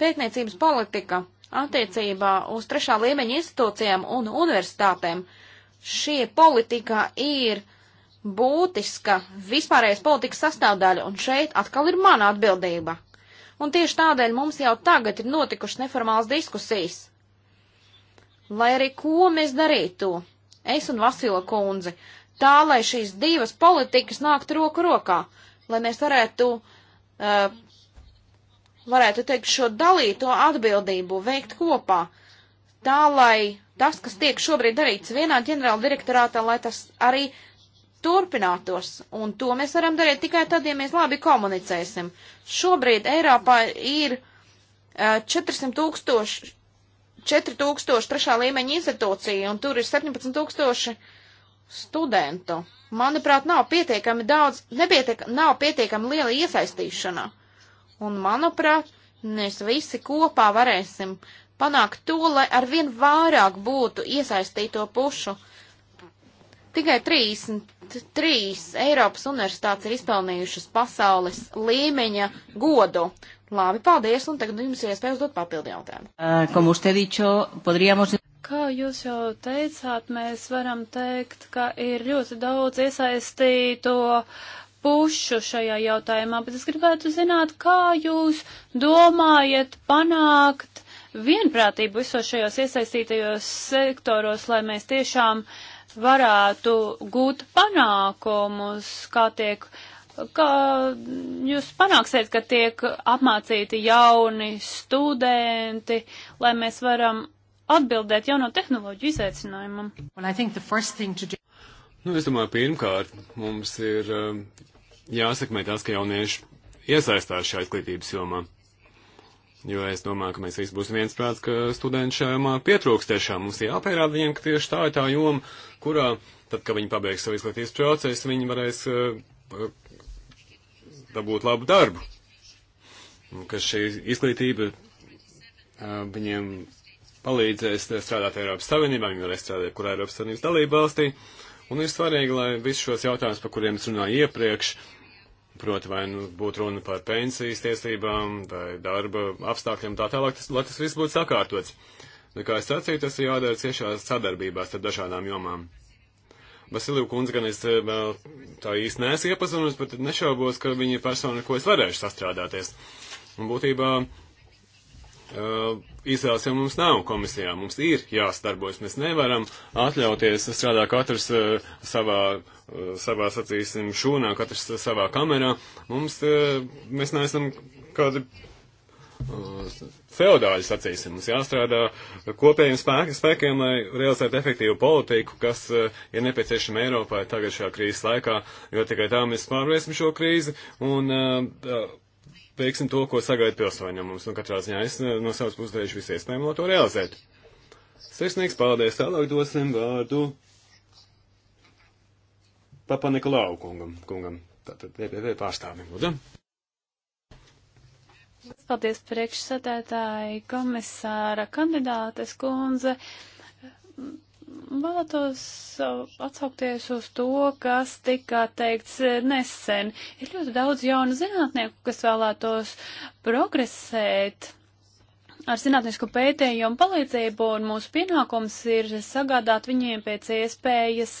Speaker 2: Pētniecības politika attiecībā uz trešā līmeņa institūcijām un universitātēm. Šī politika ir būtiska vispārējais politikas sastāvdaļa, un šeit atkal ir mana atbildība. Un tieši tādēļ mums jau tagad ir notikušas neformālas diskusijas. Lai arī ko mēs darītu, es un Vasila kundze, tā lai šīs divas politikas nāktu roku rokā, lai mēs varētu uh, varētu teikt, šo dalīto atbildību veikt kopā, tā lai tas, kas tiek šobrīd darīts vienā ģenerāla direktorātā, lai tas arī turpinātos, un to mēs varam darīt tikai tad, ja mēs labi komunicēsim. Šobrīd Eiropā ir uh, 400 tūkstoši, 4 tūkstoši trešā līmeņa institūcija, un tur ir 17 tūkstoši studentu. Manuprāt, nav pietiekami daudz, nepietiek, nav pietiekami liela iesaistīšana. Uh, Un, manuprāt, mēs visi kopā varēsim panākt to, lai arvien vairāk būtu iesaistīto pušu. Tikai 33 Eiropas universitātes ir izpelnījušas pasaules līmeņa godu. Labi, paldies, un tagad jums ir iespēja uzdot papildu jautājumu. Uh,
Speaker 1: Kā jūs jau teicāt, mēs varam teikt, ka ir ļoti daudz iesaistīto uh, pušu šajā jautājumā, bet es gribētu zināt, kā jūs domājat panākt vienprātību visos šajos iesaistītajos sektoros, lai mēs tiešām varētu gūt panākumus, kā tiek, kā jūs panāksiet, ka tiek apmācīti jauni studenti, lai mēs varam atbildēt jauno tehnoloģiju izaicinājumam.
Speaker 3: Nu, es domāju, pirmkārt, mums ir um, jāsakmē tas, ka jaunieši iesaistās šajā izglītības jomā. Jo es domāju, ka mēs visi būsim viensprāts, ka studenti šajā jomā pietrūks tiešām. Mums jāpērāda viņiem, ka tieši tā ir tā joma, kurā, tad, kad viņi pabeigs savu izglītības procesu, viņi varēs uh, dabūt labu darbu. Un, ka šī izglītība uh, viņiem palīdzēs strādāt Eiropas Savienībā, viņi varēs strādāt kurā Eiropas Savienības dalība valstī. Uh, Un ir svarīgi, lai visus šos jautājumus, par kuriem es runāju iepriekš, proti vai nu būtu runa par pensijas tiesībām, vai darba apstākļiem tā tālāk, tas, lai tas viss būtu sakārtots. Nu, kā es sacīju, tas ir jādara ciešā sadarbībā starp dažādām jomām. Vasiliju kundze gan es eh, vēl tā īsti neesmu iepazinusi, bet nešaubos, ka viņa ir persona, ko es varēšu sastrādāties. Un būtībā Uh, izvēles jau mums nav komisijā, mums ir jāstarbojas, mēs nevaram atļauties strādāt katrs uh, savā, uh, savā sacīsim, šūnā, katrs savā kamerā, mums, mēs neesam kādi feodāļi, sacīsim, mums jāstrādā kopējiem spēkiem, spēkiem, lai realizētu efektīvu politiku, kas ir nepieciešama Eiropai tagad šajā krīzes laikā, jo tikai tā mēs pārvarēsim šo krīzi, un uh, veiksim to, ko sagaida pilsoņi mums, un nu, katrā ziņā es eh, no savas puses darīšu visu iespējamo to realizēt. Sešnieks, paldies, tālāk dosim vārdu Papa Nikolau kungam, kungam. tātad PPP pārstāvim, lūdzu.
Speaker 1: Paldies priekšsēdētāji, komisāra kandidātes kundze vēlētos uh, atsaukties uz to, kas tika teikts uh, nesen. Ir ļoti daudz jaunu zinātnieku, kas vēlētos progresēt ar zinātnisku pētījumu palīdzību, un mūsu pienākums ir sagādāt viņiem pēc iespējas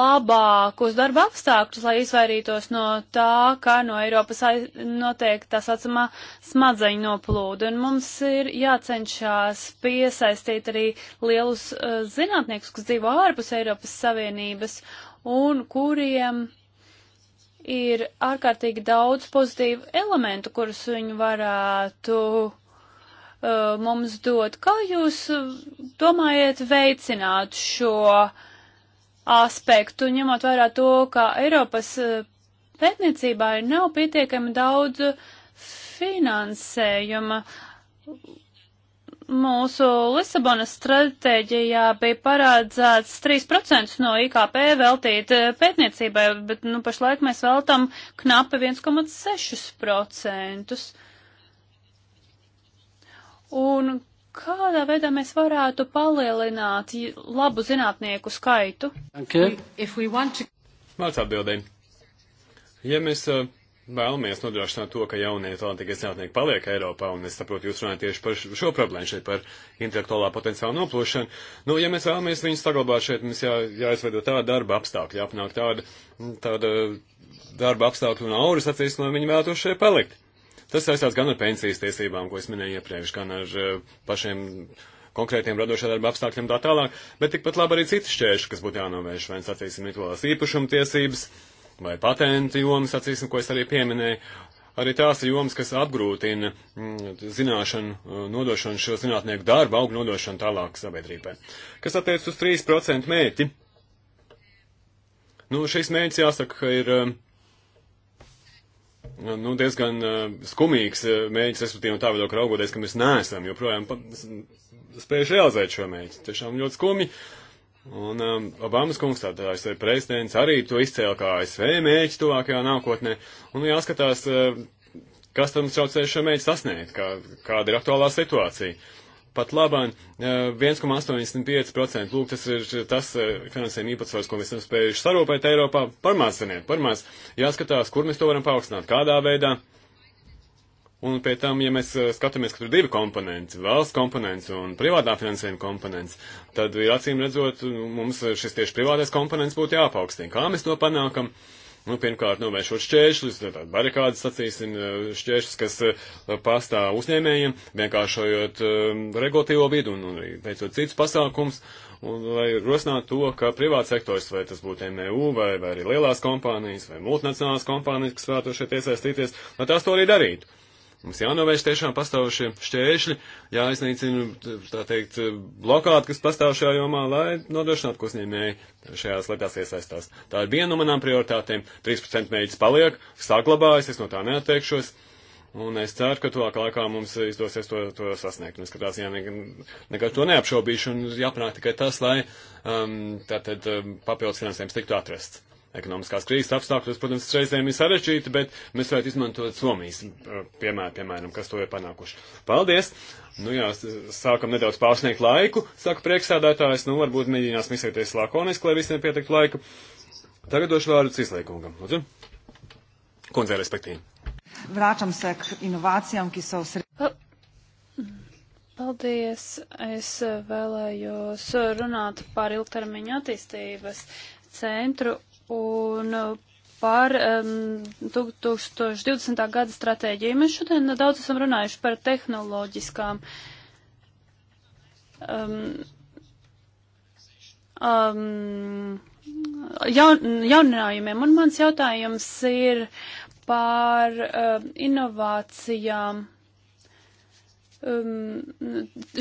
Speaker 1: labākus darba apstākļus, lai izvairītos no tā, kā no Eiropas notiek tā saucamā smadzeņu noplūda. Un mums ir jācenšās piesaistīt arī lielus uh, zinātniekus, kas dzīvo ārpus Eiropas Savienības un kuriem ir ārkārtīgi daudz pozitīvu elementu, kurus viņi varētu uh, uh, mums dod. Kā jūs uh, domājat veicināt šo aspektu, ņemot vērā to, ka Eiropas uh, pētniecībā nav pietiekami daudz finansējuma? Mūsu Lisabonas stratēģijā bija parādzēts 3% no IKP veltīt uh, pētniecībai, bet nu, pašlaik mēs veltam knapi 1,6% un kādā veidā mēs varētu palielināt labu zinātnieku skaitu? Okay. To...
Speaker 3: Vārds atbildēji. Ja mēs uh, vēlamies nodrošināt to, ka jaunie talantīgie zinātnieki paliek Eiropā, un es saprotu, jūs runājat tieši par šo problēmu šeit, par intelektuālā potenciāla noplūšanu, nu, ja mēs vēlamies viņus saglabāt šeit, mums jā, jāizveido tāda darba apstākļa, jāpanāk tāda, tāda darba apstākļa un auras acīs, lai viņi vēlētos šeit palikt. Tas saistās gan ar pensijas tiesībām, ko es minēju iepriekš, gan ar eh, pašiem konkrētiem radošā darba apstākļiem tā tālāk, bet tikpat labi arī citi šķēršļi, kas būtu jānovērš, vai nu sacīsim rituālās īpašuma tiesības, vai patentu jomas, sacīsim, ko es arī pieminēju. Arī tās ir jomas, kas apgrūtina mm, zināšanu eh, nodošanu šo zinātnieku darbu, augu nodošanu tālāk sabiedrībai. Kas attiec uz 3% mērķi? Nu, šis mērķis jāsaka, ka ir eh, nu, diezgan uh, skumīgs uh, mēģis, respektīvi no tā viedokļa raugoties, ka mēs neesam joprojām spējuši realizēt šo mēģi. Tiešām ļoti skumji. Un um, Obamas kungs, tātad ASV prezidents, arī to izcēla kā ASV mēģi tuvākajā nākotnē. Un jāskatās, uh, kas tam traucēja šo mēģi sasniegt, kā, kāda ir aktuālā situācija. Uh, pat labāk 1,85%. Lūk, tas ir tas finansējuma īpatsvars, ko mēs esam spējuši sarūpēt Eiropā. Par maz, ziniet, par maz. Jāskatās, kur mēs to varam paaugstināt, kādā veidā. Un pie tam, ja mēs skatāmies, ka tur ir divi komponenti, valsts komponents un privātā finansējuma komponents, tad, acīm redzot, mums šis tieši privātais komponents būtu jāpaukstina. Kā mēs to panākam? Uh, Nu, pirmkārt, novēršot šķēršļus, tātad barikādas, sacīsim, eh, šķēršļus, kas eh, pastāv uzņēmējiem, vienkāršojot um, regulatīvo vidu un, un veicot citus pasākums, un lai rosinātu to, ka privāts sektors, vai tas būtu MEU, vai, vai arī lielās kompānijas, vai multinacionālās kompānijas, kas vēlētu šeit iesaistīties, lai tās to arī darītu. Mums jānovērš tiešām pastāvošie šķēršļi, jāiznīcina, tā teikt, blokādi, kas pastāv šajā jomā, lai nodrošinātu, ka uzņēmēji šajās lietās iesaistās. Tā ir viena no manām prioritātēm. 3% mēģis paliek, saglabājas, es no tā neatteikšos. Un es ceru, ka tuvākā laikā mums izdosies to, to sasniegt. Mēs katrā ziņā nekad to neapšaubīšu un jāpanāk tikai tas, lai um, tātad um, papildus finansējums tiktu atrasts. Ekonomiskās krīzes apstākļos, protams, reizēm ir sarežģīti, bet mēs varētu izmantot Somijas uh, piemēru, piemēram, kas to ir panākuši. Paldies! Nu jā, sākam nedaudz pārsniegt laiku, saka priekšsēdētājs, nu varbūt mēģinās misēties lakoniski, lai visiem pietiktu laiku. Tagad došu vārdu Cīslēkungam. Lūdzu. Kundze, respektīvi. Vračam se k inovācijām,
Speaker 2: kas savu sredi.
Speaker 1: Paldies! Es vēlējos runāt par ilgtermiņa attīstības centru un uh, par um, 2020. gada stratēģiju. Mēs šodien daudz esam runājuši par tehnoloģiskām um, um, jaun, jauninājumiem. Un mans jautājums ir par um, inovācijām Um,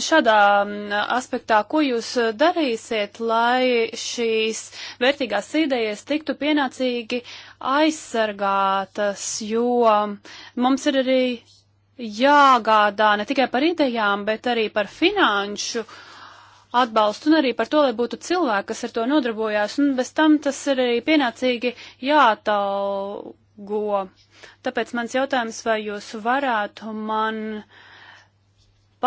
Speaker 1: šādā um, aspektā, ko jūs uh, darīsiet, lai šīs vērtīgās idejas tiktu pienācīgi aizsargātas, jo mums ir arī jāgādā ne tikai par idejām, bet arī par finanšu atbalstu un arī par to, lai būtu cilvēki, kas ar to nodarbojās, un bez tam tas ir arī pienācīgi jātalgo. Tāpēc mans jautājums, vai jūs varētu man uh,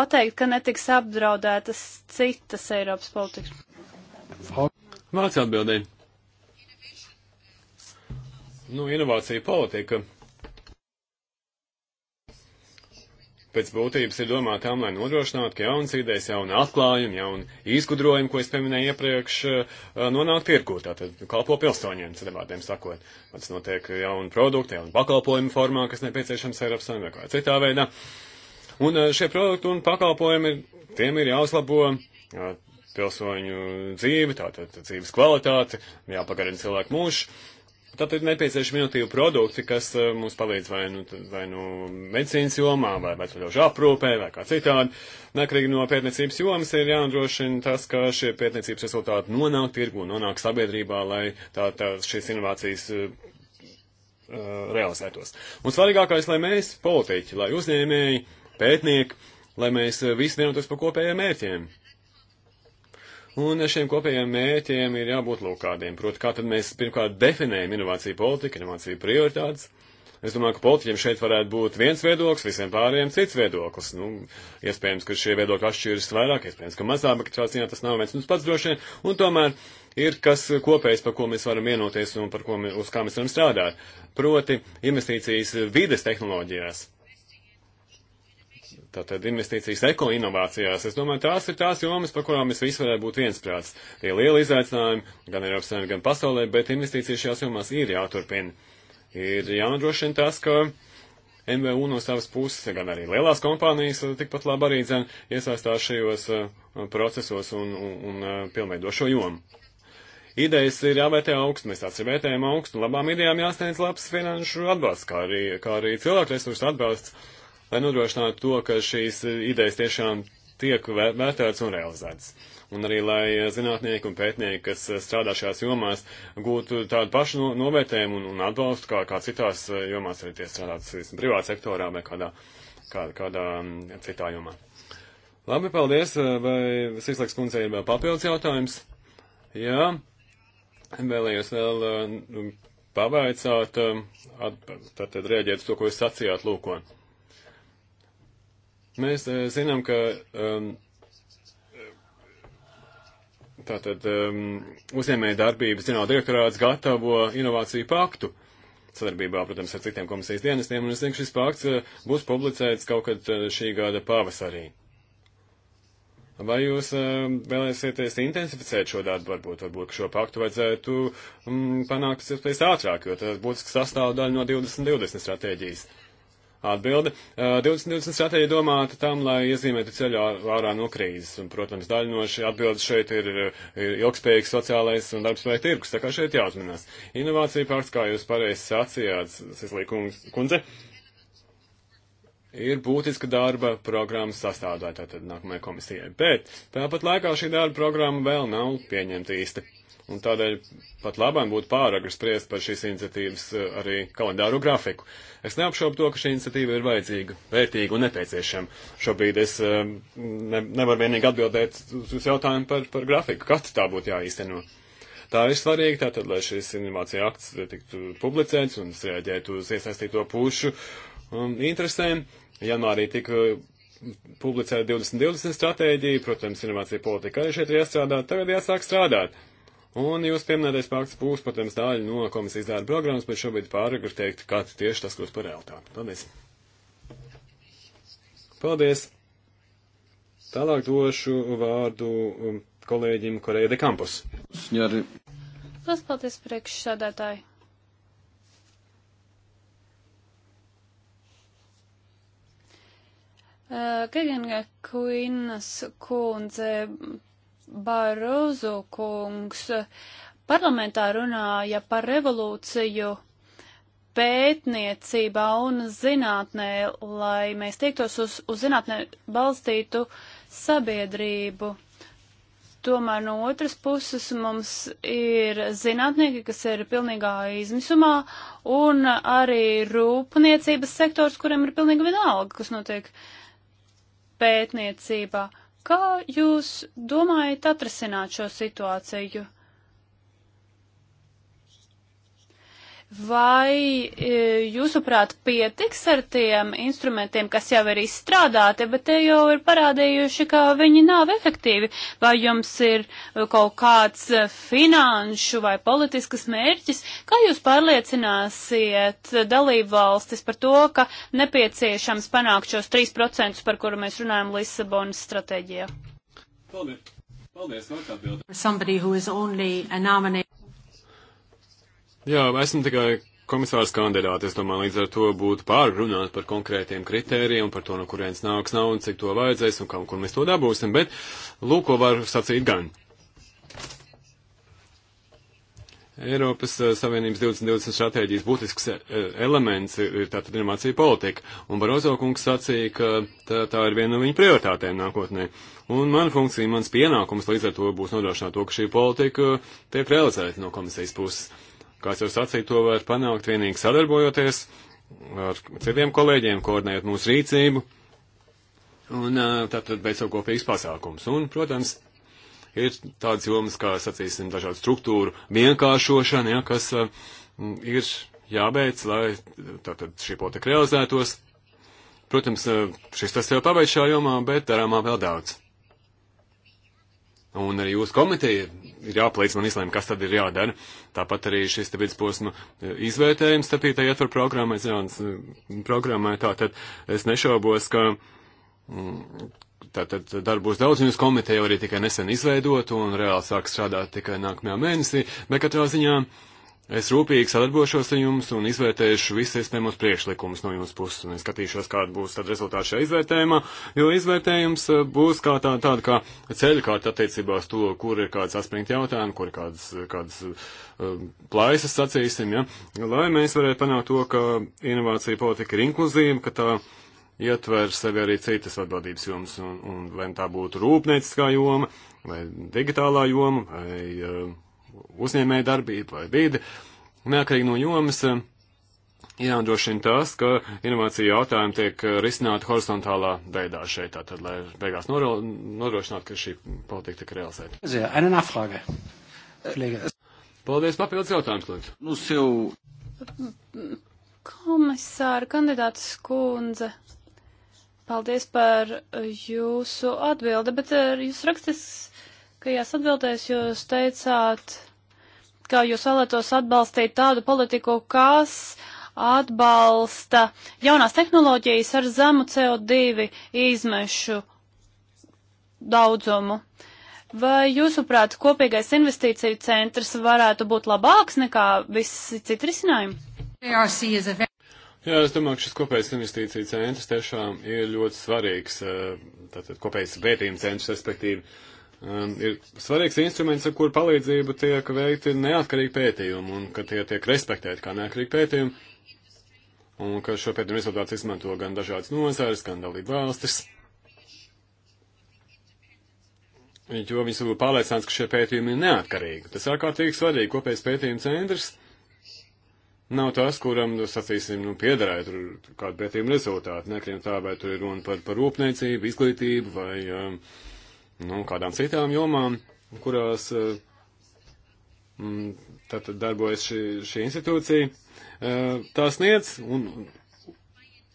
Speaker 1: pateikt, ka netiks apdraudētas citas Eiropas politikas?
Speaker 3: Vārds atbildēja. Nu, inovācija politika pēc būtības ir domāta tam, lai nodrošinātu, ka jaunas idejas, jauni atklājumi, jauni izgudrojumi, ko es pieminēju iepriekš, eh, nonāk tirgū, tātad kalpo pilsoņiem, cilvēkiem sakot. Tas notiek jaunu produktu, jaunu pakalpojumu formā, kas nepieciešams Eiropas Savienībā, citā veidā. Uh, Un eh, šie produkti un pakalpojumi, tiem ir jāuzlabo eh, pilsoņu dzīve, tātad dzīves kvalitāte, jāpagarina cilvēku mūžu. Tātad ir nepieciešami inovatīvi produkti, kas eh, mums palīdz vai nu, vai nu medicīnas jomā, vai veselīgā aprūpē, vai kā citādi. Nekarīgi no pētniecības jomas ir jānodrošina tas, ka šie pētniecības rezultāti nonāk tirgu, nonāk sabiedrībā, lai tā, tā šīs inovācijas realizētos. Un svarīgākais, lai mēs, politiķi, lai uzņēmēji, pētnieki, lai mēs visi vienotos par kopējiem mērķiem. Un šiem kopējiem mērķiem ir jābūt lūk kādiem. Proti, kā tad mēs pirmkārt definējam inovāciju politiku, inovāciju prioritātes. Es domāju, ka politiķiem šeit varētu būt viens viedoklis, visiem pārējiem cits viedoklis. Nu, iespējams, ka šie viedokļi atšķiras vairāk, iespējams, ka mazāk, bet katrā ziņā tas nav viens un pats droši vien. Un tomēr ir kas kopējs, par ko mēs varam vienoties un par ko mēs, uz kā mēs varam strādāt. Proti, investīcijas vides tehnoloģijās. Tātad investīcijas ekoinovācijās, es domāju, tās ir tās jomas, par kurām mēs visi varētu būt viensprāts. Tie ir lieli izaicinājumi gan Eiropas Savienībā, gan pasaulē, bet investīcijas šajās jomās ir jāturpina. Ir jānodrošina tas, ka MVU no savas puses, gan arī lielās kompānijas tikpat labi arī dzen iesaistās šajos uh, procesos un, un, un uh, pilnveido šo jomu. Idejas ir jāvērtē augstu, mēs tās ir vērtējam augstu, un labām idejām jāsniedz labs finanšu atbalsts, kā arī, kā arī cilvēku resursu atbalsts lai nodrošinātu to, ka šīs idejas tiešām tiek vērtētas un realizētas. Un arī, lai zinātnieki un pētnieki, kas strādā šajās jomās, gūtu tādu pašu no, novērtējumu un, un atbalstu, kā, kā citās jomās arī tie strādāts privāta sektorā vai kādā, kā, kādā citā jomā. Labi, paldies. Vai Sislaks kundze ir vēl papildus jautājums? Jā. Vēlējos vēl pavaicāt, tātad rēģēt uz to, ko jūs sacījāt, lūkot. Mēs eh, zinām, ka um, tātad um, uzņēmēja darbības ģenerāla direktorāts gatavo inovāciju paktu sadarbībā, protams, ar citiem komisijas dienestiem, un es zinu, ka šis pakts uh, būs publicēts kaut kad uh, šī gada pavasarī. Vai jūs uh, vēlēsieties intensificēt šo darbu, varbūt, varbūt šo paktu vajadzētu um, panākt pēc ātrāk, jo tas būtiski sastāvdaļa no 2020 stratēģijas? Atbilde. Eh, 2020 stratēģija domāta tam, lai iezīmētu ceļā ārā no krīzes. Un, protams, daļa no šī atbildes šeit ir, eh, ir ilgspējīgs sociālais un darbspēja tirgus, tā kā šeit jāuzmanās. Inovācija pārts, kā jūs pareizi sacījāt, Sislī kundze, ir būtiska darba programmas sastādātāja tad nākamajai komisijai. Bet tāpat laikā šī darba programma vēl nav pieņemta īsti. Un tādēļ pat labāk būtu pāragri spriest par šīs iniciatīvas eh, arī kalendāru grafiku. Es neapšaubu to, ka šī iniciatīva ir vajadzīga, vērtīga un nepieciešama. Šobrīd es eh, ne, nevaru vienīgi atbildēt uz jautājumu par, par grafiku, kad tā būtu jāīsteno. Tā ir svarīga, tātad, lai šis inovācija akts tiktu publicēts un reaģētu uz iesaistīto pušu um, interesēm. Janvārī tika mm, publicēta 2020 stratēģija, protams, inovācija politika arī šeit ir jāstrādā, tagad jāsāk strādāt. Un jūs pieminētais pakts būs, protams, daļa no komisijas darba programmas, bet šobrīd pārāk ir teikt, kā tieši tas kļūst par realitāti. Paldies! Paldies! Tālāk došu vārdu um, kolēģim Koreja de Campos. Sņari.
Speaker 1: Lielas paldies priekšsādātāji. Uh, Gegenga Kuinas kundze Barozu kungs parlamentā runāja par revolūciju pētniecībā un zinātnē, lai mēs tiektos uz, uz zinātnē balstītu sabiedrību. Tomēr no otras puses mums ir zinātnieki, kas ir pilnīgā izmisumā, un arī rūpniecības sektors, kuriem ir pilnīgi vienalga, kas notiek pētniecībā. Uh, Kā jūs domājat atrasināt šo situāciju? Vai e, jūsuprāt pietiks ar tiem instrumentiem, kas jau ir izstrādāti, bet te jau ir parādījuši, ka viņi nav efektīvi? Vai jums ir e, kaut kāds e, finanšu vai politiskas mērķis? Kā jūs pārliecināsiet dalību valstis par to, ka nepieciešams panākt šos 3%, par kuru mēs runājam Lisabonas stratēģijā?
Speaker 3: Paldies! Paldies, no tā atbildē. Jā, esmu tikai komisārs kandidāti. Es domāju, līdz ar to būtu pārrunāt par konkrētiem kritērijiem, par to, no kurienes nāks nauda, cik to vajadzēs un kam, kur mēs to dabūsim. Bet lūk, ko var sacīt gan. Eiropas eh, Savienības 2020 stratēģijas būtisks eh, elements ir tātad inovācija politika, un Barozo kungs sacīja, ka tā, tā ir viena no viņa prioritātēm nākotnē. Un mana funkcija, mans pienākums līdz ar to būs nodrošināt to, ka šī politika tiek realizēta no komisijas puses. Kāds jau sacīja, to var panākt vienīgi sadarbojoties ar citiem kolēģiem, koordinējot mūsu rīcību. Un tātad beidzot kopīgs pasākums. Un, protams, ir tādas jomas, kā sacīsim, dažādu struktūru vienkāršošana, ja, kas uh, ir jābeidz, lai tātad šī potek realizētos. Protams, šis tas jau pabeidz šā jomā, bet darāmā vēl daudz. Un arī jūsu komiteja ir jāpalīdz man izlēmt, kas tad ir jādara. Tāpat arī šis te vidusposma e, izvērtējums starpītai ietver programmai, zināms, e, programmai. Tātad es nešaubos, ka mm, tātad darbos daudz, un jūs komiteja arī tikai nesen izveidot un reāli sāk strādāt tikai nākamajā mēnesī. Bet katrā ziņā. Uh, Es rūpīgi sadarbošos ar jums un izvērtēšu visus iespējamos priekšlikumus no jūsu puses, un es skatīšos, kāda būs tad rezultāta šajā izvērtējumā, jo izvērtējums eh, būs kā tā, tāda kā ceļkārta attiecībā uz to, kur ir kāds aspringti jautājumi, kur ir kādas, kādas uh, plaisas, sacīsim, ja, lai mēs varētu panākt to, ka inovācija politika ir inkluzīva, ka tā ietver sevi arī citas atbildības jomas, un, un vai tā būtu rūpnieciskā joma, vai digitālā joma, vai. Uh, uzņēmēja darbību vai vidi, neatkarīgi no jomas, eh, jānodrošina tas, ka inovācija jautājumi tiek eh, risināti horizontālā veidā šeit, tātad, lai beigās nodrošinātu, ka šī politika tiek realizēta. Paldies, papildus jautājums, lūdzu. Nu,
Speaker 1: sev... Komisāra kandidāta skundze, paldies par jūsu atbildi, bet eh, jūs rakstis, ka jās atbildēs jūs teicāt, ka jūs vēlētos atbalstīt tādu politiku, kas atbalsta jaunās tehnoloģijas ar zemu CO2 izmešu daudzumu. Vai jūsuprāt, kopīgais investīciju centrs varētu būt labāks nekā visi citi risinājumi? Jā,
Speaker 3: es domāju, ka šis kopējais investīcija centrs tiešām ir ļoti svarīgs, eh, tātad kopējais vērtījuma centrs, respektīvi, Um, ir svarīgs instruments, ar kuru palīdzību tiek veikti neatkarīgi pētījumi un ka tie tiek respektēti kā neatkarīgi pētījumi un ka šo pētījumu rezultātus izmanto gan dažādas nozares, gan dalību valstis. Jo viņas ir pārliecināts, ka šie pētījumi ir neatkarīgi. Tas ārkārtīgi svarīgi. Kopējais pētījuma centrs nav tas, kuram, nu, sacīsim, nu, piederēja tur kādu pētījumu rezultātu. Nekriem tā, vai tur ir runa par, par rūpniecību, izglītību vai um, uh, nu, kādām citām jomām, kurās tātad eh, mm, darbojas šī, šī institūcija, eh, tā sniedz un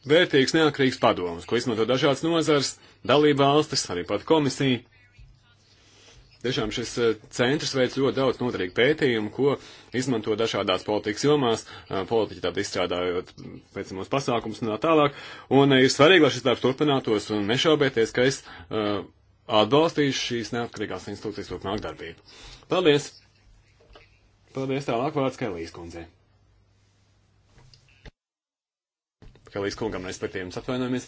Speaker 3: vērtīgs neatkarīgs padomus, ko izmanto dažādas nozars, dalība valstis, arī pat komisija. Tiešām šis eh, centrs veic ļoti daudz noturīgu pētījumu, ko izmanto dažādās politikas jomās, politiķi tātad izstrādājot mm, pēc mūsu pasākums un tā tālāk. Un ir svarīgi, lai šis darbs turpinātos un nešaubēties, ka es uh, atbalstīs šīs neatkarīgās institūcijas turpmāk darbību. Paldies! Paldies tālāk vārds Kelijas kundzei. Kelijas kungam respektīvi jums atvainojamies.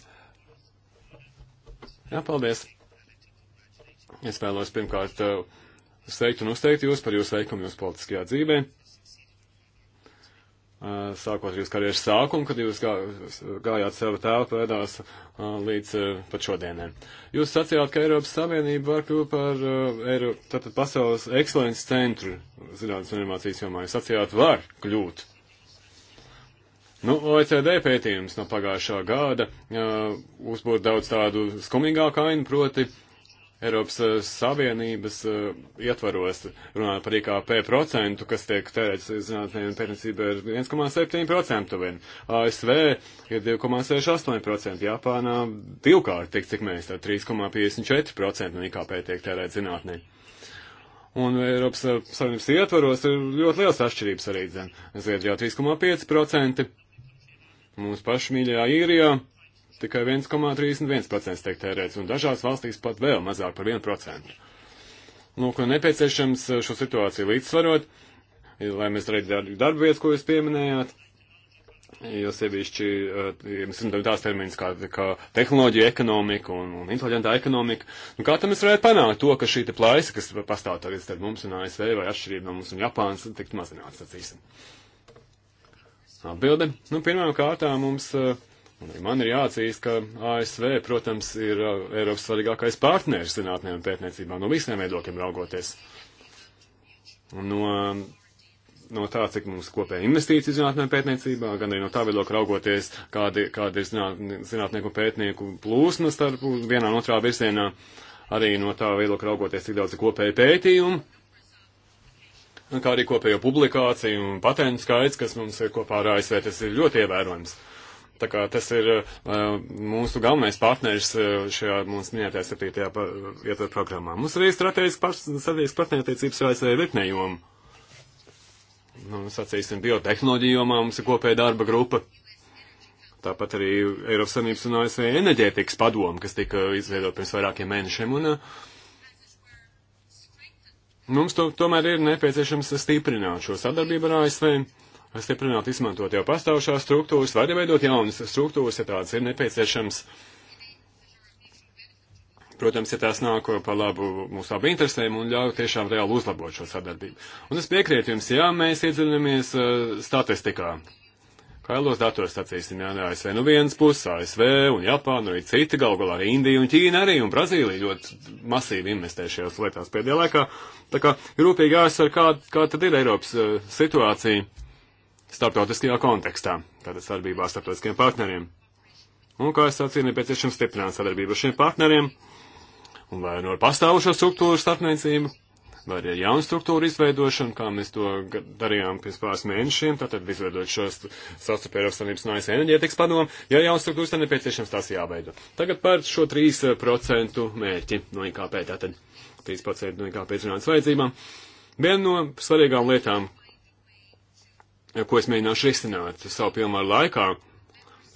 Speaker 3: Jā, paldies! Es vēlos pirmkārt uh, sveikt un uzteikt jūs par jūsu veikumu jūsu politiskajā dzīvē. Eh, sākot ar jūsu karjeras sākumu, kad jūs gā, gājāt savu tēvu veidās eh, līdz eh, pat šodienai. Jūs sacījāt, ka Eiropas Savienība var kļūt par Eiro, tātad pasaules ekscelences centru zinātnes un animācijas jomā. Jūs sacījāt, var kļūt. Nu, OECD pētījums no pagājušā gada uzbūr daudz tādu skumīgāku ainu, proti uh, Eiropas eh, Savienības uh, ietvaros, runājot par IKP procentu, kas tiek tērēts zinātnē un pētniecībā ir 1,7% vien. ASV ir 2,68%, Japānā divkārt tik, cik mēs, tā 3,54% no IKP tiek tērēts zinātnē. Un Eiropas eh, Savienības ietvaros ir ļoti liels atšķirības arī, zin. Zviedrijā 3,5%, mūsu pašu mīļajā īrijā. Ja tikai 1,31% tiek tērēts, un dažās valstīs pat vēl mazāk par 1%. Nu, ka nepieciešams eh, šo situāciju līdzsvarot, lai mēs redzētu darba vietas, ko jūs pieminējāt, jo sevišķi, mēs eh, zinām, tās termins kā, kā tehnoloģija ekonomika un, un inteliģentā ekonomika. Nu, kā tam mēs varētu panākt to, ka šī te plaisa, kas pastāv tagad starp mums un ASV vai atšķirība no mums un Japānas, tiktu mazināts, sacīsim. Atbilde. Nu, pirmām kārtām mums uh, Un man ir jāatzīst, ka ASV, protams, ir uh, Eiropas svarīgākais partneris zinātnē un pētniecībā no visiem viedokļiem raugoties. Un no, no tā, cik mums kopēja investīcija zinātnē un pētniecībā, gan arī no tā viedokļa raugoties, kādi, kādi ir zināt, zinātnieku pētnieku plūsma starp vienā un otrā virzienā, arī no tā viedokļa raugoties, cik daudz ir kopēja pētījumu, kā arī kopējo publikāciju un patentu skaits, kas mums ir kopā ar ASV, tas ir ļoti ievērojams. Tā kā tas ir uh, mūsu galvenais partneris uh, šajā mūsu minētajā septītajā ietvaru programmā. Mums arī strateģiski par, partnerattiecības ar ASV virknē jomu. Nu, sacīsim, biotehnoloģiju jomā mums ir kopēja darba grupa. Tāpat arī Eiropas Savienības un ASV enerģētikas padoma, kas tika izveidot pirms vairākiem mēnešiem. Un, uh, mums to, tomēr ir nepieciešams stiprināt šo sadarbību ar ASV stiprināt, izmantot jau pastāvošās struktūras, vai veidot jaunas struktūras, ja tādas ir nepieciešams. Protams, ja tās nāk par labu mūsu abu interesēm un ļauj tiešām reāli uzlabot šo sadarbību. Un es piekrītu jums, jā, mēs iedziļinamies uh, statistikā. Kailos datos sacīsim, jā, ASV no nu vienas puses, ASV un Japāna, arī citi, galu galā arī Indija un Ķīna arī, un Brazīlija ļoti masīvi investē šajās lietās pēdējā laikā. Tā kā rūpīgi jāsver, kā, kā tad ir Eiropas uh, situācija starptautiskajā kontekstā, tātad sadarbībā ar starptautiskiem partneriem. Un, kā es sacīju, nepieciešams stiprināt sadarbību ar šiem partneriem, un vai no pastāvušo struktūru starpniecību, vai arī jaunu struktūru izveidošanu, kā mēs to darījām pirms pāris mēnešiem, tātad izveidot šo sastarpēju Eiropas Savienības un ASV enerģētikas padomu, ja jaunas struktūras tad nepieciešams tās jāveido. Tagad par šo 3% eh, mērķi no IKP, tātad 3% no IKP zinātnes vajadzībām. Viena no svarīgām lietām, ko es mēģināšu risināt savu pilnvaru laikā.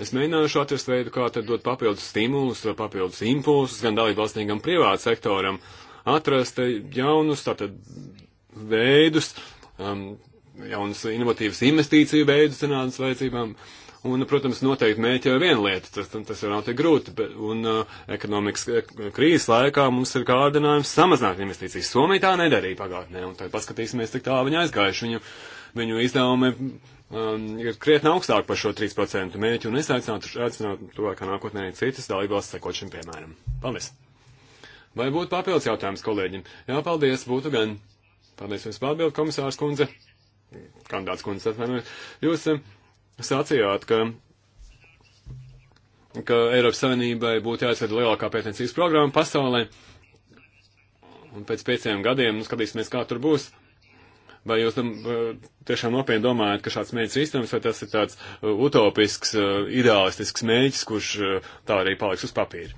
Speaker 3: Es mēģināšu atrast veidu, kā tad dot papildus stimulus, papildus impulsus gan dalībvalstīm, gan privātu sektoram, atrast jaunus tātad veidus, um, jaunas inovatīvas investīciju veidus senādas vajadzībām. Un, protams, noteikti mēķi jau viena lieta, tas, tas jau nav tik grūti, bet, un uh, ekonomikas e, krīzes laikā mums ir kārdinājums samazināt investīcijas. Somija tā nedarīja pagātnē, un tad paskatīsimies, cik tālu viņa aizgājuši. Viņu, uh, viņu izdevumi um, ir krietni augstāk par šo 3% mēķi, un es aicinātu, aicinātu tuvākā nākotnē citas dalībvalsts sekot šim piemēram. Paldies! Vai būtu papildus jautājums kolēģim? Jā, paldies, būtu gan. Paldies jums par atbildi, komisārs kundze. Kandāts kundze, atvainojiet. Jūs um, sacījāt, ka, ka Eiropas Savienībai būtu jāizved lielākā pētniecības programma pasaulē. Un pēc pieciem gadiem nu, skatīsimies, kā tur būs. Vai jūs tam eh, tiešām nopietni domājat, ka šāds mēģis ir īstenams, vai tas ir tāds eh, utopisks, eh, ideālistisks mēģis, kurš tā arī paliks uz papīra?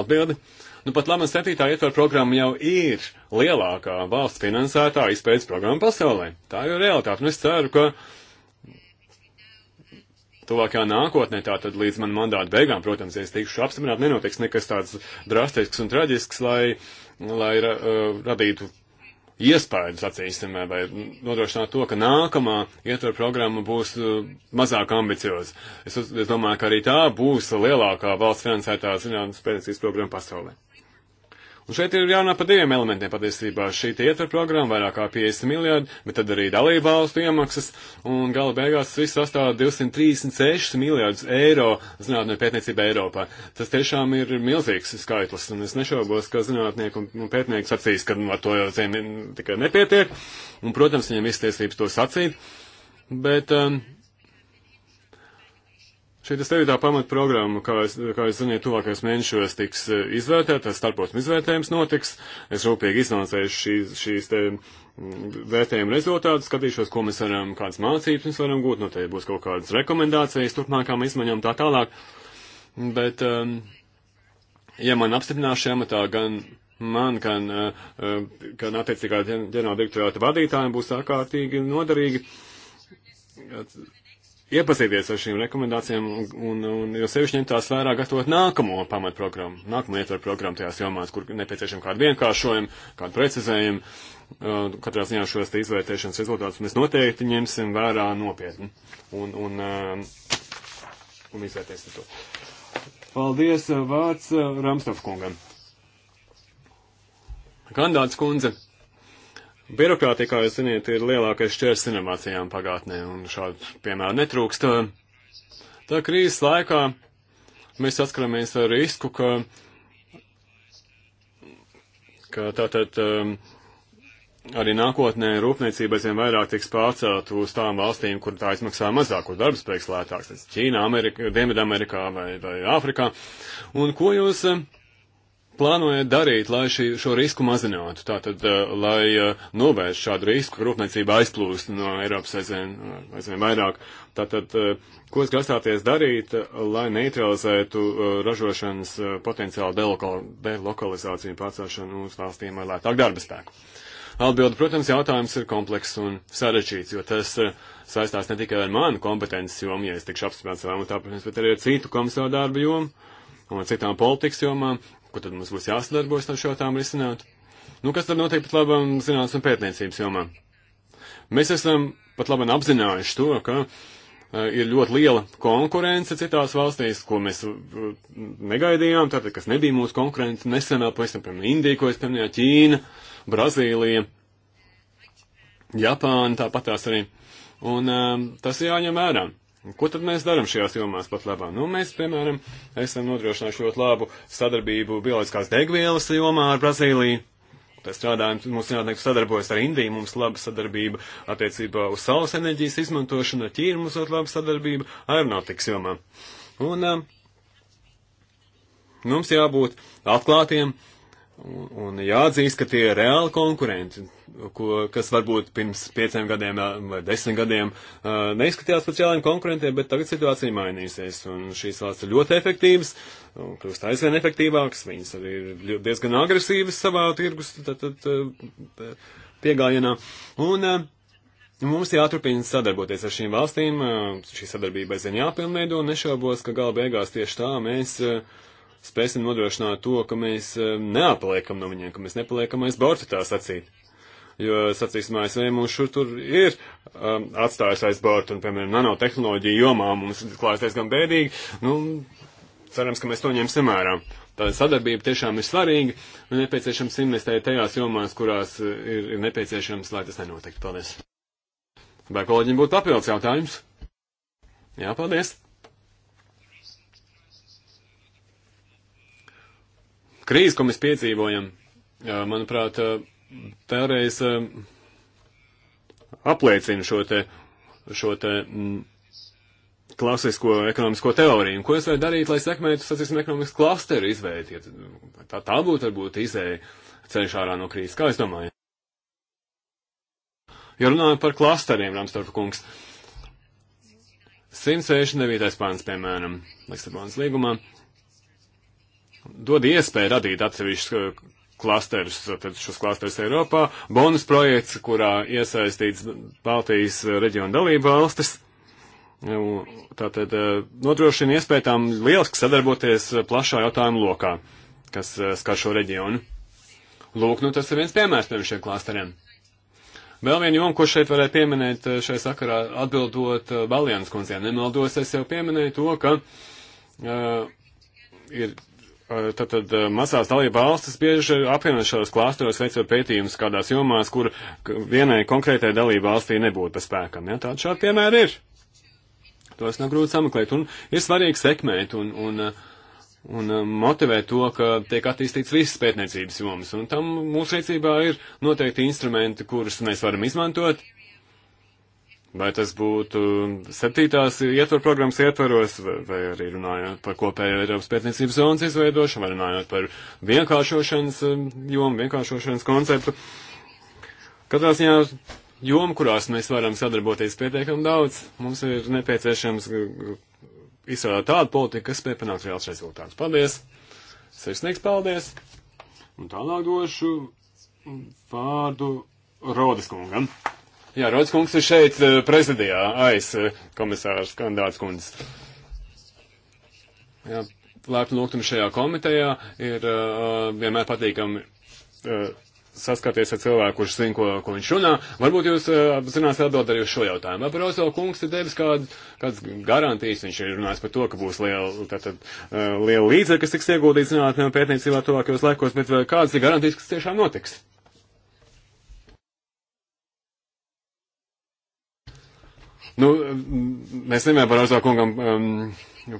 Speaker 3: Atbildi. Nu, pat Lamans 7. ietvaru programma jau ir lielākā valsts finansētā izpētes programma pasaulē. Tā jau ir realitāte. Un nu, es ceru, ka tuvākajā nākotnē, tātad līdz man mandāta beigām, protams, ja es tikšu apstiprināt, nenotiks nekas tāds drastisks un traģisks, lai, lai ra, uh, radītu iespējas, atzīsim, vai nodrošināt to, ka nākamā ietver programma būs uh, mazāk ambicioza. Es, es domāju, ka arī tā būs lielākā valsts finansētā zinātnes pēcīs programma pasaulē. Un šeit ir jārunā par diviem elementiem patiesībā. Šī ietver programma vairāk kā 50 miljārdi, bet tad arī dalība valstu iemaksas, un gala beigās tas viss sastāv 236 miljārdus eiro zinātnē pētniecība Eiropā. Tas tiešām ir milzīgs skaitlis, un es nešaubos, ka zinātnieki un, un pētnieki sacīs, ka nu, ar to jau zin, tikai nepietiek, un, protams, viņiem viss tiesības to sacīt, bet um, Šī devītā pamatprogramma, kā, es, kā jūs ziniet, tuvākajos mēnešos tiks e, izvērtēta, starposms izvērtējums notiks. Es rūpīgi iznācēšu šīs, šīs te vērtējuma rezultātus, skatīšos, ko mēs varam, kādas mācības mēs varam gūt, noteikti nu, būs kaut kādas rekomendācijas turpmākām izmaiņām tā tālāk. Bet, um, ja man apstiprinās šajā matā, gan man, gan, uh, gan attiecīgā ģenerāla direktorāta vadītājiem būs ārkārtīgi noderīgi. Ja, iepazīties ar šīm rekomendācijām un, un, un jo sevišķi ņemt tās vērā gatavot nākamo pamatprogrammu, nākamo ietveru programmu tajās jomās, kur nepieciešama kāda vienkāršojuma, kāda precizējuma. Katrā ziņā šos te izvērtēšanas rezultātus mēs noteikti ņemsim vērā nopietni un, un, un, un izvērtēsim to. Paldies, vārds Ramstov kungam. Kandāts kundze. Birokrātija, kā jūs ziniet, ir lielākais šķērs inovācijām pagātnē, un šādu piemēru netrūkst. Tā krīzes laikā mēs saskaramies ar risku, ka, ka tātad um, arī nākotnē rūpniecība aizvien vairāk tiks pārcelt uz tām valstīm, kur tā izmaksā mazāk, kur darba spēks lētāks, tas Ķīna, Amerika, Dienvidamerikā vai, vai Āfrikā. Un ko jūs. Uh, plānojat darīt, lai šī, šo risku mazinātu? Tātad, eh, lai eh, novērst šādu risku, ka rūpniecība aizplūst no Eiropas aizvien, aizvien vairāk. Tātad, eh, ko es grasāties darīt, lai neutralizētu ražošanas potenciālu delokal, delokalizāciju pārcelšanu uz valstīm ar lētāku darba spēku? Atbildi, protams, jautājums ir komplekss un sarežģīts, jo tas saistās ne tikai ar manu kompetences jomu, ja es tikšu apspēlēts vai un tā, protams, bet arī ar citu komisāru darbu jomu un citām politikas jomām, ko tad mums būs jāsadarbojas ar šo tām risināt. Nu, kas tad notiek pat labam zinātnes un pētniecības jomā? Mēs esam pat labam apzinājuši to, ka uh, ir ļoti liela konkurence citās valstīs, ko mēs uh, negaidījām, tātad, kas nebija mūsu konkurence nesenā, pavisam, piemēram, Indija, ko es pieminēju, Ķīna, Brazīlija, Japāna, tāpat tās arī. Un um, uh, tas jāņem vērā. Ko tad mēs darām šajās jomās pat labā? Nu, mēs, piemēram, esam nodrošinājuši ļoti labu sadarbību bioloģiskās degvielas jomā ar Brazīliju. Mēs strādājam, mūsu zinātnieki sadarbojas ar Indiju, mums laba sadarbība attiecībā uz saules enerģijas izmantošanu, ar Ķīnu mums ļoti laba sadarbība aeronautikas jomā. Un um, mums jābūt atklātiem, uh, Un, un jāatzīst, ka tie ir reāli konkurenti, ko, kas varbūt pirms pieciem gadiem vai desmit gadiem uh, neizskatījās par reāliem konkurentiem, bet tagad situācija mainīsies. Un šīs valsts ir ļoti efektīvas, kļūst aizvien efektīvākas, viņas arī ir diezgan agresīvas savā tirgus tad, tad, piegājienā. Un, uh, Mums jāturpina sadarboties ar šīm valstīm, šī sadarbība aizvien jāpilnveido, un nešaubos, ka gala beigās tieši tā mēs uh, spēsim nodrošināt to, ka mēs eh, neapaliekam no viņiem, ka mēs nepaliekam aiz borta tā sacīt. Jo, sacīsim, ASV mūs šur tur ir um, atstājis aiz borta, un, piemēram, nanotehnoloģija jomā mums klājas diezgan bēdīgi. Nu, cerams, ka mēs to ņemsim vērā. Tā sadarbība tiešām ir svarīga, un nepieciešams investēt tajās jomās, kurās eh, ir, ir nepieciešams, lai tas nenotiktu. Paldies! Vai kolēģiem būtu papildus jautājums? Jā, paldies! krīze, ko mēs piedzīvojam, manuprāt, vēlreiz eh, apliecina šo te, šo te mm, klasisko ekonomisko teoriju. Un ko es varu darīt, lai sekmētu, sacīsim, ekonomisku klasteru izveidi? Ja mm, tā, tā būtu varbūt izēja ceļš ārā no krīzes. Kā es domāju? Ja runājam par klasteriem, Ramstorp kungs, 169. pāns, piemēram, Lisabonas līgumā, dod iespēju radīt atsevišķus uh, klasterus, tad šos klasterus Eiropā. Bonus projekts, kurā iesaistīts Baltijas uh, reģiona dalība valstis. Tātad uh, nodrošina iespēju tām lieliski sadarboties plašā jautājuma lokā, kas skar šo reģionu. Lūk, nu tas ir viens piemērs pirms šiem klasteriem. Vēl viena joma, ko šeit varēja pieminēt šai sakarā, atbildot Balienas kundzē, nemaldos, es jau pieminēju to, ka uh, ir Tātad mazās dalība valstis bieži apvienot šādos klāstos, veicot pētījumus kādās jomās, kur vienai konkrētai dalība valstī nebūtu pa spēkam. Ja? Tāda šāda piemēra ir. Tos nav grūti sameklēt. Un ir svarīgi sekmēt un, un, un motivēt to, ka tiek attīstīts visas pētniecības jomas. Un tam mūsu rīcībā ir noteikti instrumenti, kurus mēs varam izmantot. Uh, Vai tas būtu septītās ietvaru programmas ietvaros, vai, vai arī runājot par kopējo Eiropas pētniecības zonas izveidošanu, vai runājot par vienkāršošanas um, jomu, vienkāršošanas konceptu. Katrā ziņā joma, kurās mēs varam sadarboties pietiekam daudz, mums ir nepieciešams izstrādāt tādu politiku, kas spēj panākt reāls rezultāts. Paldies! Sirsnīgs paldies! Un tālāk došu vārdu Rodas kungam. Jā, Rods kungs ir šeit eh, prezidijā, aiz eh, komisārs kandidāts kundz. Jā, lēpni lūgtumi šajā komitejā ir uh, vienmēr patīkami uh, saskarties ar cilvēku, kurš zina, ko, ko viņš runā. Varbūt jūs uh, zināt atbild arī uz šo jautājumu. Vai Parozo kungs ir devis kādas, kādas garantijas, viņš ir runājis par to, ka būs liela, tātad, uh, liela līdzekļa, kas tiks ieguldīts zinātnē un pētniecībā tuvākajos laikos, bet kādas ir garantijas, kas tiešām notiks? Nu, mēs nevienam par Rozā kungam um,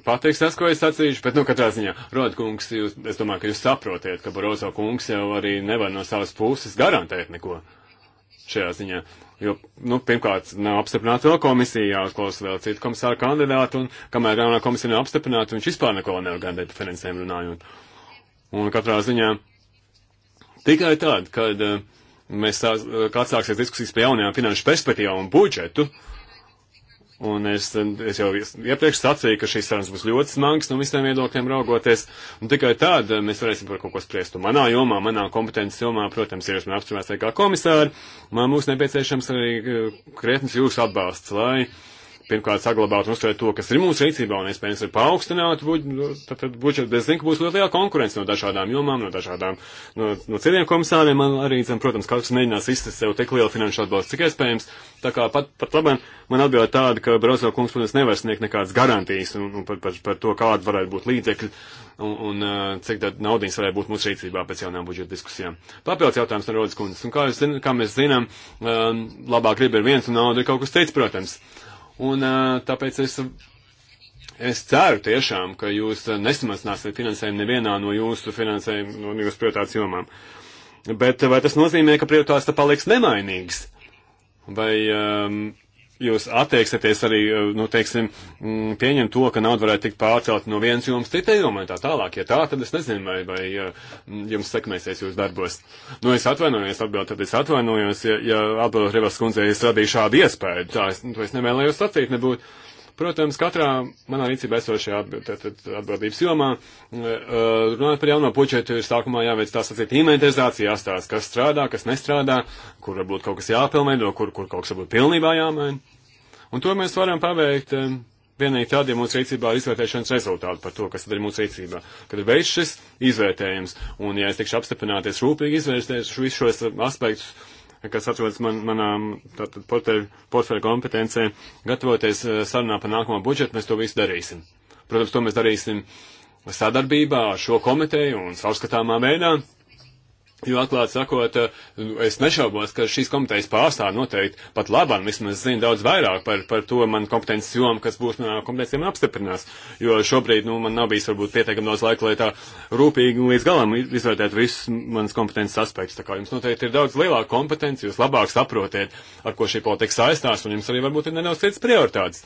Speaker 3: pateiks tas, ko es sacīšu, bet, nu, katrā ziņā, Roda kungs, jūs, es domāju, ka jūs saprotiet, ka Barozo kungs jau arī nevar no savas puses garantēt neko šajā ziņā. Jo, nu, pirmkārt, nav apstiprināta vēl komisija, jāuzklausa vēl citu komisāru kandidātu, un kamēr jaunā komisija nav apstiprināta, viņš vispār neko nevar gandēt par finansēm runājot. Un katrā ziņā tikai tad, kad uh, mēs tā, kā sāksies diskusijas par jaunajām finanšu perspektīvām un budžetu, uh, Un es, es jau iepriekš sacīju, ka šīs sarunas būs ļoti smagas no visiem viedokļiem raugoties, un tikai tad eh, mēs varēsim par kaut ko spriest. Un manā jomā, manā kompetences jomā, protams, ir jūs man apstrādājat kā komisāri, man būs nepieciešams arī eh, krietnis jūsu atbalsts, lai pirmkārt saglabāt un uzturēt to, kas ir mūsu rīcībā, un iespējams ir paaugstināt, nu, tad, tad budžets, bet es zinu, ka būs ļoti liela konkurence no dažādām jomām, no dažādām, no, no citiem komisāriem, man arī, zin, protams, kāds mēģinās izsist sev tik lielu finanšu atbalstu, cik iespējams. Tā kā pat, pat labam man atbild tāda, ka Brausel kungs, protams, nevar sniegt nekādas garantijas un, un par, par, par to, kāda varētu būt līdzekļi un, un cik tad naudiņas varētu būt mūsu rīcībā pēc jaunām budžeta diskusijām. Papildus jautājums no Rodas kundzes. Un kā, zin, kā mēs zinām, labā griba ir viens un nauda ir kaut kas cits, protams. Uh, un tāpēc es, es ceru tiešām, ka jūs nesamazināsiet finansējumu nevienā no jūsu finansējumu, no jūsu prioritātes jomām. Bet vai tas nozīmē, ka prioritātes paliks nemainīgas? Vai um, jūs attieksieties arī, eh, nu, teiksim, mm, pieņem to, ka nauda varētu tikt pārcelt no vienas jomas citai jomai tā tālāk. Ja tā, tad es nezinu, vai, vai mm, jums sekmēsies jūs darbos. Nu, es atvainojos atbildi, tad es atvainojos, ja, ja atbildot Revas kundzei, es radīju šādu iespēju. Tā, es, nu, es nevēlējos sacīt, nebūtu. Protams, katrā manā rīcībā esošajā atbildības jomā mm, eh, eh, runājot par jauno budžetu, ir sākumā jāveic tā sacīt inventarizācija, jāstāsta, kas strādā, kas nestrādā, kur varbūt kaut kas jāpilnveido, kur, kur kaut kas varbūt pilnībā jāmaina. Un to mēs varam paveikt eh, vienīgi tad, ja mūsu rīcībā ir izvērtēšanas rezultāti par to, kas tad ir mūsu rīcībā. Kad ir veikts šis izvērtējums, un ja es tikšu apstiprināties rūpīgi izvērtēšu visus šos aspektus, kas atrodas man, manām portfeļu kompetencē, gatavoties eh, sarunā par nākamo budžetu, mēs to visu darīsim. Protams, to mēs darīsim sadarbībā ar šo komiteju un savskatāmā veidā. Jo atklāti sakot, eh, es nešaubos, ka šīs komitejas pārstāv noteikti pat labam, vismaz zina daudz vairāk par, par to man kompetences jomu, kas būs manā kompetencijām apstiprinās. Jo šobrīd, nu, man nav bijis varbūt pietiekami daudz laika, lai tā rūpīgi līdz galam izvērtētu visus manas kompetences aspektus. Tā kā jums noteikti ir daudz lielāka kompetence, jūs labāk saprotiet, ar ko šī politika saistās, un jums arī varbūt ir nedaudz cits prioritātes.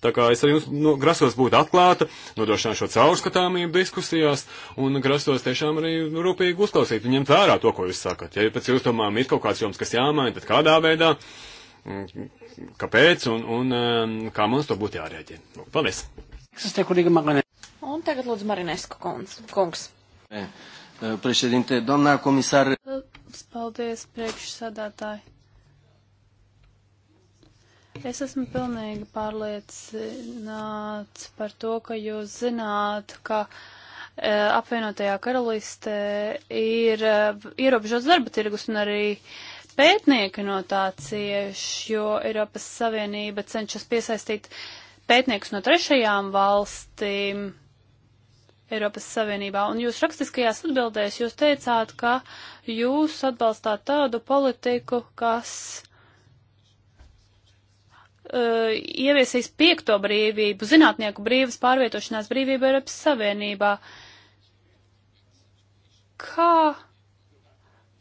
Speaker 3: Tā kā es ar jums nu, grasos būt atklāta, nodrošināt šo caurskatāmību diskusijās un grasos tiešām arī nu, rūpīgi uzklausīt un ņemt vērā to, ko jūs sakat. Ja pēc jūsu domām ir kaut kāds joms, kas jāmaina, tad kādā veidā, mm, kāpēc un, un um, kā mums to būtu jārēģē. Paldies!
Speaker 2: Un tagad lūdzu Marinesku kungs.
Speaker 3: Eh, președinte, doamna comisar.
Speaker 2: Paldies,
Speaker 1: priekšsādātāji. Es esmu pilnīgi pārliecināts par to, ka jūs zināt, ka e, apvienotajā karalistē ir e, ierobežots darba tirgus un arī pētnieki no tā cieš, jo Eiropas Savienība cenšas piesaistīt pētniekus no trešajām valstīm Eiropas Savienībā. Un jūs rakstiskajās atbildēs jūs teicāt, ka jūs atbalstāt tādu politiku, kas uh, ieviesīs piekto brīvību, zinātnieku brīvas pārvietošanās brīvību Eiropas Savienībā. Kā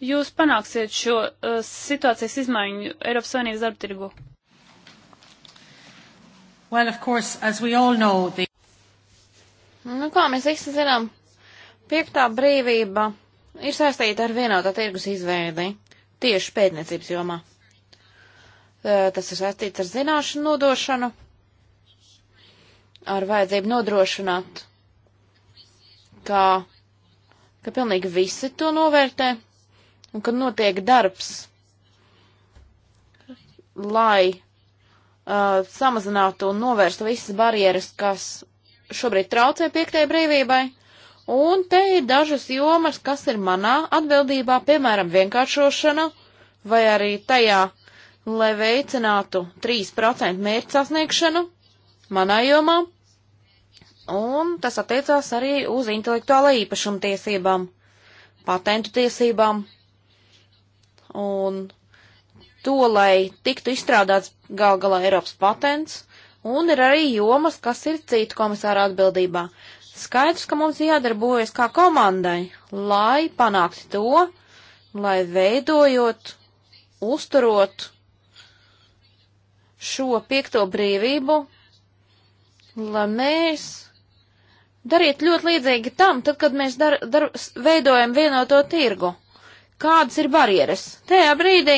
Speaker 1: jūs panāksiet šo uh, situācijas izmaiņu Eiropas Savienības darba tirgu? Well, of course, as we all know, the...
Speaker 2: Nu, kā mēs visi zinām, piektā brīvība ir saistīta ar vienotā tirgus izveidi tieši pētniecības jomā. Eh, tas ir saistīts ar zināšanu nodošanu, ar vajadzību nodrošināt, ka, ka pilnīgi visi to novērtē un ka notiek darbs, lai uh, samazinātu un novērstu visas barjeras, kas šobrīd traucē piektajai brīvībai. Un te ir dažas jomas, kas ir manā atbildībā, piemēram, vienkāršošana vai arī tajā lai veicinātu 3% mērķu sasniegšanu manā jomā, un tas attiecās arī uz intelektuālā īpašuma tiesībām, patentu tiesībām, un to, lai tiktu izstrādāts gal galā Eiropas patents, un ir arī jomas, kas ir citu komisāru atbildībā. Skaidrs, ka mums jādarbojas kā komandai, lai panāktu to, lai veidojot, uzturot šo piekto brīvību, lai mēs dariet ļoti līdzīgi tam, tad, kad mēs dar, dar, veidojam vienoto tirgu. Kādas ir barjeras? Tajā brīdī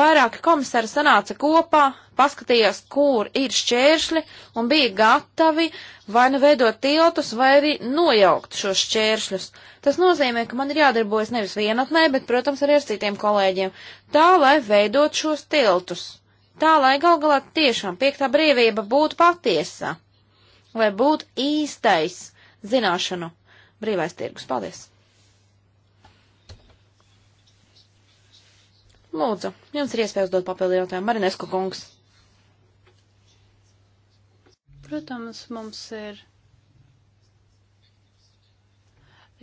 Speaker 2: vairāki komisāri sanāca kopā, paskatījās, kur ir šķēršļi un bija gatavi vai nu veidot tiltus, vai arī nojaukt šos šķēršļus. Tas nozīmē, ka man ir jādarbojas nevis vienatnē, bet, protams, arī ar citiem kolēģiem, tā lai veidot šos tiltus tā lai gal galā tiešām piektā brīvība būtu patiesa, lai būtu īstais zināšanu brīvais tirgus. Paldies! Lūdzu, jums ir iespēja uzdot papildu jautājumu. Marinesku kungs.
Speaker 1: Protams, mums ir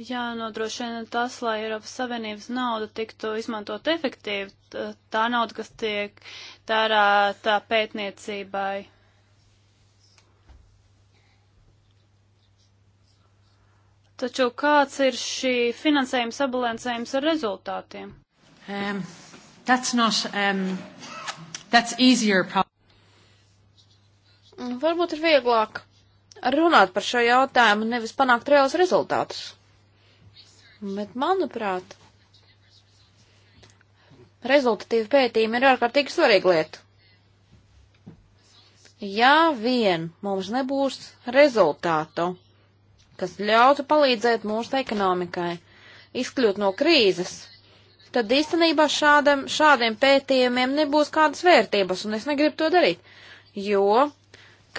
Speaker 1: jānodrošina tas, lai Eiropas Savienības nauda tiktu izmantot efektīvi. Tā nauda, kas tiek tērēta pētniecībai. Taču kāds ir šī finansējuma sabalansējums ar rezultātiem? Um,
Speaker 2: that's not, um, that's easier mm, Varbūt ir vieglāk runāt par šo jautājumu, nevis panākt reāls rezultātus. Bet, manuprāt, Rezultatīvi pētījumi ir ārkārtīgi svarīga lieta. Ja vien mums nebūs rezultātu, kas ļautu palīdzēt mūsu ekonomikai izkļūt no krīzes, tad īstenībā šādam, šādiem pētījumiem nebūs kādas vērtības, un es negribu to darīt. Jo,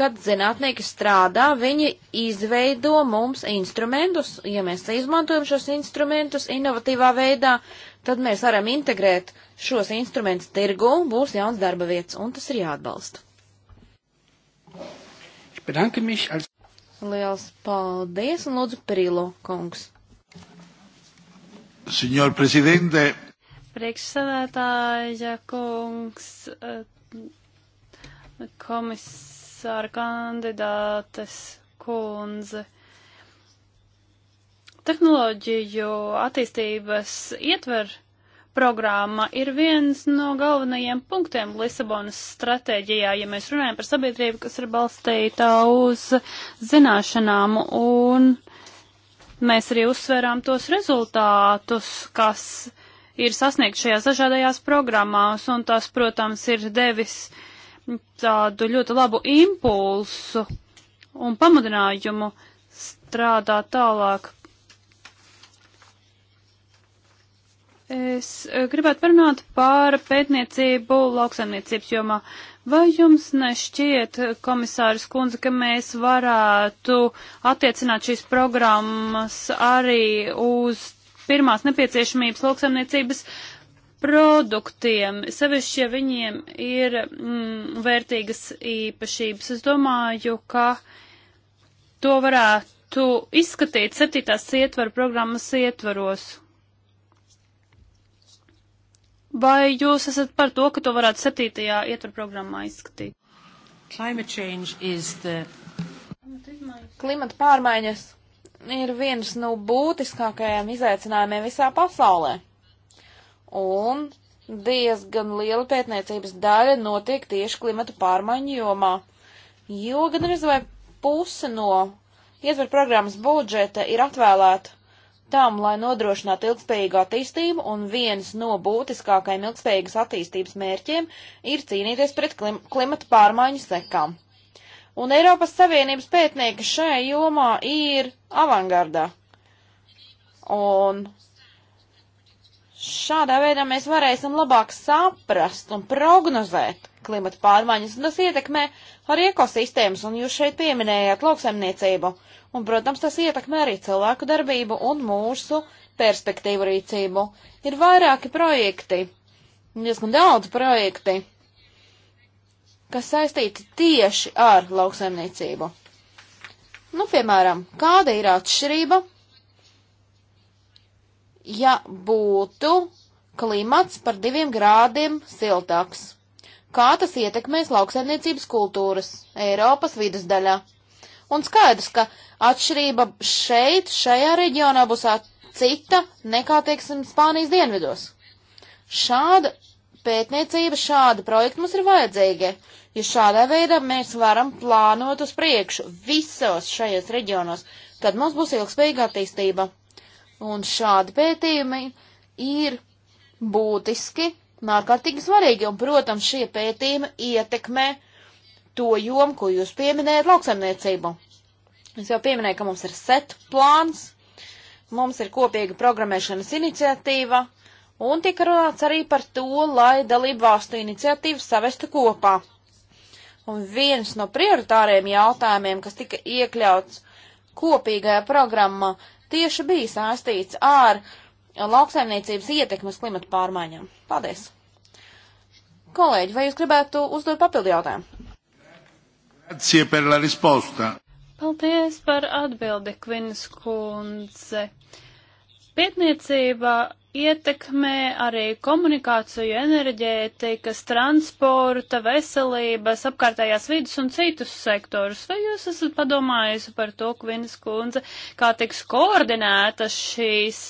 Speaker 2: kad zinātnieki strādā, viņi izveido mums instrumentus, ja mēs izmantojam šos instrumentus inovatīvā veidā, tad mēs varam integrēt šos instrumentus tirgu, būs jauns darba vietas, un tas ir jāatbalsta.
Speaker 1: Als...
Speaker 2: Liels paldies, un lūdzu, Prilo kungs. Signor Presidente. Priekšsēdētāja
Speaker 1: kungs, eh, komisāra kandidātes kundze. Tehnoloģiju attīstības ietver programma ir viens no galvenajiem punktiem Lisabonas stratēģijā, ja mēs runājam par sabiedrību, kas ir balstīta uz zināšanām un mēs arī uzsverām tos rezultātus, kas ir sasniegt šajās dažādajās programmās, un tas, protams, ir devis tādu ļoti labu impulsu un pamudinājumu strādāt tālāk Es eh, gribētu parunāt par pētniecību lauksaimniecības jomā. Vai jums nešķiet, komisāris kundze, ka mēs varētu attiecināt šīs programmas arī uz pirmās nepieciešamības lauksaimniecības produktiem, sevišķi, ja viņiem ir mm, vērtīgas īpašības? Es domāju, ka to varētu izskatīt septītās ietvaru programmas ietvaros. Vai jūs esat par to, ka to varētu septītajā ietver programmā izskatīt?
Speaker 2: The... Klimata pārmaiņas ir viens no būtiskākajiem izaicinājumiem visā pasaulē. Un diezgan liela pētniecības daļa notiek tieši klimata pārmaiņu jomā. Jo gan arī vai puse no ietver programmas budžeta ir atvēlēta tam, lai nodrošinātu ilgspējīgu attīstību, un viens no būtiskākajiem ilgspējīgas attīstības mērķiem ir cīnīties pret klim klimata pārmaiņu sekām. Un Eiropas Savienības pētnieki šajā jomā ir avangardā. Un šādā veidā mēs varēsim labāk saprast un prognozēt klimata pārmaiņas, un tas ietekmē arī ekosistēmas, un jūs šeit pieminējāt lauksaimniecību. Uh, Un, protams, tas ietekmē arī cilvēku darbību un mūsu perspektīvu rīcību. Ir vairāki projekti, diezgan daudz projekti, kas saistīti tieši ar lauksaimniecību. Nu, piemēram, kāda ir atšķirība, ja būtu klimats par diviem grādiem siltāks? Kā tas ietekmēs lauksaimniecības kultūras Eiropas vidusdaļā? Un skaidrs, ka atšķirība šeit, šajā reģionā būs cita nekā, teiksim, Spānijas dienvidos. Šāda pētniecība, šāda projekta mums ir vajadzīga, jo šādā veidā mēs varam plānot uz priekšu visos šajos reģionos, tad mums būs ilgspējīga attīstība. Un šādi pētījumi ir būtiski un ārkārtīgi svarīgi, un, protams, šie pētījumi ietekmē to jomu, ko jūs pieminējat, lauksaimniecību. Es jau pieminēju, ka mums ir set plāns, mums ir kopīga programmēšanas iniciatīva, un tika runāts arī par to, lai dalību valstu iniciatīvas savestu kopā. Un viens no prioritāriem jautājumiem, kas tika iekļauts kopīgajā programmā, tieši bija saistīts ar lauksaimniecības ietekmes klimata pārmaiņām. Paldies! Kolēģi, vai jūs gribētu uzdot papildu jautājumu?
Speaker 3: Paldies
Speaker 1: par atbildi, Kvinas kundze. Pētniecība ietekmē arī komunikāciju, enerģētikas, transporta, veselības, apkārtējās vidas un citus sektorus. Vai jūs esat padomājusi par to, Kvinas kundze, kā tiks koordinētas šīs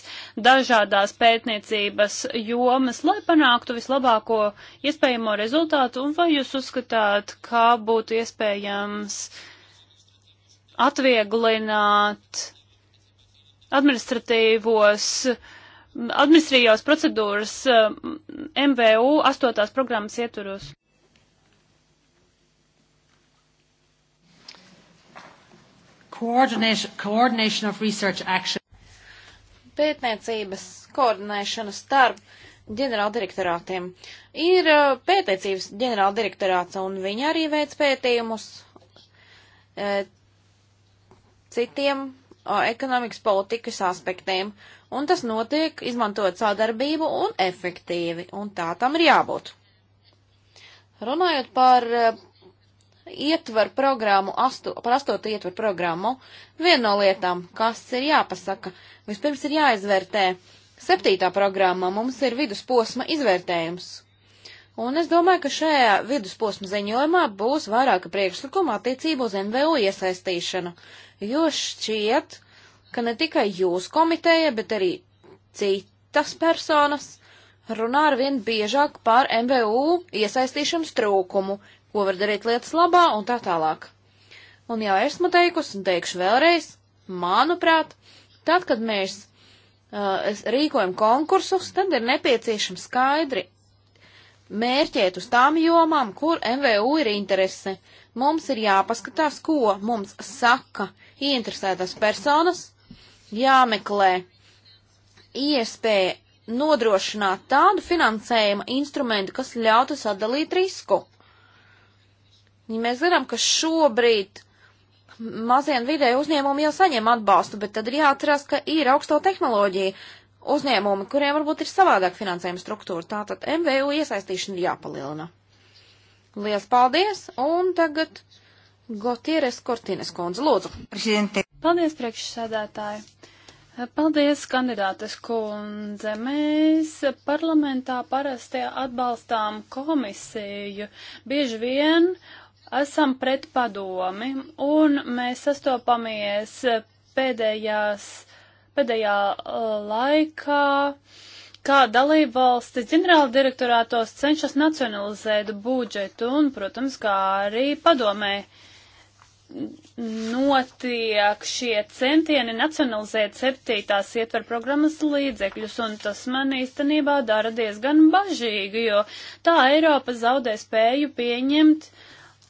Speaker 1: dažādās pētniecības jomas, lai panāktu vislabāko iespējamo rezultātu, un vai jūs uzskatāt, kā būtu iespējams atvieglināt administratīvos, administrījos procedūras eh, MVU astotās programmas ietvaros?
Speaker 3: Coordination, coordination of research action.
Speaker 2: Pētniecības koordinēšana starp ģenerāldirektorātiem. Ir eh, pētniecības ģenerāldirektorāts, un viņi arī veic pētījumus e, citiem ekonomikas politikas aspektiem, un tas notiek izmantojot sadarbību un efektīvi, un tā tam ir jābūt. Runājot par ietvaru programmu, astu, par astotu ietvaru programmu, viena no lietām, kas ir jāpasaka, vispirms ir jāizvērtē. Septītā programma mums ir vidusposma izvērtējums, Un es domāju, ka šajā vidusposma ziņojumā būs vairāka priekšlikuma attiecību uz NVO iesaistīšanu, jo šķiet, ka ne tikai jūs komiteja, bet arī citas personas runā arvien biežāk par NVO iesaistīšanas trūkumu, ko var darīt lietas labā un tā tālāk. Un jau esmu teikusi un teikšu vēlreiz, manuprāt, tad, kad mēs uh, rīkojam konkursus, tad ir nepieciešams skaidri mērķēt uz tām jomām, kur MVU ir interese. Mums ir jāpaskatās, ko mums saka ieinteresētās personas, jāmeklē iespēja nodrošināt tādu finansējuma instrumentu, kas ļautu sadalīt risku. Ja mēs zinām, ka šobrīd mazie un vidēji uzņēmumi jau saņem atbalstu, bet tad ir jāatcerās, ka ir augsto tehnoloģiju uzņēmumi, kuriem varbūt ir savādāk finansējuma struktūra. Tātad MVU iesaistīšana jāpalielina. Lielas paldies! Un tagad Gotieres Kortines kundze, lūdzu. Presidente. Paldies, priekšsēdētāji!
Speaker 1: Paldies, kandidātes kundze. Mēs parlamentā parasti atbalstām komisiju. Bieži vien esam pret padomi un mēs sastopamies pēdējās pēdējā uh, laikā, kā dalība valstis ģenerāla direktorātos cenšas nacionalizēt budžetu un, protams, kā arī padomē notiek šie centieni nacionalizēt septītās ietver programmas līdzekļus, un tas man īstenībā dara diezgan bažīgi, jo tā Eiropa zaudē spēju pieņemt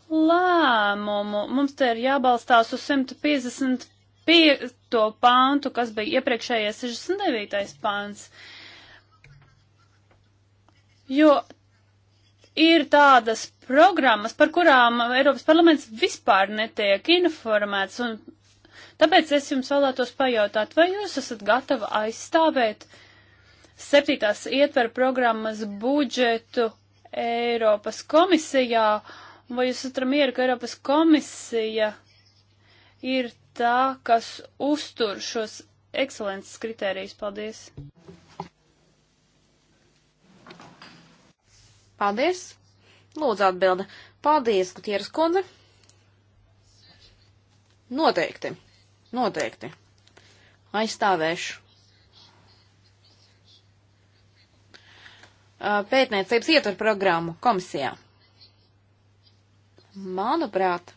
Speaker 1: lēmumu. Mums te ir jābalstās uz 150 piekto pāntu, kas bija iepriekšējais 69. pāns. Jo ir tādas programmas, par kurām Eiropas parlaments vispār netiek informēts, un tāpēc es jums vēlētos pajautāt, vai jūs esat gatavi aizstāvēt septītās ietver programmas budžetu Eiropas komisijā, vai jūs esat mieru, ka Eiropas komisija ir tā, kas uztur šos ekscelences
Speaker 2: kritērijus. Paldies! Paldies! Lūdzu atbildi. Paldies, Gutieres kundze! Noteikti, noteikti. Aizstāvēšu. Pētniecības ietver programmu komisijā. Manuprāt,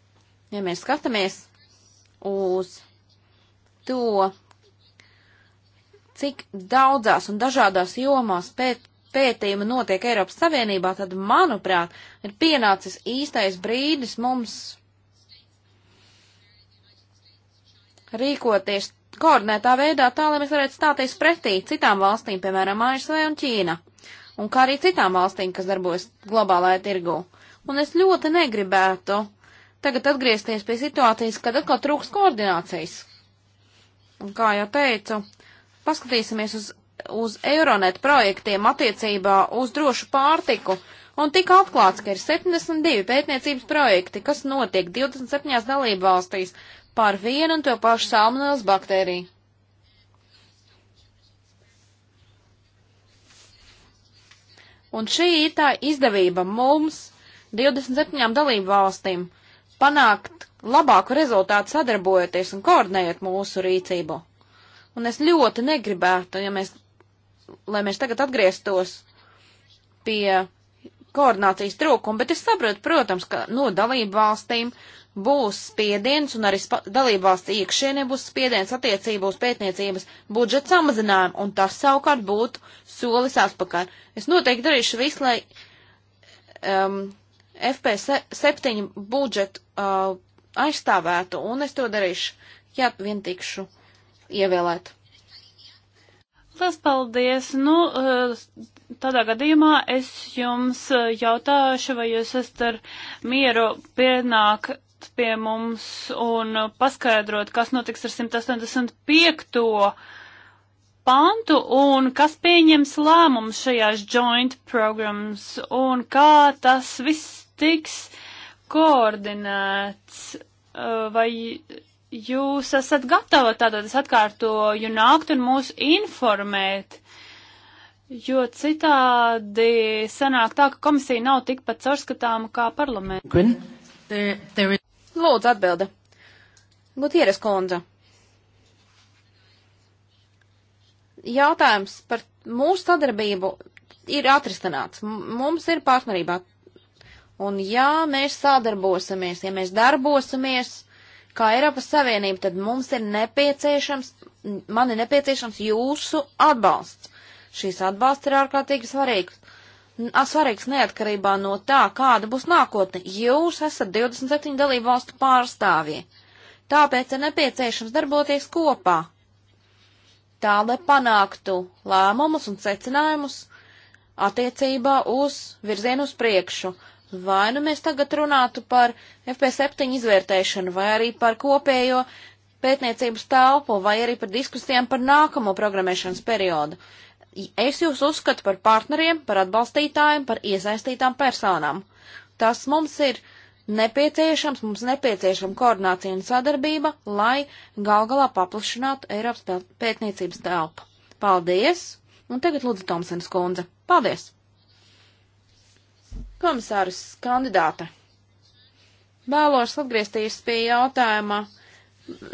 Speaker 2: ja mēs skatāmies uz to, cik daudzās un dažādās jomās pēt, pētījuma notiek Eiropas Savienībā, tad, manuprāt, ir pienācis īstais brīdis mums rīkoties koordinētā veidā tā, lai mēs varētu stāties pretī citām valstīm, piemēram, ASV un Ķīna, un kā arī citām valstīm, kas darbojas globālajā tirgu. Un es ļoti negribētu tagad atgriezties pie situācijas, kad atkal trūks koordinācijas. Un kā jau teicu, paskatīsimies uz, uz Euronet projektiem attiecībā uz drošu pārtiku. Un tika atklāts, ka ir 72 pētniecības projekti, kas notiek 27 dalību valstīs par vienu un to pašu salmonēlas baktēriju. Un šī ir tā izdevība mums, 27 dalību valstīm, panākt labāku rezultātu sadarbojoties un koordinējot mūsu rīcību. Un es ļoti negribētu, ja mēs, lai mēs tagad atgrieztos pie koordinācijas trūkuma, bet es saprotu, protams, ka no dalību valstīm būs spiediens un arī dalību valsts iekšienē būs spiediens attiecībā uz pētniecības budžeta samazinājumu, un tas savukārt būtu solis atpakaļ. Es noteikti darīšu visu, lai um, FP7 budžetu uh, aizstāvētu, un es to darīšu, ja vien tikšu ievēlēt.
Speaker 1: Lielas paldies! Nu, uh, tādā gadījumā es jums uh, jautāšu, vai jūs esat ar mieru pienāk pie mums un paskaidrot, kas notiks ar 185. pantu un kas pieņems lēmumus šajās joint programs un kā tas viss tiks koordinēts, uh, vai jūs esat gatava, tātad es atkārtoju, nākt un mūs informēt, jo citādi sanāk tā, ka komisija nav tikpat caurskatāma kā parlamenta. Is... Lūdzu,
Speaker 2: atbilde. Gutieres kundze. Jautājums par mūsu sadarbību ir atrisināts. Mums ir partnerībā Un ja mēs sadarbosimies, ja mēs darbosimies kā Eiropas Savienība, tad mums ir nepieciešams, man ir nepieciešams jūsu atbalsts. Šīs atbalsts ir ārkārtīgi svarīgs. Svarīgs neatkarībā no tā, kāda būs nākotne. Jūs esat 27 dalību valstu pārstāvji. Tāpēc ir nepieciešams darboties kopā. Tā, lai panāktu lēmumus un secinājumus attiecībā uz virzienu uz priekšu. Vai nu mēs tagad runātu par FP7 izvērtēšanu, vai arī par kopējo pētniecības telpu, vai arī par diskusijām par nākamo programmēšanas periodu. Es jūs uzskatu par partneriem, par atbalstītājiem, par iesaistītām personām. Tas mums ir nepieciešams, mums nepieciešama koordinācija un sadarbība, lai gal galā paplašinātu Eiropas pētniecības telpu. Paldies! Un tagad lūdzu Tomsens kundze. Paldies! Komisārs kandidāte. Vēlos atgriezties pie jautājuma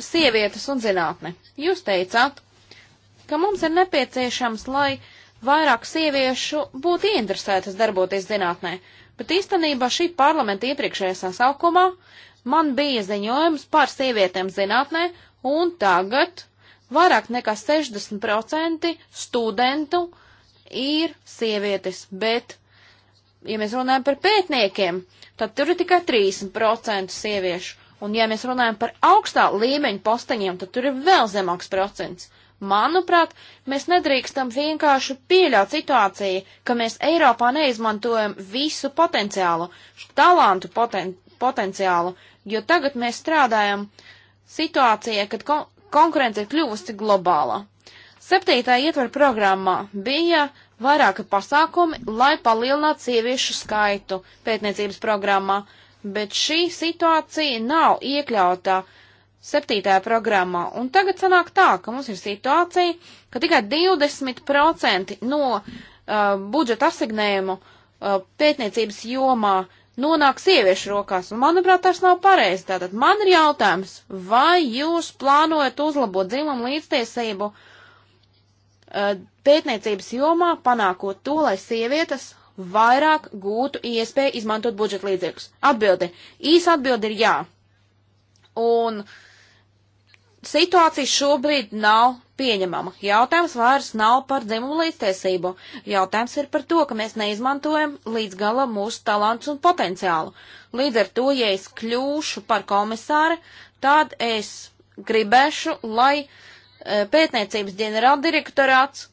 Speaker 2: sievietes un zinātne. Jūs teicāt, ka mums ir nepieciešams, lai vairāk sieviešu būtu ieinteresētas darboties zinātnē, bet īstenībā šī parlamenta iepriekšējā sasaukumā man bija ziņojums par sievietēm zinātnē, un tagad vairāk nekā 60% studentu ir sievietes, bet ja mēs runājam par pētniekiem, tad tur ir tikai 30% sieviešu. Un ja mēs runājam par augstā līmeņa posteņiem, tad tur ir vēl zemāks procents. Manuprāt, mēs nedrīkstam vienkārši pieļaut situāciju, ka mēs Eiropā neizmantojam visu potenciālu, talantu poten potenciālu, jo tagad mēs strādājam situācijā, kad kon konkurence ir kļuvusi globāla. Septītā ietver programmā bija uh, vairāki pasākumi, lai palielinātu sieviešu skaitu pētniecības programmā, bet šī situācija nav iekļautā septītajā programmā. Un tagad sanāk tā, ka mums ir situācija, ka tikai 20% no uh, budžeta asignējumu uh, pētniecības jomā nonāk sieviešu rokās, un manuprāt, tas nav pareizi. Tātad man ir jautājums, vai jūs plānojat uzlabot dzimumu līdztiesību uh, pētniecības jomā, panākot to, lai sievietes vairāk gūtu iespēju izmantot budžeta līdzekļus? Atbilde. Īsa atbilde ir jā. Un situācija šobrīd nav pieņemama. Jautājums vairs nav par dzimumu līdztiesību. Jautājums ir par to, ka mēs neizmantojam līdz gala mūsu talants un potenciālu. Līdz ar to, ja es kļūšu par komisāri, tad es gribēšu, lai eh, pētniecības ģenerāldirektorāts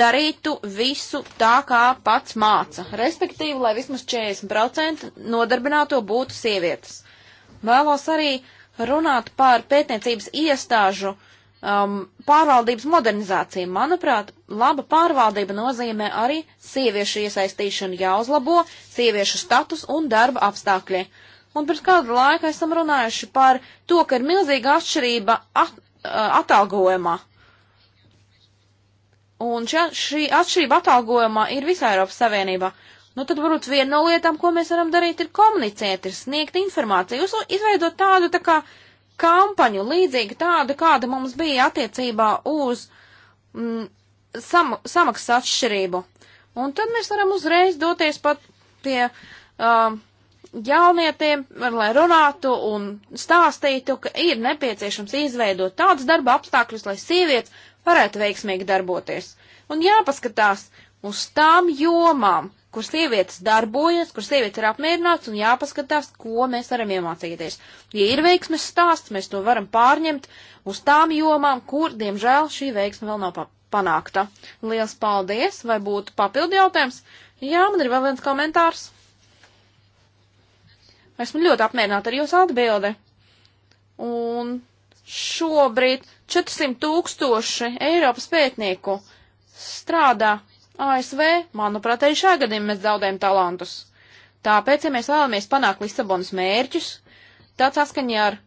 Speaker 2: darītu visu tā, kā pats māca, respektīvi, lai vismaz 40% nodarbināto būtu sievietes. Vēlos arī runāt par pētniecības iestāžu um, pārvaldības modernizāciju. Manuprāt, laba pārvaldība nozīmē arī sieviešu iesaistīšanu jāuzlabo, sieviešu status un darba apstākļi. Un pirms kādu laiku esam runājuši par to, ka ir milzīga atšķirība at, uh, atalgojumā Un šā, šī atšķirība atalgojumā ir visā Eiropas Savienībā. Nu, tad varbūt viena no lietām, ko mēs varam darīt, ir komunicēt, ir sniegt informāciju, uz, izveidot tādu tā kā kampaņu, līdzīgi tādu, kāda mums bija attiecībā uz mm, sam, samaksas atšķirību. Un tad mēs varam uzreiz doties pat pie uh, jaunietiem, lai runātu un stāstītu, ka ir nepieciešams izveidot tādas darba apstākļus, lai sievietes varētu veiksmīgi darboties. Un jāpaskatās uz tām jomām, kur sievietes darbojas, kur sievietes ir apmierināts un jāpaskatās, ko mēs varam iemācīties. Ja ir veiksmes stāsts, mēs to varam pārņemt uz tām jomām, kur, diemžēl, šī veiksme vēl nav panākta. Liels paldies! Vai būtu papildi jautājums? Jā, man ir vēl viens komentārs. Esmu ļoti apmierināta ar jūsu atbildi. Un Šobrīd 400 tūkstoši Eiropas pētnieku strādā ASV. Manuprāt, arī šā gadījumā mēs zaudējam talantus. Tāpēc, ja mēs vēlamies panākt Lisabonas mērķus, tad saskaņā ar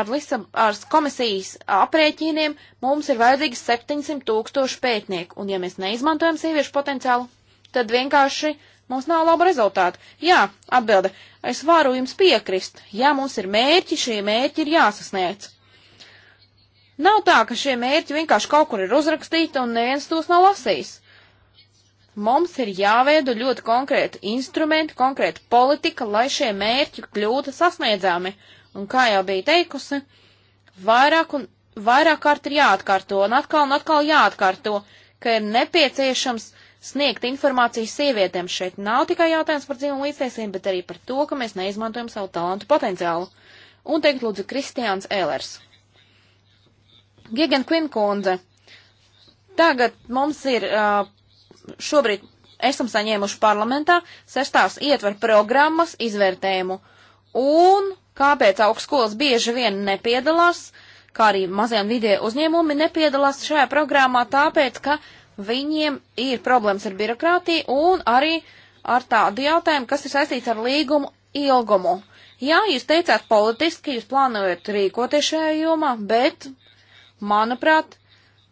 Speaker 2: ar, Lisab ar komisijas aprēķiniem mums ir vajadzīgi 700 tūkstoši pētnieku, un ja mēs neizmantojam sieviešu potenciālu, tad vienkārši mums nav laba rezultāta. Jā, atbilde, es varu jums piekrist. Jā, mums ir mērķi, šie mērķi ir jāsasniedz. Nav tā, ka šie mērķi vienkārši kaut kur ir uzrakstīti un neviens tos nav lasījis. Mums ir jāveido ļoti konkrēti instrumenti, konkrēta politika, lai šie mērķi kļūtu sasniedzami. Un kā jau bija teikusi, vairāk un vairāk kārt ir jāatkārto un atkal un atkal jāatkārto, ka ir nepieciešams sniegt informāciju sievietēm. Šeit nav tikai jautājums par dzimumu līdztiesību, bet arī par to, ka mēs neizmantojam savu talantu potenciālu. Un teikt lūdzu Kristiāns Ēlers. Gigan Kvinkundze, tagad mums ir šobrīd esam saņēmuši parlamentā sestās ietver programmas izvērtējumu. Un kāpēc augstskolas bieži vien nepiedalās, kā arī mazie un vidēji uzņēmumi nepiedalās šajā programmā, tāpēc, ka uh, viņiem ir problēmas ar birokrātiju un arī ar tādu jautājumu, kas ir saistīts ar līgumu ilgumu. Jā, jūs teicāt politiski, jūs plānojat rīkoties šajā jomā, bet, manuprāt,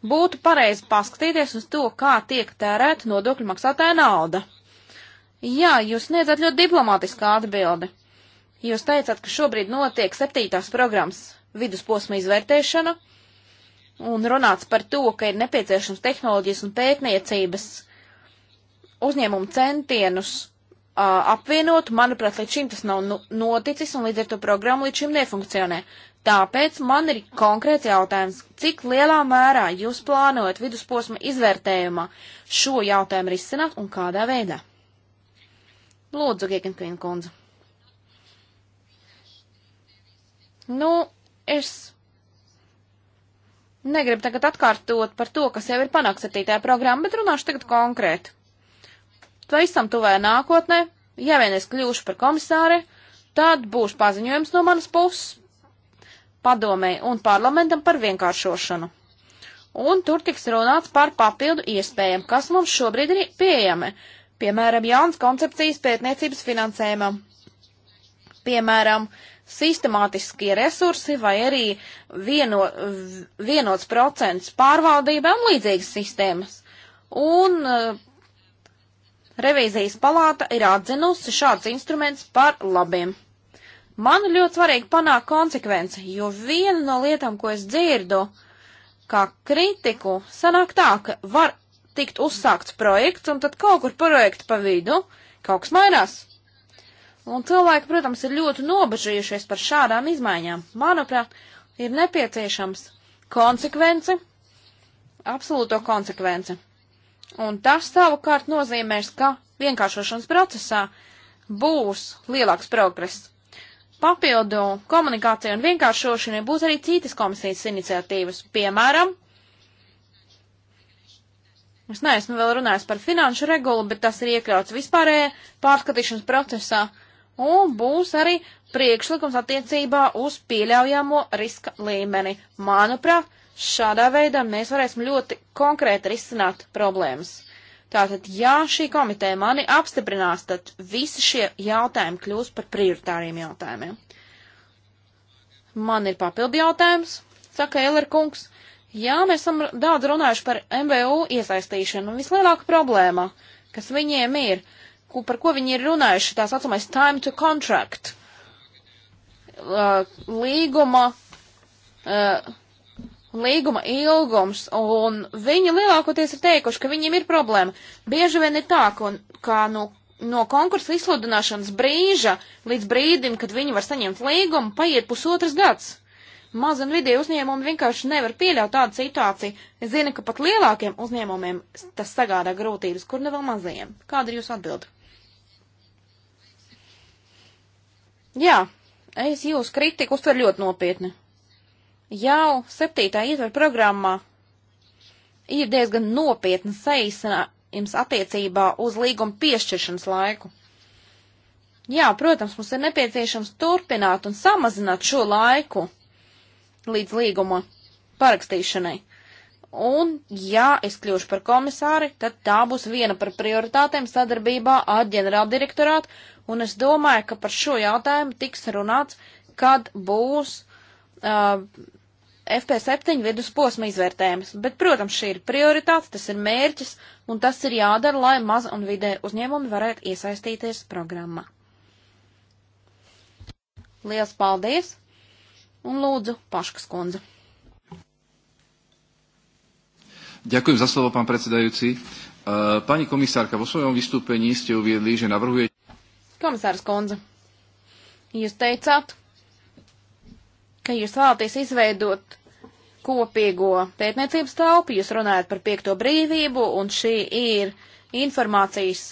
Speaker 2: būtu pareizi paskatīties uz to, kā tiek tērēta nodokļu maksātāja nauda. Jā, jūs sniedzat ļoti diplomātisku atbildi. Jūs teicāt, ka šobrīd notiek septītās programmas vidusposma izvērtēšana, un runāts par to, ka ir nepieciešams tehnoloģijas un pētniecības uzņēmumu centienus uh, apvienot. Manuprāt, līdz šim tas nav nu, noticis, un līdz ar to programma līdz šim nefunkcionē. Tāpēc man ir konkrēts jautājums, cik lielā mērā jūs plānojat vidusposma izvērtējumā šo jautājumu risināt un kādā veidā? Lūdzu, Giekenkvīna kundze. Nu, es negribu tagad atkārtot par to, kas jau ir panākts ar tītajā programmu, bet runāšu tagad konkrēti. Pavisam tuvē nākotnē, ja vien es kļūšu par komisāri, tad būs paziņojums no manas puses padomē un parlamentam par vienkāršošanu. Un tur tiks runāts par papildu iespējām, kas mums šobrīd ir pieejami, piemēram, jauns koncepcijas pētniecības finansējumam, piemēram, uh, sistemātiskie resursi vai arī vieno, vienots procents pārvaldībai un līdzīgas sistēmas. Un uh, revīzijas palāta ir atzinusi šāds instruments par labiem. Man ļoti svarīgi panākt konsekvenci, jo viena no lietām, ko es dzirdu, kā kritiku, sanāk tā, ka var tikt uzsākts projekts, un tad kaut kur projekta pa vidu kaut kas mainās. Un cilvēki, protams, ir ļoti nobežījušies par šādām izmaiņām. Manuprāt, ir nepieciešams konsekvence, absolūto konsekvence. Un tas savukārt nozīmēs, ka vienkāršošanas procesā būs lielāks progress. Papildu komunikācijai un vienkāršošanai būs arī citas komisijas iniciatīvas, piemēram, Es neesmu vēl runājis par finanšu regulu, bet tas ir iekļauts vispārējā pārskatīšanas procesā un būs arī priekšlikums attiecībā uz pieļaujamo riska līmeni. Manuprāt, šādā veidā mēs varēsim ļoti konkrēti risināt problēmas. Tātad, ja šī komiteja mani apstiprinās, tad visi šie jautājumi kļūs par prioritāriem jautājumiem. Man ir papildi jautājums, saka Eiler kungs. Jā, mēs esam daudz runājuši par MVU iesaistīšanu, un vislielāka problēma, kas viņiem ir, uh, ko, par ko viņi ir runājuši, tā saucamais time to contract, uh, līguma, uh, līguma ilgums, un viņi lielākoties ir teikuši, ka viņiem ir problēma. Bieži vien ir tā, ka, kā nu, no konkursa izsludināšanas brīža līdz brīdim, kad viņi var saņemt līgumu, paiet pusotras gads. Maz un vidēji uzņēmumi vienkārši nevar pieļaut tādu situāciju. Es zinu, ka pat lielākiem uzņēmumiem tas sagādā grūtības, kur ne vēl mazajiem. Kāda ir jūsu atbildi? Jā, es jūsu kritiku uztveru ļoti nopietni. Jau septītā ietver programmā ir diezgan nopietna saīsinājums attiecībā uz līguma piešķiršanas laiku. Jā, protams, mums ir nepieciešams turpināt un samazināt šo laiku līdz līguma parakstīšanai. Un, ja es kļūšu par komisāri, tad tā būs viena par prioritātēm sadarbībā ar ģenerāldirektorātu un es domāju, ka par šo jautājumu tiks runāts, kad būs uh, FP7 vidusposma izvērtējums. Bet, protams, šī ir prioritāte, tas ir mērķis, un tas ir jādara, lai maza un vidē uzņēmumi varētu iesaistīties programmā. Lielas paldies! Un lūdzu, Paškas kundze.
Speaker 1: Ďakujem za slovo, pán predsedajúci. Uh, pani komisárka, vo svojom
Speaker 3: vystúpení ste uviedli, že navrhujete...
Speaker 2: Komisārs Konze, jūs teicāt, ka jūs vēlaties izveidot kopīgo pētniecības telpu, jūs runājat par piekto brīvību, un šī ir informācijas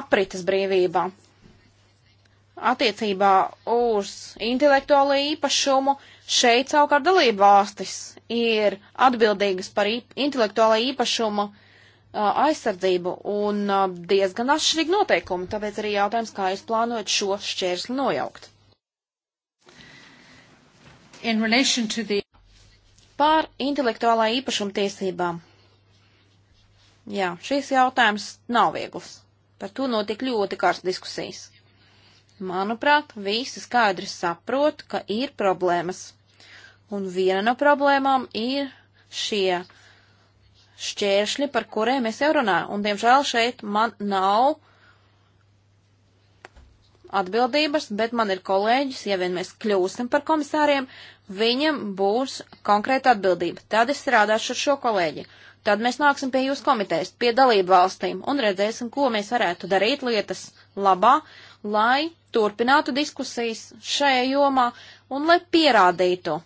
Speaker 2: aprites brīvība attiecībā uz intelektuālo īpašumu. Šeit savukārt dalība valstis ir atbildīgas par intelektuālo īpašumu uh, aizsardzību un diezgan atšķirīgi noteikumi, tāpēc arī jautājums, kā jūs plānojat šo šķērsli nojaukt. The... Pār intelektuālā īpašuma tiesībām. Jā, šis jautājums nav viegls. Par to notika ļoti kārs diskusijas. Manuprāt, visi skaidri saprot, ka ir problēmas. Un viena no problēmām ir šie šķēršļi, par kuriem es jau runāju. Un, diemžēl, šeit man nav atbildības, bet man ir kolēģis, ja vien mēs kļūsim par komisāriem, viņam būs konkrēta atbildība. Tad es strādāšu ar šo kolēģi. Tad mēs nāksim pie jūsu komitejas, pie dalību valstīm un redzēsim, ko mēs varētu darīt lietas labā, lai turpinātu diskusijas šajā jomā un lai pierādītu,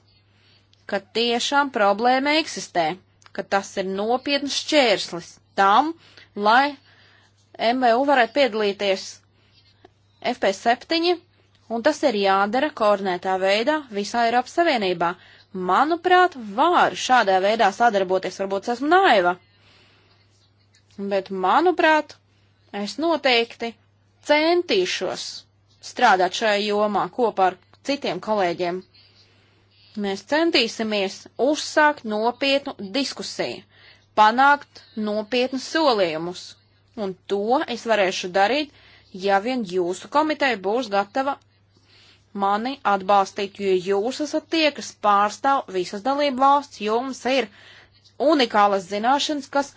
Speaker 2: ka tiešām problēma eksistē ka tas ir nopietns šķērslis tam, lai MVU varētu piedalīties FP7, un tas ir jādara koordinētā veidā visā Eiropas Savienībā. Manuprāt, var šādā veidā sadarboties, varbūt esmu naiva. Bet, manuprāt, es noteikti centīšos strādāt šajā jomā kopā ar citiem kolēģiem Mēs centīsimies uzsākt nopietnu diskusiju, panākt nopietnu solījumus, un to es varēšu darīt, ja vien jūsu komiteja būs gatava mani atbalstīt, jo jūs esat tie, kas pārstāv visas dalību valsts, jums ir unikālas zināšanas, kas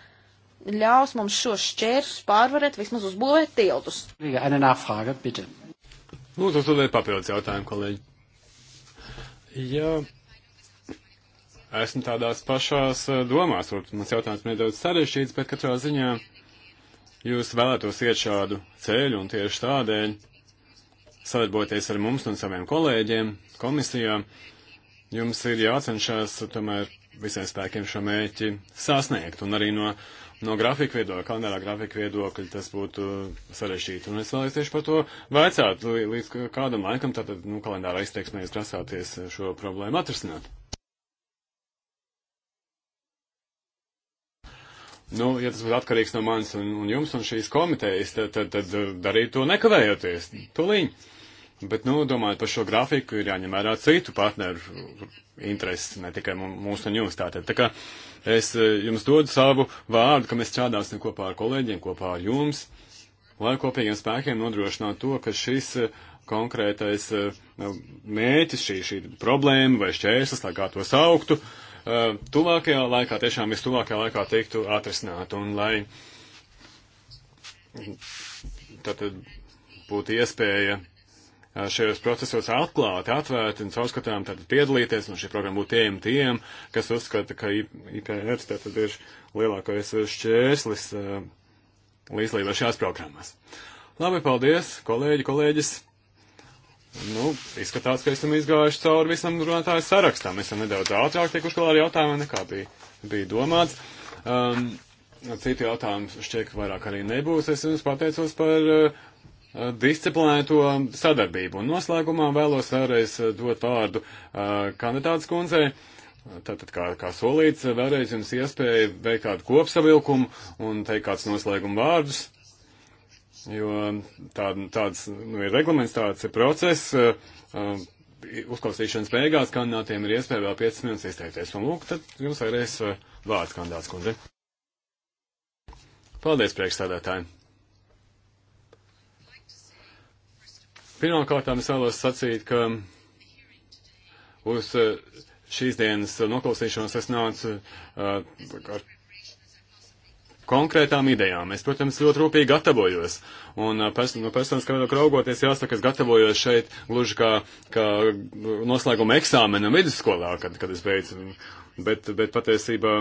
Speaker 2: ļaus mums šos šķērsus pārvarēt, vismaz uzbūvēt tiltus.
Speaker 3: Lūdzu, tad papildus jautājumu, kolēģi ja esmu tādās pašās eh, domās, varbūt mans jautājums nedaudz sarežģīts, bet katrā ziņā jūs vēlētos iet šādu ceļu un tieši tādēļ sadarboties ar mums un saviem kolēģiem komisijā, jums ir jācenšas tomēr visiem spēkiem šo mērķi sasniegt un arī no no grafika viedokļa, kalendārā grafika viedokļa tas būtu sarežģīti. Un es vēlēs tieši par to vaicāt, līdz kādam laikam tātad, nu, kalendārā izteiksmē jūs grasāties šo problēmu atrisināt. Nu, ja tas būtu atkarīgs no manis un, un jums un šīs komitejas, tad, tad, tad darīt to nekavējoties, tuliņ. Bet, nu, domājot par šo grafiku, ir jāņem vērā citu partneru intereses, ne tikai mūsu un jums. Tātad, tā kā, uh, Es e, jums dodu savu vārdu, ka mēs strādāsim kopā ar kolēģiem, kopā ar jums, lai kopīgiem spēkiem nodrošinātu to, ka šis e, konkrētais e, mēķis, šī, šī problēma vai šķērslis, tā kā to sauktu, tuvākajā laikā, tiešām vistuvākajā laikā tiktu atrisināt un lai tātad būtu iespēja šajos procesos atklāti, atvērti un caurskatām tātad piedalīties, un šī programma būtu pieejama tiem, kas uzskata, ka IPRs tātad ir lielākais šķērslis līdzlībā šajās programmās. Labi, paldies, kolēģi, kolēģis. Nu, izskatās, ka esam izgājuši cauri visam runātāju sarakstam. Esam nedaudz ātrāk tiekuši galā ar jautājumiem, nekā bija, bija domāts. Um, Citu jautājumu šķiet, ka vairāk arī nebūs. Es jums pateicos par uh, disciplinēto sadarbību. Un noslēgumā vēlos vēlreiz eh, dot vārdu eh, kandidātas kundzei. Tātad, kā, kā solīts, vēlreiz jums iespēja veikt kādu kopsavilkumu un teikt kāds noslēguma vārdus, jo tā, tāds nu, ir reglaments, tāds ir process. Uh, uzklausīšanas beigās kandidātiem ir iespēja vēl 5 minūtes izteikties. Un lūk, tad jums vēlreiz vārds kandidāts kundze. Paldies, priekšstādātāji! Pirmkārt, es vēlos sacīt, ka uz eh, šīs dienas noklausīšanos es nācu eh, ar konkrētām idejām. Es, protams, ļoti rūpīgi gatavojos. Un eh, pers no personas skatoties raugoties, jāsaka, es gatavojos šeit gluži kā, kā noslēguma eksāmenam vidusskolā, kad, kad es beidzu. Bet, bet patiesībā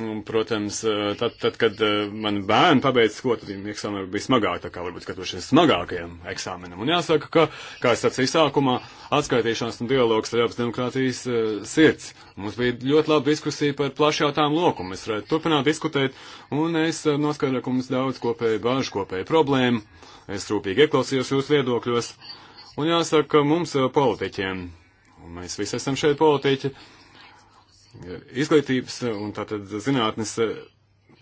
Speaker 3: Un, protams, tad, tad, kad man bērni pabeidz skolu, tad viņiem eksāmeni bija smagāk, tā kā varbūt skatoties smagākajam eksāmenam. Un jāsaka, ka, kā es sacīju sākumā, atskaitīšanās un dialogs ir abas demokrātijas uh, sirds. Mums bija ļoti laba diskusija par plašu jautājumu loku, mēs varētu turpināt diskutēt, un es noskaidroju, ka mums daudz kopēju bāžu, kopēju problēmu. Es rūpīgi ieklausījos jūsu viedokļos, un jāsaka, ka mums politiķiem, un mēs visi esam šeit politiķi, uh, izglītības un tātad zinātnes eh,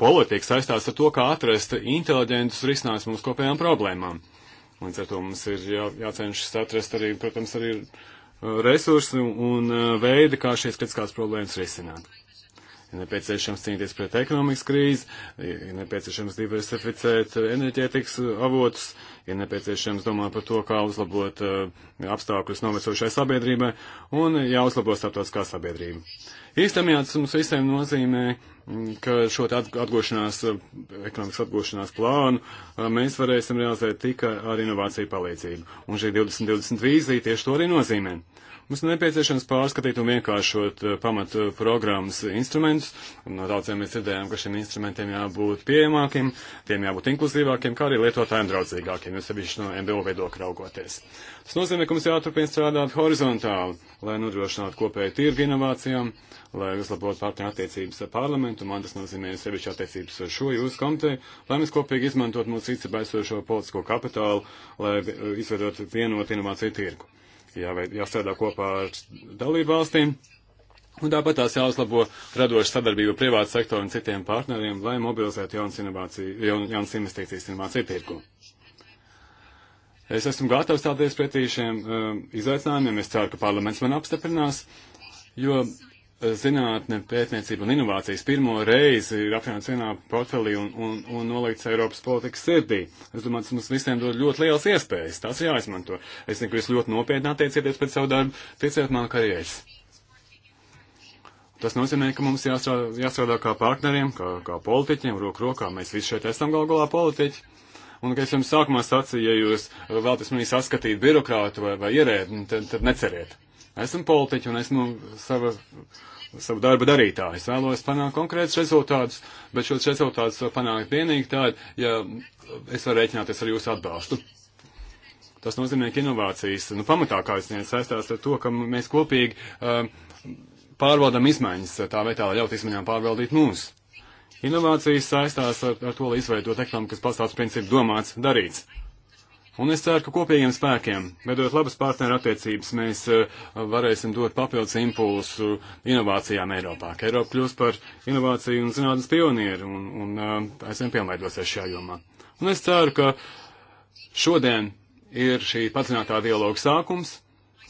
Speaker 3: politika saistās ar to, kā atrast inteliģentus risinājumus mūsu kopējām problēmām. Līdz ar to mums ir jā, jācenšas atrast arī, protams, arī eh, resursi un eh, veidi, kā šīs kritiskās problēmas risināt. Ir nepieciešams cīnīties pret ekonomikas krīzi, ir nepieciešams diversificēt enerģētikas avotus, ir nepieciešams domāt par to, kā uzlabot apstākļus novecojušai sabiedrībai un jāuzlabo starptautiskā sabiedrība. Īstenībā sistēma nozīmē, mm, ka šo atgošanās, eh, ekonomikas atgošanās plānu eh, mēs varēsim realizēt tikai ar inovāciju palīdzību. Un šī 2020 vīzija tieši to arī nozīmē. Uh, Mums ir nepieciešams pārskatīt un vienkāršot eh, pamatu eh, programmas instrumentus. No daudziem mēs dzirdējām, ka šiem instrumentiem jābūt pieejamākiem, tiem jābūt inklusīvākiem, kā arī lietotājiem draudzīgākiem, jo sevišķi no MBO viedokļa raugoties. Tas nozīmē, ka mums jāturpina strādāt horizontāli, lai nodrošinātu kopēju tirgu inovācijām, lai uzlabotu partneru attiecības ar parlamentu, man tas nozīmē sevišķi attiecības ar šo jūsu komiteju, lai mēs kopīgi izmantot mūsu rīcībā esošo politisko kapitālu, lai eh, izveidot vienotu inovāciju tirgu jāveid, jāstrādā kopā ar dalību valstīm. Un tāpat tās jāuzlabo radoša sadarbība privāta sektora un citiem partneriem, lai mobilizētu jaunas, jaun, jaunas investīcijas inovāciju tirgu. Es esmu gatavs stāties pretī šiem um, izaicinājumiem. Es ceru, ka parlaments man apstiprinās, jo zinātne, pētniecība un inovācijas pirmo reizi ir apvienots vienā portfelī un, un, un nolikts Eiropas politikas sirdī. Es domāju, tas mums visiem dod ļoti lielas iespējas. Tās jāizmanto. Es zinu, ka jūs ļoti nopietni attiecieties pret savu darbu, ticiet man karjeras. Tas nozīmē, ka mums jāstrādā, jāstrādā kā partneriem, kā, kā politiķiem, roku rokā. Mēs visi šeit esam gal galā politiķi. Un, kā es jums sākumā sacīju, ja jūs vēlaties manī saskatīt birokrātu vai, vai ierēdni, tad, tad neceriet. Esmu politiķi un esmu sava, savu darbu darītāju. Es vēlos panākt konkrētus rezultātus, bet šos rezultātus var panākt vienīgi tādi, ja es varu rēķināties ar jūsu atbalstu. Tas nozīmē, ka inovācijas, nu, pamatā, kā es teicu, saistās ar to, ka mēs kopīgi um, pārvaldam izmaiņas, tā vietā, lai ļautu izmaiņām pārvaldīt mūs. Inovācijas saistās ar, ar to, lai izveidot ekonomikas pasaules principu domāts, darīts. Un es ceru, ka kopīgiem spēkiem, vedot labas partneru attiecības, mēs eh, varēsim dot papildus impulsu inovācijām Eiropā. Ka Eiropa kļūs par inovāciju un zinātnes pionieru un, un eh, aizvien pilnveidosies šajā jomā. Un es ceru, ka šodien ir šī padziļinātā dialoga sākums,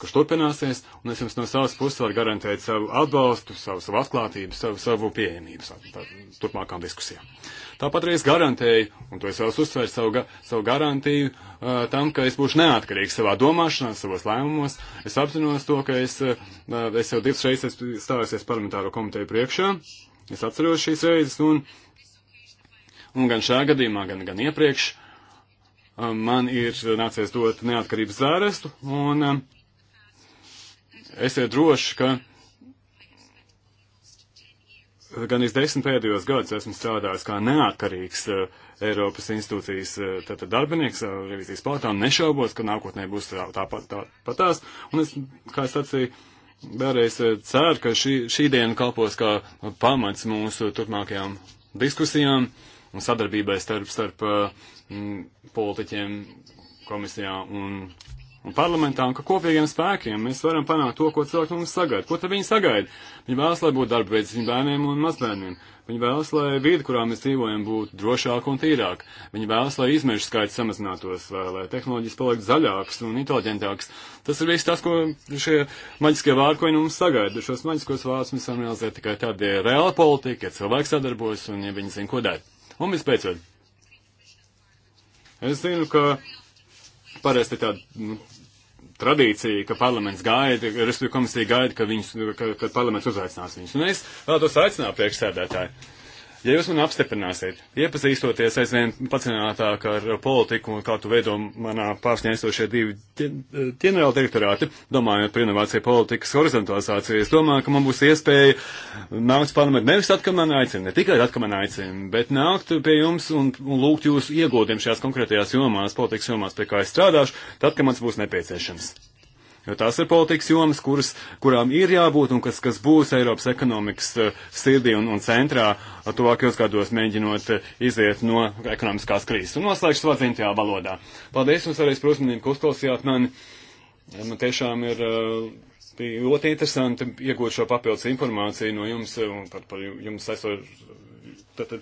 Speaker 3: kurš turpināsies, un es jums no savas puses varu garantēt savu atbalstu, savu, savu atklātību, savu, savu pieejamību savu, tā, turpmākām diskusijām. Tāpat arī es garantēju, un to es vēlos uzsvērt savu, ga, savu garantiju uh, tam, ka es būšu neatkarīgs savā domāšanā, savos lēmumos. Es apzinos to, ka es, uh, es jau divas reizes stāvēsies parlamentāro komiteju priekšā. Es atceros šīs reizes, un, un gan šajā gadījumā, gan, gan iepriekš uh, man ir nācies dot neatkarības zārestu, un uh, esiet droši, ka gan izdesmit pēdējos gadus esmu strādājis kā neatkarīgs uh, Eiropas institūcijas uh, tātad darbinieks uh, revizijas palatā un nešaubos, ka nākotnē būs tāpat tā, tā, tās. Un es, kā es sacīju, vēlreiz ceru, ka šī, šī diena kalpos kā pamats mūsu turpmākajām diskusijām un sadarbībai starp, starp m, politiķiem komisijā un un parlamentā, un ka kopīgiem spēkiem mēs varam panākt to, ko cilvēki mums sagaida. Ko tad viņi sagaida? Viņi vēlas, lai būtu darba veids viņu bērniem un mazbērniem. Viņi vēlas, lai vīde, kurā mēs dzīvojam, būtu drošāka un tīrāka. Viņi vēlas, lai izmešu skaits samazinātos, vai lai tehnoloģijas paliek zaļākas un inteliģentākas. Tas ir viss tas, ko šie maģiskie vārdi, ko viņi mums sagaida. Šos maģiskos vārdus mēs varam realizēt tikai tad, ja ir reāla politika, ja cilvēki sadarbojas un ja viņi zina, ko dara. Un vispēcot. Es zinu, ka parasti tāda nu, tradīcija, ka parlaments gaida, respektīvi komisija gaida, ka, viņus, ka, ka parlaments uzaicinās viņus. Un es vēlētos aicināt priekšsēdētāju Ja jūs man apstiprināsiet, iepazīstoties aizvien pacienātāk ar politiku un kā tu veido manā pārsniestošie divi ģenerāla direktorāti, domājot par inovāciju politikas horizontalizāciju, es domāju, ka man būs iespēja nākt parlamentā nevis tad, kad man aicina, ne tikai tad, kad man aicina, bet nākt pie jums un, un lūgt jūsu ieguldījumu šajās konkrētajās jomās, politikas jomās, pie kā es strādāšu, tad, kad mans būs nepieciešams jo tās ir politikas jomas, kuras, kurām ir jābūt un kas, kas būs Eiropas ekonomikas eh, sirdī un, un centrā tuvākajos gados mēģinot eh, iziet no ekonomiskās krīzes. Un noslēgšu savā dzimtajā valodā. Paldies jums arī, protams, ka uzklausījāt mani. Man tiešām ir eh, bija ļoti interesanti iegūt šo papildus informāciju no jums par, par jums aizsvaru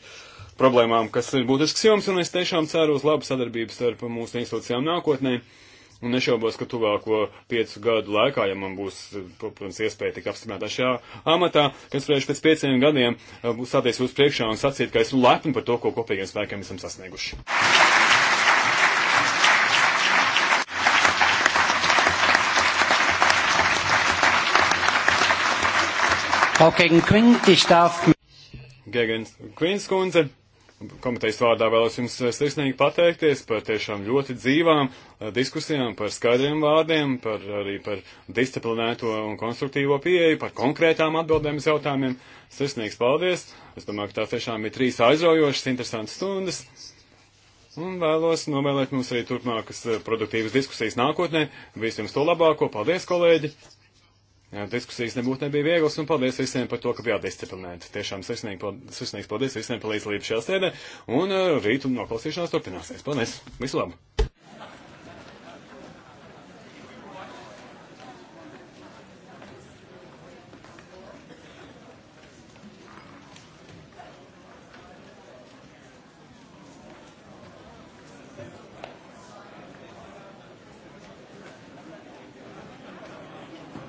Speaker 3: problēmām, kas ir būtisks jums, un es tiešām ceru uz labu sadarbību starp mūsu institūcijām nākotnē. Un nu, nešaubos, ka tuvāko piecu gadu laikā, ja man būs, protams, iespēja tikt apstiprinātā šajā amatā, ka es varēšu pēc pieciem gadiem eh, būs stāties uz priekšā un sacīt, ka esmu lepni par to, ko kopīgiem spēkiem esam sasnieguši.
Speaker 2: Frau Gegen Quinn, ich darf.
Speaker 3: Gegen Quinns Kunze, komitejas vārdā vēlos jums eh, sirsnīgi pateikties par tiešām ļoti dzīvām eh, diskusijām, par skaidriem vārdiem, par arī par disciplinēto un konstruktīvo pieeju, par konkrētām atbildēm uz jautājumiem. Sirsnīgs paldies! Es domāju, ka tās tiešām ir trīs aizraujošas, interesantas stundas. Un vēlos novēlēt mums arī turpmākas eh, produktīvas diskusijas nākotnē. Visiem to labāko. Paldies, kolēģi! Diskusijas nebūtu nebija vieglas, un paldies visiem par to, ka bijāt disciplinēti. Tiešām sirsnīgi, paldies, sirsnīgi paldies visiem par līdzdalību šajā sēdē, un rītu noklausīšanās turpināsies. Paldies! Visu labu!